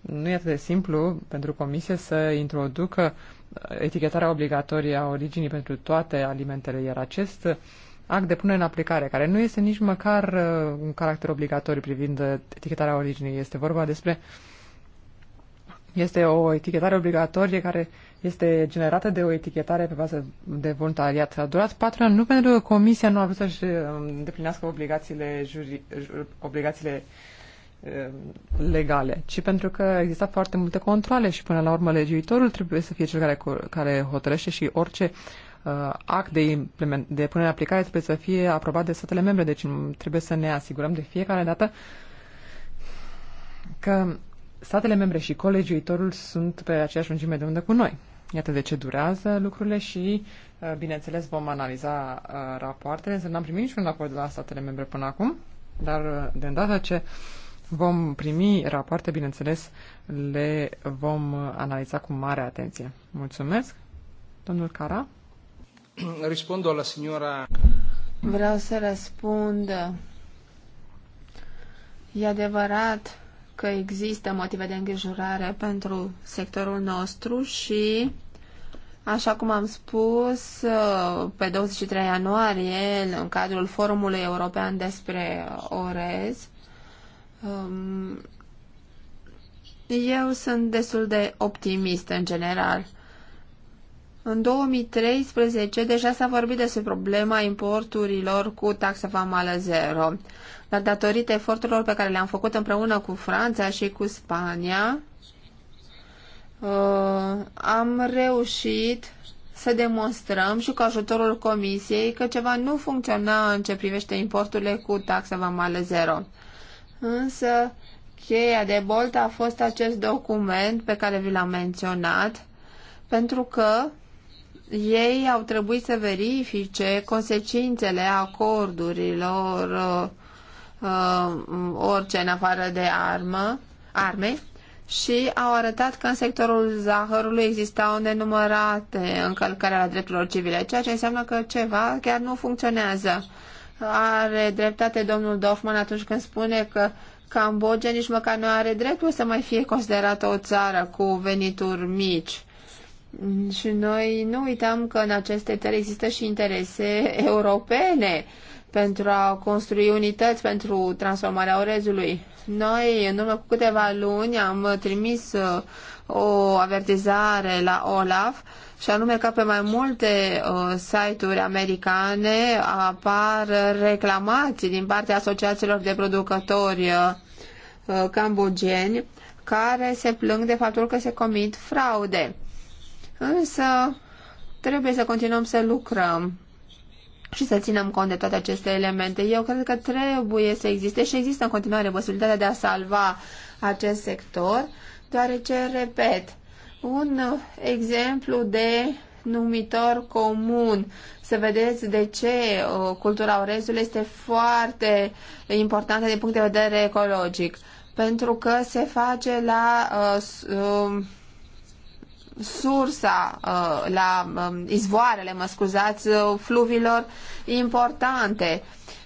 nu e atât de simplu pentru comisie să introducă uh, etichetarea obligatorie a originii pentru toate alimentele, iar acest act de punere în aplicare, care nu este nici măcar uh, un caracter obligatoriu privind uh, etichetarea originii, este vorba despre este o etichetare obligatorie care este generată de o etichetare pe bază de voluntariat. A durat patru ani nu pentru că comisia nu a vrut să-și uh, îndeplinească obligațiile, juri, obligațiile Um, legale, ci pentru că exista foarte multe controle și până la urmă legiuitorul trebuie să fie cel care, care hotărăște și orice uh, act de, de punere în aplicare trebuie să fie aprobat de statele membre. Deci trebuie să ne asigurăm de fiecare dată că statele membre și colegiuitorul sunt pe aceeași lungime de undă cu noi. Iată de ce durează lucrurile și, uh, bineînțeles, vom analiza uh, rapoartele, însă n-am primit niciun raport de la statele membre până acum, dar uh, de îndată ce uh, Vom primi rapoarte, bineînțeles, le vom analiza cu mare atenție. Mulțumesc. Domnul Cara? Răspund la signora... Vreau să răspund. E adevărat că există motive de îngrijorare pentru sectorul nostru și, așa cum am spus, pe 23 ianuarie, în cadrul Forumului European despre orez, Um, eu sunt destul de optimist în general. În 2013 deja s-a vorbit despre problema importurilor cu taxa vamală zero, dar datorită eforturilor pe care le-am făcut împreună cu Franța și cu Spania, uh, am reușit să demonstrăm și cu ajutorul Comisiei că ceva nu funcționa în ce privește importurile cu taxa vamală zero însă cheia de bolt a fost acest document pe care vi l-am menționat, pentru că ei au trebuit să verifice consecințele acordurilor uh, uh orice în afară de armă, arme și au arătat că în sectorul zahărului existau nenumărate încălcări ale drepturilor civile, ceea ce înseamnă că ceva chiar nu funcționează. Are dreptate domnul Dorfman atunci când spune că Cambodgia nici măcar nu are dreptul să mai fie considerată o țară cu venituri mici. Și noi nu uităm că în aceste țări există și interese europene pentru a construi unități pentru transformarea orezului. Noi, în urmă cu câteva luni, am trimis uh, o avertizare la OLAF și anume că pe mai multe uh, site-uri americane apar reclamații din partea asociațiilor de producători uh, cambogeni care se plâng de faptul că se comit fraude. Însă trebuie să continuăm să lucrăm și să ținem cont de toate aceste elemente. Eu cred că trebuie să existe și există în continuare posibilitatea de a salva acest sector, deoarece, repet, un exemplu de numitor comun. Să vedeți de ce uh, cultura orezului este foarte importantă din punct de vedere ecologic. Pentru că se face la uh, um, sursa, uh, la um, izvoarele, mă scuzați, uh, fluvilor importante.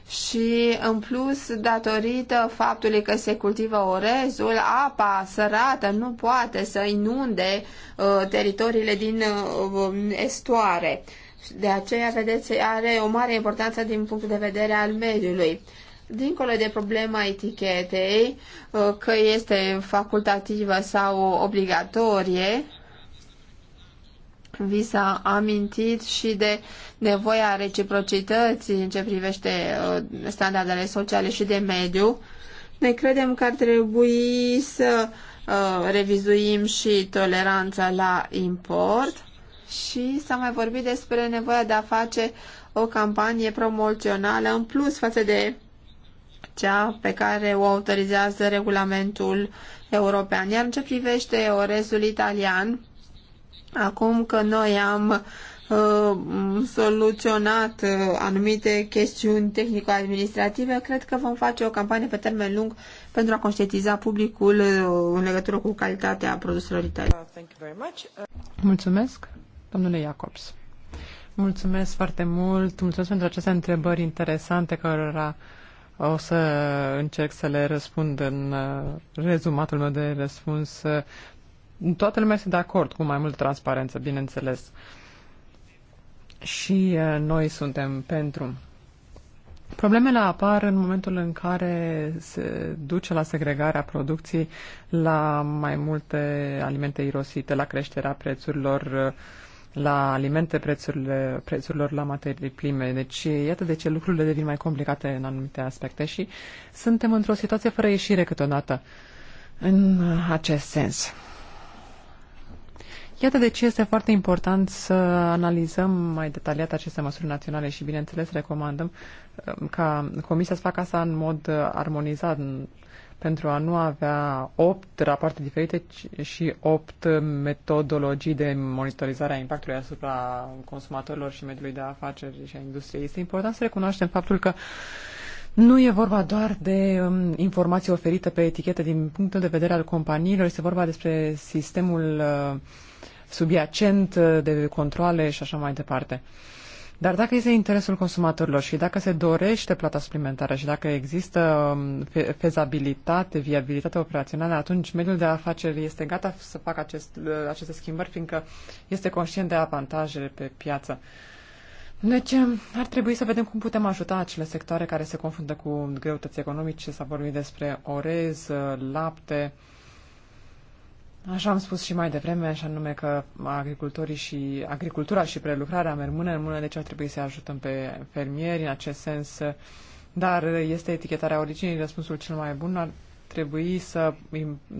Și în plus, datorită faptului că se cultivă orezul, apa sărată nu poate să inunde uh, teritoriile din um, estoare. De aceea, vedeți, are o mare importanță din punctul de vedere al mediului dincolo de problema etichetei, că este facultativă sau obligatorie, vi s-a amintit și de nevoia reciprocității în ce privește uh, standardele sociale și de mediu. Noi credem că ar trebui să uh, revizuim și toleranța la import și s-a mai vorbit despre nevoia de a face o campanie promoțională în plus față de cea pe care o autorizează regulamentul european. Iar în ce privește orezul italian, acum că noi am uh, soluționat uh, anumite chestiuni tehnico-administrative, cred că vom face o campanie pe termen lung pentru a conștientiza publicul uh, în legătură cu calitatea produselor italiene. Uh, uh, mulțumesc, domnule Iacobs. Mulțumesc foarte mult, mulțumesc pentru aceste întrebări interesante cărora o să încerc să le răspund în uh, rezumatul meu de răspuns toată lumea este de acord cu mai multă transparență, bineînțeles. Și noi suntem pentru. Problemele apar în momentul în care se duce la segregarea producției, la mai multe alimente irosite, la creșterea prețurilor, la alimente prețurile, prețurilor la materii prime. Deci iată de ce lucrurile devin mai complicate în anumite aspecte și suntem într-o situație fără ieșire câteodată în acest sens. Iată de ce este foarte important să analizăm mai detaliat aceste măsuri naționale și, bineînțeles, recomandăm um, ca Comisia să facă asta în mod uh, armonizat pentru a nu avea opt rapoarte diferite și opt metodologii de monitorizare a impactului asupra consumatorilor și mediului de afaceri și a industriei. Este important să recunoaștem faptul că nu e vorba doar de um, informații oferite pe etichete din punctul de vedere al companiilor, este vorba despre sistemul uh, subiacent uh, de controle și așa mai departe. Dar dacă este interesul consumatorilor și dacă se dorește plata suplimentară și dacă există um, fezabilitate, viabilitate operațională, atunci mediul de afaceri este gata să facă acest, uh, aceste schimbări, fiindcă este conștient de avantajele pe piață. Deci um, ar trebui să vedem cum putem ajuta acele sectoare care se confundă cu greutăți economice. S-a vorbit despre orez, uh, lapte, Așa am spus și mai devreme, așa nume că agricultorii și agricultura și prelucrarea merg mână în mână, deci ar trebui să ajutăm pe fermieri în acest sens. Dar este etichetarea originii răspunsul cel mai bun. Ar trebui să,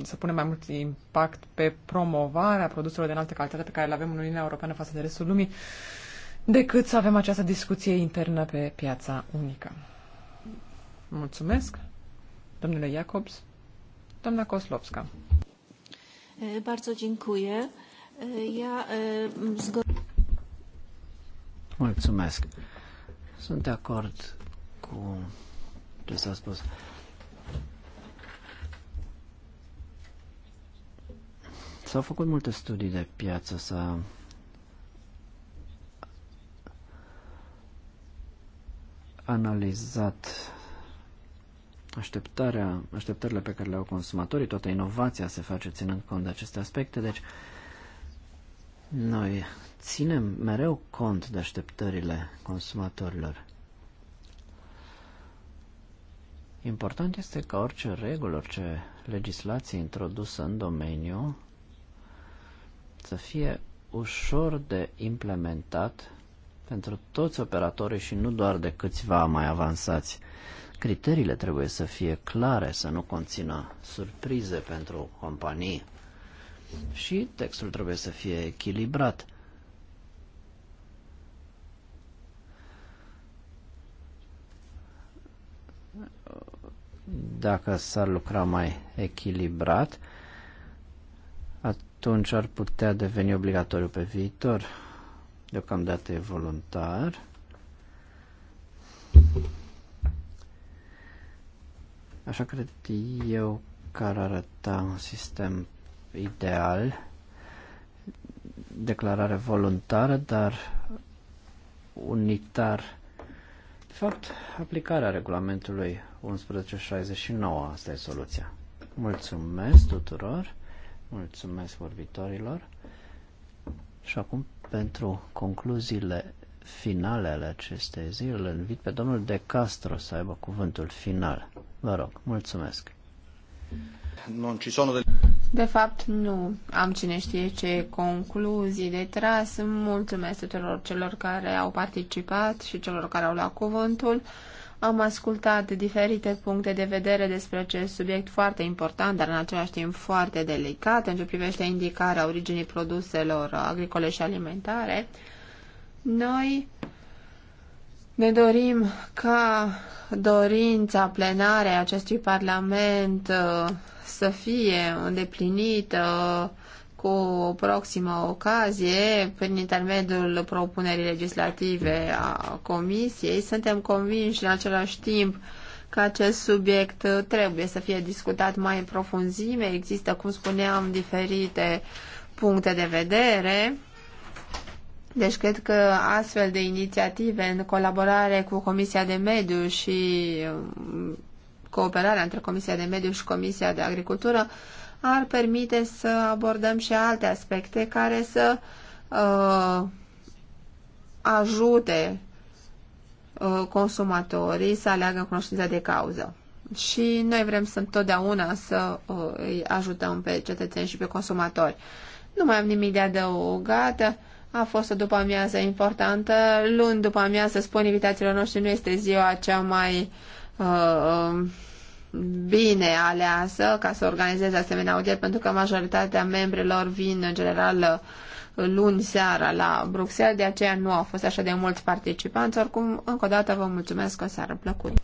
să punem mai mult impact pe promovarea produselor de înaltă calitate pe care le avem în Uniunea Europeană față de restul lumii, decât să avem această discuție internă pe piața unică. Mulțumesc, domnule Iacobs, doamna Koslovska. Bardzo dziękuję. Ja Mulțumesc. Sunt de acord cu ce s-a spus. S-au făcut multe studii de piață, s-a analizat așteptarea, așteptările pe care le au consumatorii, toată inovația se face ținând cont de aceste aspecte, deci noi ținem mereu cont de așteptările consumatorilor. Important este ca orice regulă, orice legislație introdusă în domeniu să fie ușor de implementat pentru toți operatorii și nu doar de câțiva mai avansați. Criteriile trebuie să fie clare, să nu conțină surprize pentru companii și textul trebuie să fie echilibrat. Dacă s-ar lucra mai echilibrat, atunci ar putea deveni obligatoriu pe viitor. Deocamdată e voluntar. Așa cred eu că ar arăta un sistem ideal, declarare voluntară, dar unitar. De fapt, aplicarea regulamentului 1169, asta e soluția. Mulțumesc tuturor, mulțumesc vorbitorilor și acum pentru concluziile ale acestei zile, îl invit pe domnul De Castro să aibă cuvântul final. Vă rog, mulțumesc. De fapt, nu am cine știe ce concluzii de tras. Mulțumesc tuturor celor care au participat și celor care au luat cuvântul. Am ascultat diferite puncte de vedere despre acest subiect foarte important, dar în același timp foarte delicat în ce privește indicarea originii produselor agricole și alimentare. Noi ne dorim ca dorința plenare a acestui Parlament uh, să fie îndeplinită cu o proximă ocazie prin intermediul propunerii legislative a Comisiei. Suntem convinși în același timp că acest subiect trebuie să fie discutat mai în profunzime. Există, cum spuneam, diferite puncte de vedere deci cred că astfel de inițiative în colaborare cu Comisia de Mediu și um, cooperarea între Comisia de Mediu și Comisia de Agricultură ar permite să abordăm și alte aspecte care să uh, ajute uh, consumatorii să aleagă cunoștința de cauză. Și noi vrem să întotdeauna să uh, îi ajutăm pe cetățeni și pe consumatori. Nu mai am nimic de adăugat. A fost o după amiază importantă. Luni după amiază, spun invitațiilor noștri, nu este ziua cea mai uh, um, bine aleasă ca să organizeze asemenea audieri, pentru că majoritatea membrilor vin în general luni seara la Bruxelles, de aceea nu au fost așa de mulți participanți. Oricum, încă o dată vă mulțumesc, o seară plăcută!